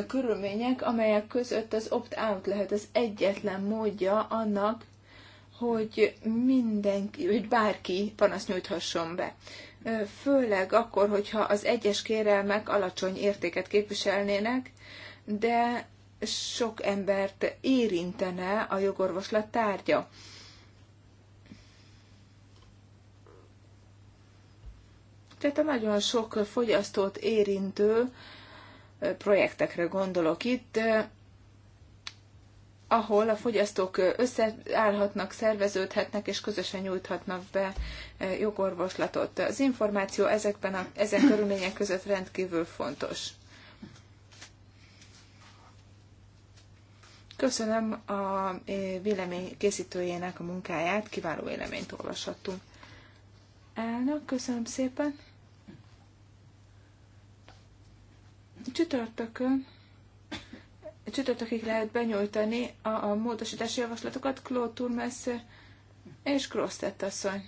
körülmények, amelyek között az opt-out lehet az egyetlen módja annak, hogy mindenki, hogy bárki panaszt nyújthasson be. Főleg akkor, hogyha az egyes kérelmek alacsony értéket képviselnének, de sok embert érintene a jogorvoslat tárgya. Tehát a nagyon sok fogyasztót érintő projektekre gondolok itt, ahol a fogyasztók összeállhatnak, szerveződhetnek és közösen nyújthatnak be e, jogorvoslatot. Az információ ezekben a, ezen körülmények között rendkívül fontos. Köszönöm a e, vélemény készítőjének a munkáját, kiváló véleményt olvashattunk. Elnök, köszönöm szépen. Csütörtökön csütörtökig lehet benyújtani a, a módosítási javaslatokat. Claude Turmes és Grosztett asszony.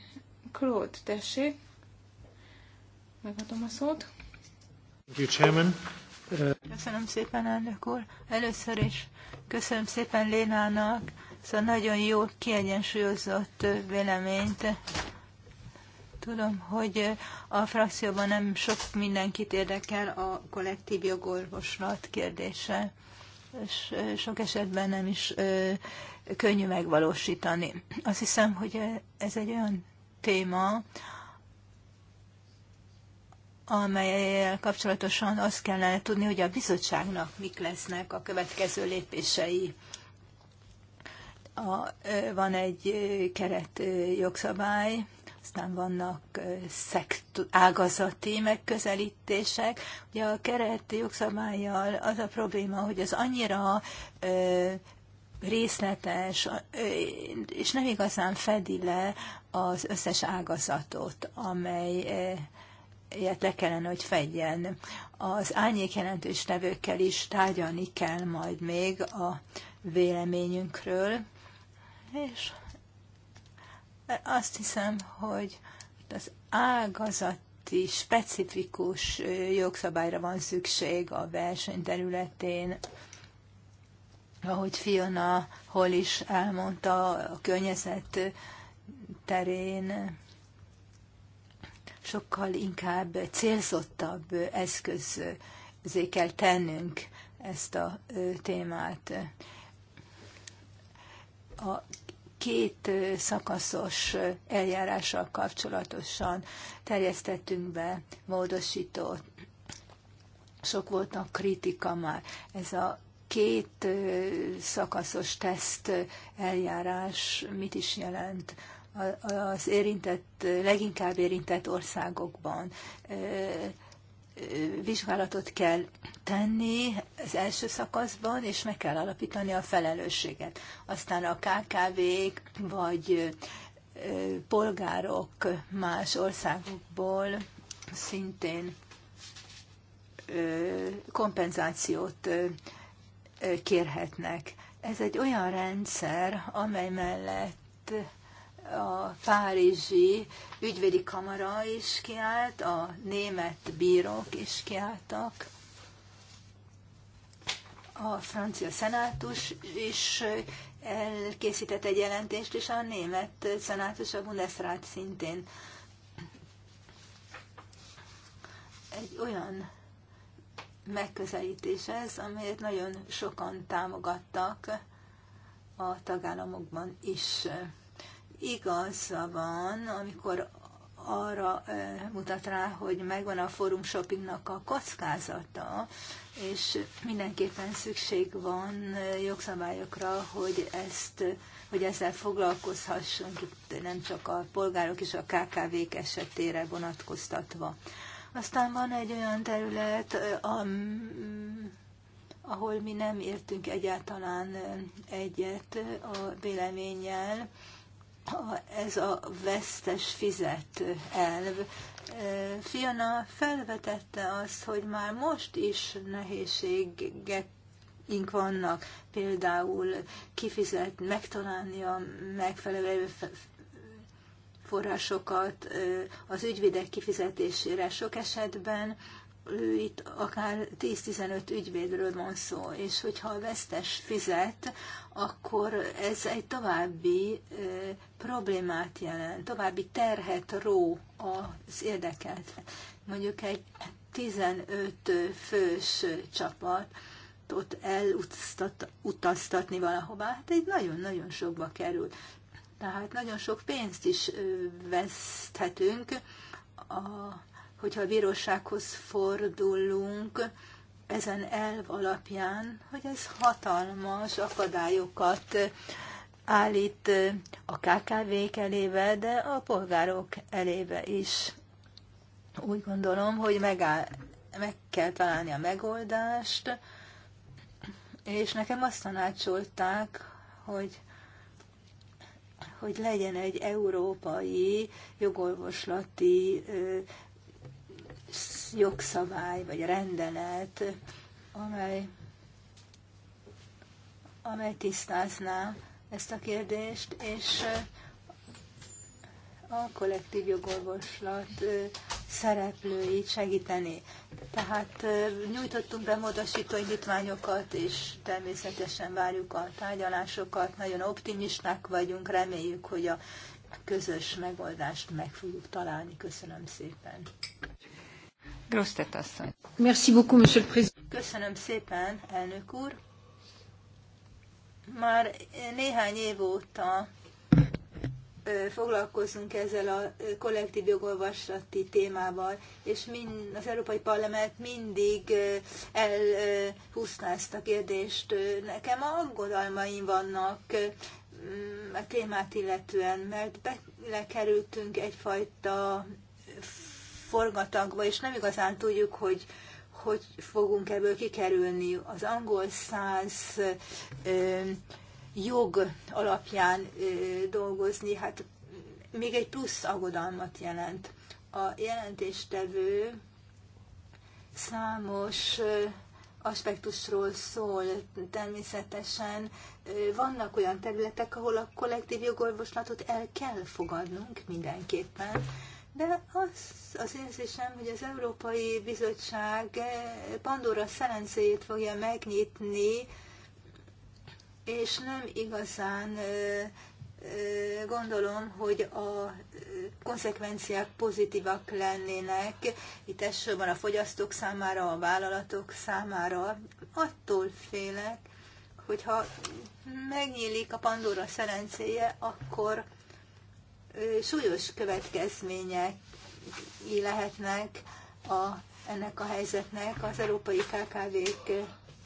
Claude, tessék. Megadom a szót. Köszönöm szépen, elnök úr. Először is köszönöm szépen Lénának, szóval nagyon jó kiegyensúlyozott véleményt. Tudom, hogy a frakcióban nem sok mindenkit érdekel a kollektív jogorvoslat kérdése sok esetben nem is könnyű megvalósítani. Azt hiszem, hogy ez egy olyan téma, amelyel kapcsolatosan azt kellene tudni, hogy a bizottságnak mik lesznek a következő lépései. A, van egy keret jogszabály, aztán vannak szektu- ágazati megközelítések. Ugye a kereti jogszabályjal az a probléma, hogy az annyira részletes, és nem igazán fedi le az összes ágazatot, amely ilyet le kellene, hogy fedjen. Az árnyék jelentős tevőkkel is tárgyalni kell majd még a véleményünkről, és mert azt hiszem, hogy az ágazati specifikus jogszabályra van szükség a verseny területén, ahogy Fiona hol is elmondta, a környezet terén sokkal inkább célzottabb eszközé kell tennünk ezt a témát. A két szakaszos eljárással kapcsolatosan terjesztettünk be módosítót. Sok volt a kritika már. Ez a két szakaszos teszt eljárás mit is jelent? Az érintett, leginkább érintett országokban vizsgálatot kell tenni az első szakaszban, és meg kell alapítani a felelősséget. Aztán a KKV-k vagy polgárok más országokból szintén kompenzációt kérhetnek. Ez egy olyan rendszer, amely mellett a Párizsi ügyvédi kamara is kiállt, a német bírók is kiálltak, a francia szenátus is elkészített egy jelentést, és a német szenátus, a Bundesrat szintén egy olyan megközelítés ez, amelyet nagyon sokan támogattak a tagállamokban is igaza van, amikor arra eh, mutat rá, hogy megvan a forum shoppingnak a kockázata, és mindenképpen szükség van eh, jogszabályokra, hogy ezt, hogy ezzel foglalkozhassunk, itt nem csak a polgárok és a KKV-k esetére vonatkoztatva. Aztán van egy olyan terület, eh, ahol mi nem értünk egyáltalán egyet a véleménnyel, ez a vesztes fizet elv. Fiona felvetette azt, hogy már most is nehézségek vannak, például kifizet, megtalálni a megfelelő forrásokat az ügyvédek kifizetésére. Sok esetben ő itt akár 10-15 ügyvédről van szó, és hogyha a vesztes fizet, akkor ez egy további problémát jelent, további terhet ró az érdekelt. Mondjuk egy 15 fős csapatot elutaztatni valahova, hát egy nagyon-nagyon sokba kerül. Tehát nagyon sok pénzt is veszthetünk, a, hogyha a bírósághoz fordulunk, ezen elv alapján, hogy ez hatalmas akadályokat eh, állít eh, a KKV-k elébe, de a polgárok elébe is. Úgy gondolom, hogy megáll, meg kell találni a megoldást, és nekem azt tanácsolták, hogy hogy legyen egy európai jogorvoslati eh, jogszabály vagy rendelet, amely, amely tisztázná ezt a kérdést, és eh, a kollektív jogorvoslat eh, szereplőit segíteni. Tehát eh, nyújtottunk be módosító indítványokat, és természetesen várjuk a tárgyalásokat. Nagyon optimisták vagyunk, reméljük, hogy a közös megoldást meg fogjuk találni. Köszönöm szépen. Grosztet asszony. Merci beaucoup, monsieur le président. Köszönöm szépen, elnök úr. Már néhány év óta foglalkozunk ezzel a kollektív jogolvaslati témával, és mind, az Európai Parlament mindig elhúzta ezt a kérdést. Nekem aggodalmaim vannak a témát illetően, mert belekerültünk egyfajta forgatagba, és nem igazán tudjuk, hogy hogy fogunk ebből kikerülni. Az angol száz jog alapján ö, dolgozni, hát még egy plusz aggodalmat jelent. A jelentéstevő számos ö, aspektusról szól. Természetesen vannak olyan területek, ahol a kollektív jogorvoslatot el kell fogadnunk mindenképpen de az az érzésem, hogy az Európai Bizottság eh, Pandora szerencéjét fogja megnyitni, és nem igazán eh, eh, gondolom, hogy a konsekvenciák pozitívak lennének, itt elsősorban a fogyasztók számára, a vállalatok számára. Attól félek, hogyha megnyílik a Pandora szerencéje, akkor súlyos következményei lehetnek a, ennek a helyzetnek az európai KKV-k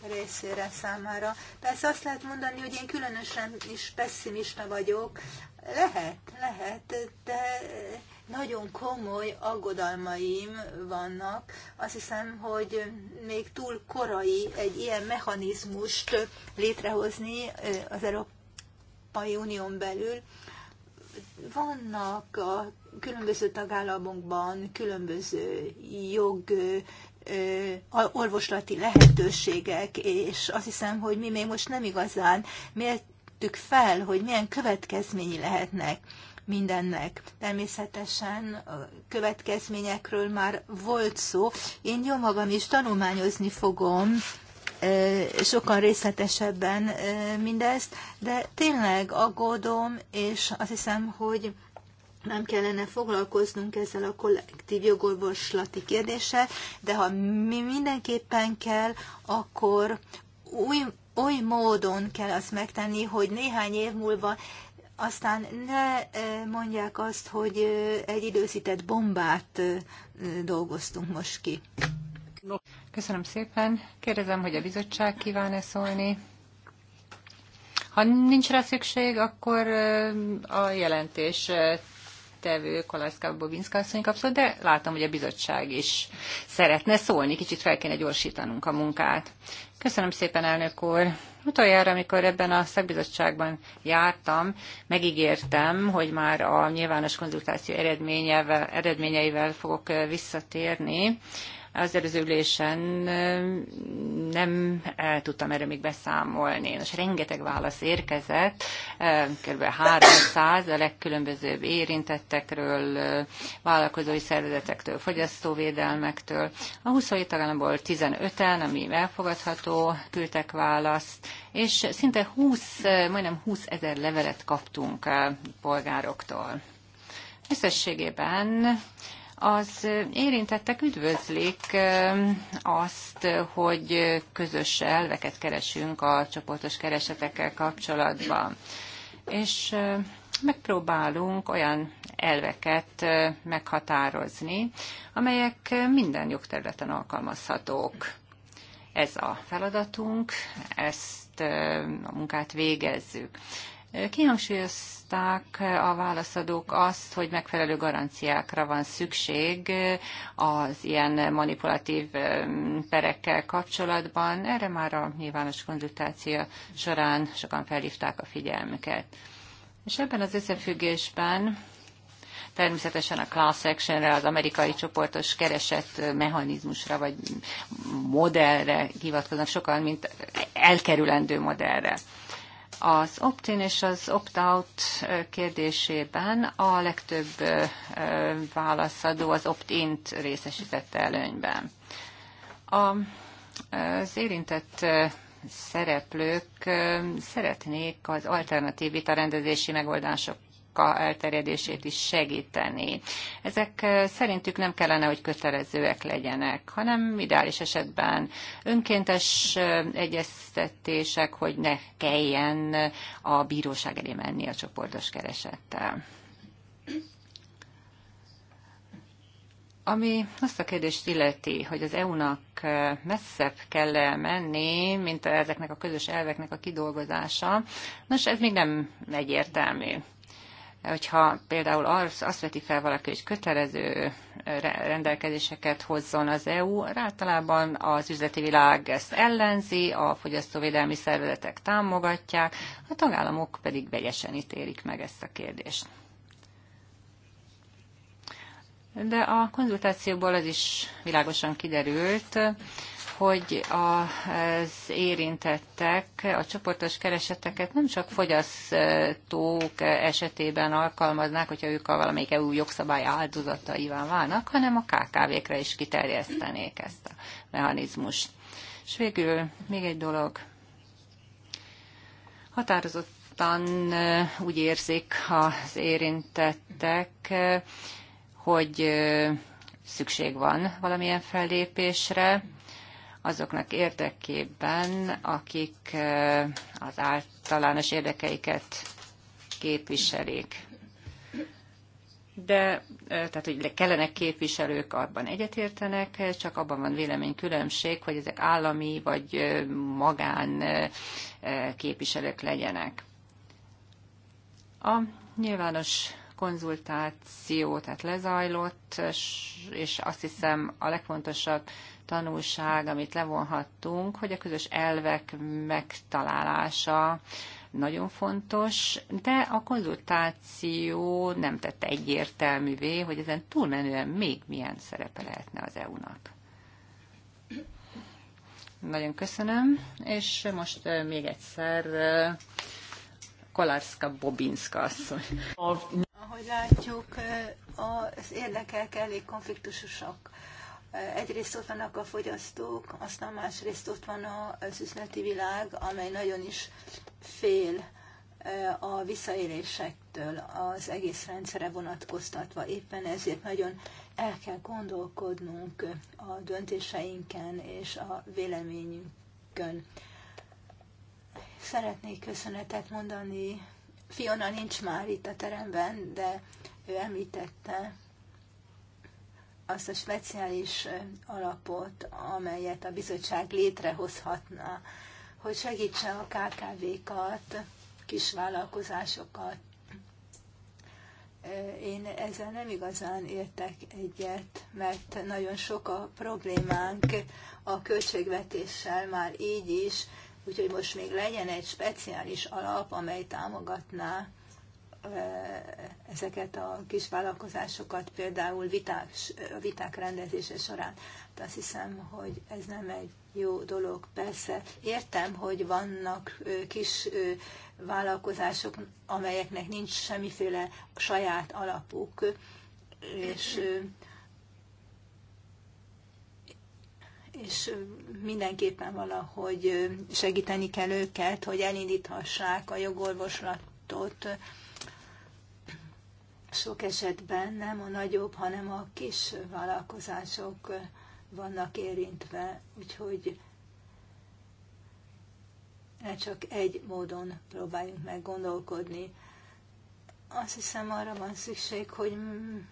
részére számára. Persze azt lehet mondani, hogy én különösen is pessimista vagyok. Lehet, lehet, de nagyon komoly aggodalmaim vannak. Azt hiszem, hogy még túl korai egy ilyen mechanizmust létrehozni az Európai Unión belül. Vannak a különböző tagállamokban különböző jog orvoslati lehetőségek, és azt hiszem, hogy mi még most nem igazán mértük fel, hogy milyen következményi lehetnek mindennek. Természetesen a következményekről már volt szó. Én jó magam is tanulmányozni fogom sokkal részletesebben mindezt, de tényleg aggódom, és azt hiszem, hogy nem kellene foglalkoznunk ezzel a kollektív jogorvoslati kérdéssel, de ha mi mindenképpen kell, akkor új, oly módon kell azt megtenni, hogy néhány év múlva aztán ne mondják azt, hogy egy időszített bombát dolgoztunk most ki. Köszönöm szépen. Kérdezem, hogy a bizottság kíván-e szólni. Ha nincs rá szükség, akkor a jelentés tevő Kolaszka Bobinska asszony kapszol, de látom, hogy a bizottság is szeretne szólni, kicsit fel kéne gyorsítanunk a munkát. Köszönöm szépen, elnök úr! Utoljára, amikor ebben a szakbizottságban jártam, megígértem, hogy már a nyilvános konzultáció eredményeivel fogok visszatérni az előző ülésen nem tudtam erről még beszámolni. Most rengeteg válasz érkezett, kb. 300 a legkülönbözőbb érintettekről, vállalkozói szervezetektől, fogyasztóvédelmektől. A 27 tagállamból 15-en, ami elfogadható, küldtek választ, és szinte 20, majdnem 20 ezer levelet kaptunk polgároktól. Összességében az érintettek üdvözlik azt, hogy közös elveket keresünk a csoportos keresetekkel kapcsolatban. És megpróbálunk olyan elveket meghatározni, amelyek minden jogterületen alkalmazhatók. Ez a feladatunk, ezt a munkát végezzük. Kihangsúlyozták a válaszadók azt, hogy megfelelő garanciákra van szükség az ilyen manipulatív perekkel kapcsolatban. Erre már a nyilvános konzultáció során sokan felhívták a figyelmüket. És ebben az összefüggésben természetesen a class actionre, az amerikai csoportos keresett mechanizmusra vagy modellre hivatkoznak sokan, mint elkerülendő modellre. Az opt-in és az opt-out kérdésében a legtöbb válaszadó az opt-int részesítette előnyben. Az érintett szereplők szeretnék az alternatív vitarendezési megoldások munka elterjedését is segíteni. Ezek szerintük nem kellene, hogy kötelezőek legyenek, hanem ideális esetben önkéntes egyeztetések, hogy ne kelljen a bíróság elé menni a csoportos keresettel. Ami azt a kérdést illeti, hogy az EU-nak messzebb kell -e menni, mint ezeknek a közös elveknek a kidolgozása, nos, ez még nem egyértelmű hogyha például az, azt veti fel valaki, hogy kötelező rendelkezéseket hozzon az EU, általában az üzleti világ ezt ellenzi, a fogyasztóvédelmi szervezetek támogatják, a tagállamok pedig vegyesen ítélik meg ezt a kérdést. De a konzultációból az is világosan kiderült, hogy az érintettek a csoportos kereseteket nem csak fogyasztók esetében alkalmaznák, hogyha ők a valamelyik EU jogszabály áldozataivá válnak, hanem a KKV-kre is kiterjesztenék ezt a mechanizmust. És végül még egy dolog. Határozottan eh, úgy érzik az érintettek, eh, hogy eh, szükség van valamilyen fellépésre, azoknak érdekében, akik az általános érdekeiket képviselik. De, tehát, hogy kellene képviselők, abban egyetértenek, csak abban van véleménykülönbség, hogy ezek állami vagy magán képviselők legyenek. A nyilvános konzultáció, tehát lezajlott, és azt hiszem a legfontosabb tanulság, amit levonhattunk, hogy a közös elvek megtalálása nagyon fontos, de a konzultáció nem tette egyértelművé, hogy ezen túlmenően még milyen szerepe lehetne az EU-nak. Nagyon köszönöm, és most még egyszer Kolarska Bobinska asszony. Ahogy látjuk, az érdekek elég konfliktusosak Egyrészt ott vannak a fogyasztók, aztán másrészt ott van az üzleti világ, amely nagyon is fél a visszaélésektől az egész rendszere vonatkoztatva. Éppen ezért nagyon el kell gondolkodnunk a döntéseinken és a véleményünkön. Szeretnék köszönetet mondani. Fiona nincs már itt a teremben, de ő említette azt a speciális alapot, amelyet a bizottság létrehozhatna, hogy segítse a KKV-kat, kisvállalkozásokat. Én ezzel nem igazán értek egyet, mert nagyon sok a problémánk a költségvetéssel már így is, úgyhogy most még legyen egy speciális alap, amely támogatná Eh, ezeket a kisvállalkozásokat például viták, viták rendezése során. De azt hiszem, hogy ez nem egy jó dolog. Persze értem, hogy vannak kis vállalkozások, amelyeknek nincs semmiféle saját alapuk, és és mindenképpen valahogy segíteni kell őket, hogy elindíthassák a jogorvoslatot, sok esetben nem a nagyobb, hanem a kis vállalkozások vannak érintve, úgyhogy ne csak egy módon próbáljunk meg gondolkodni. Azt hiszem arra van szükség, hogy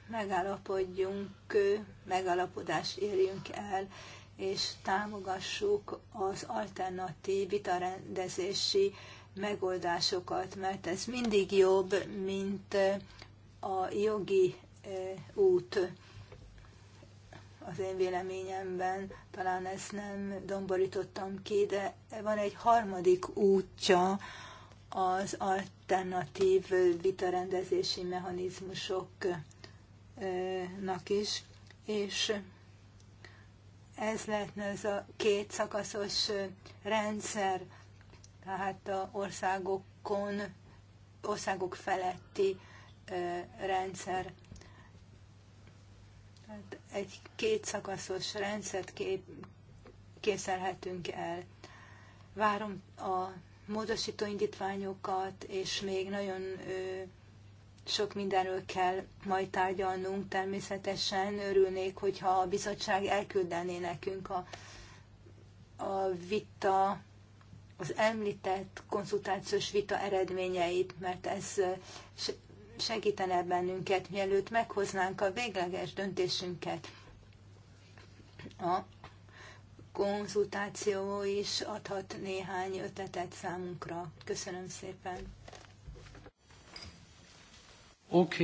megállapodjunk, megállapodást érjünk el, és támogassuk az alternatív vitarendezési megoldásokat, mert ez mindig jobb, mint a jogi e, út az én véleményemben, talán ezt nem domborítottam ki, de van egy harmadik útja az alternatív vitarendezési mechanizmusoknak is, és ez lehetne ez a két szakaszos rendszer, tehát a országokon, országok feletti rendszer. Tehát egy kétszakaszos rendszert kép, készelhetünk el. Várom a módosító indítványokat, és még nagyon ö, sok mindenről kell majd tárgyalnunk. Természetesen örülnék, hogyha a bizottság elküldené nekünk a, a vita, az említett konzultációs vita eredményeit, mert ez segítene bennünket, mielőtt meghoznánk a végleges döntésünket. A konzultáció is adhat néhány ötletet számunkra. Köszönöm szépen. Oké. Okay.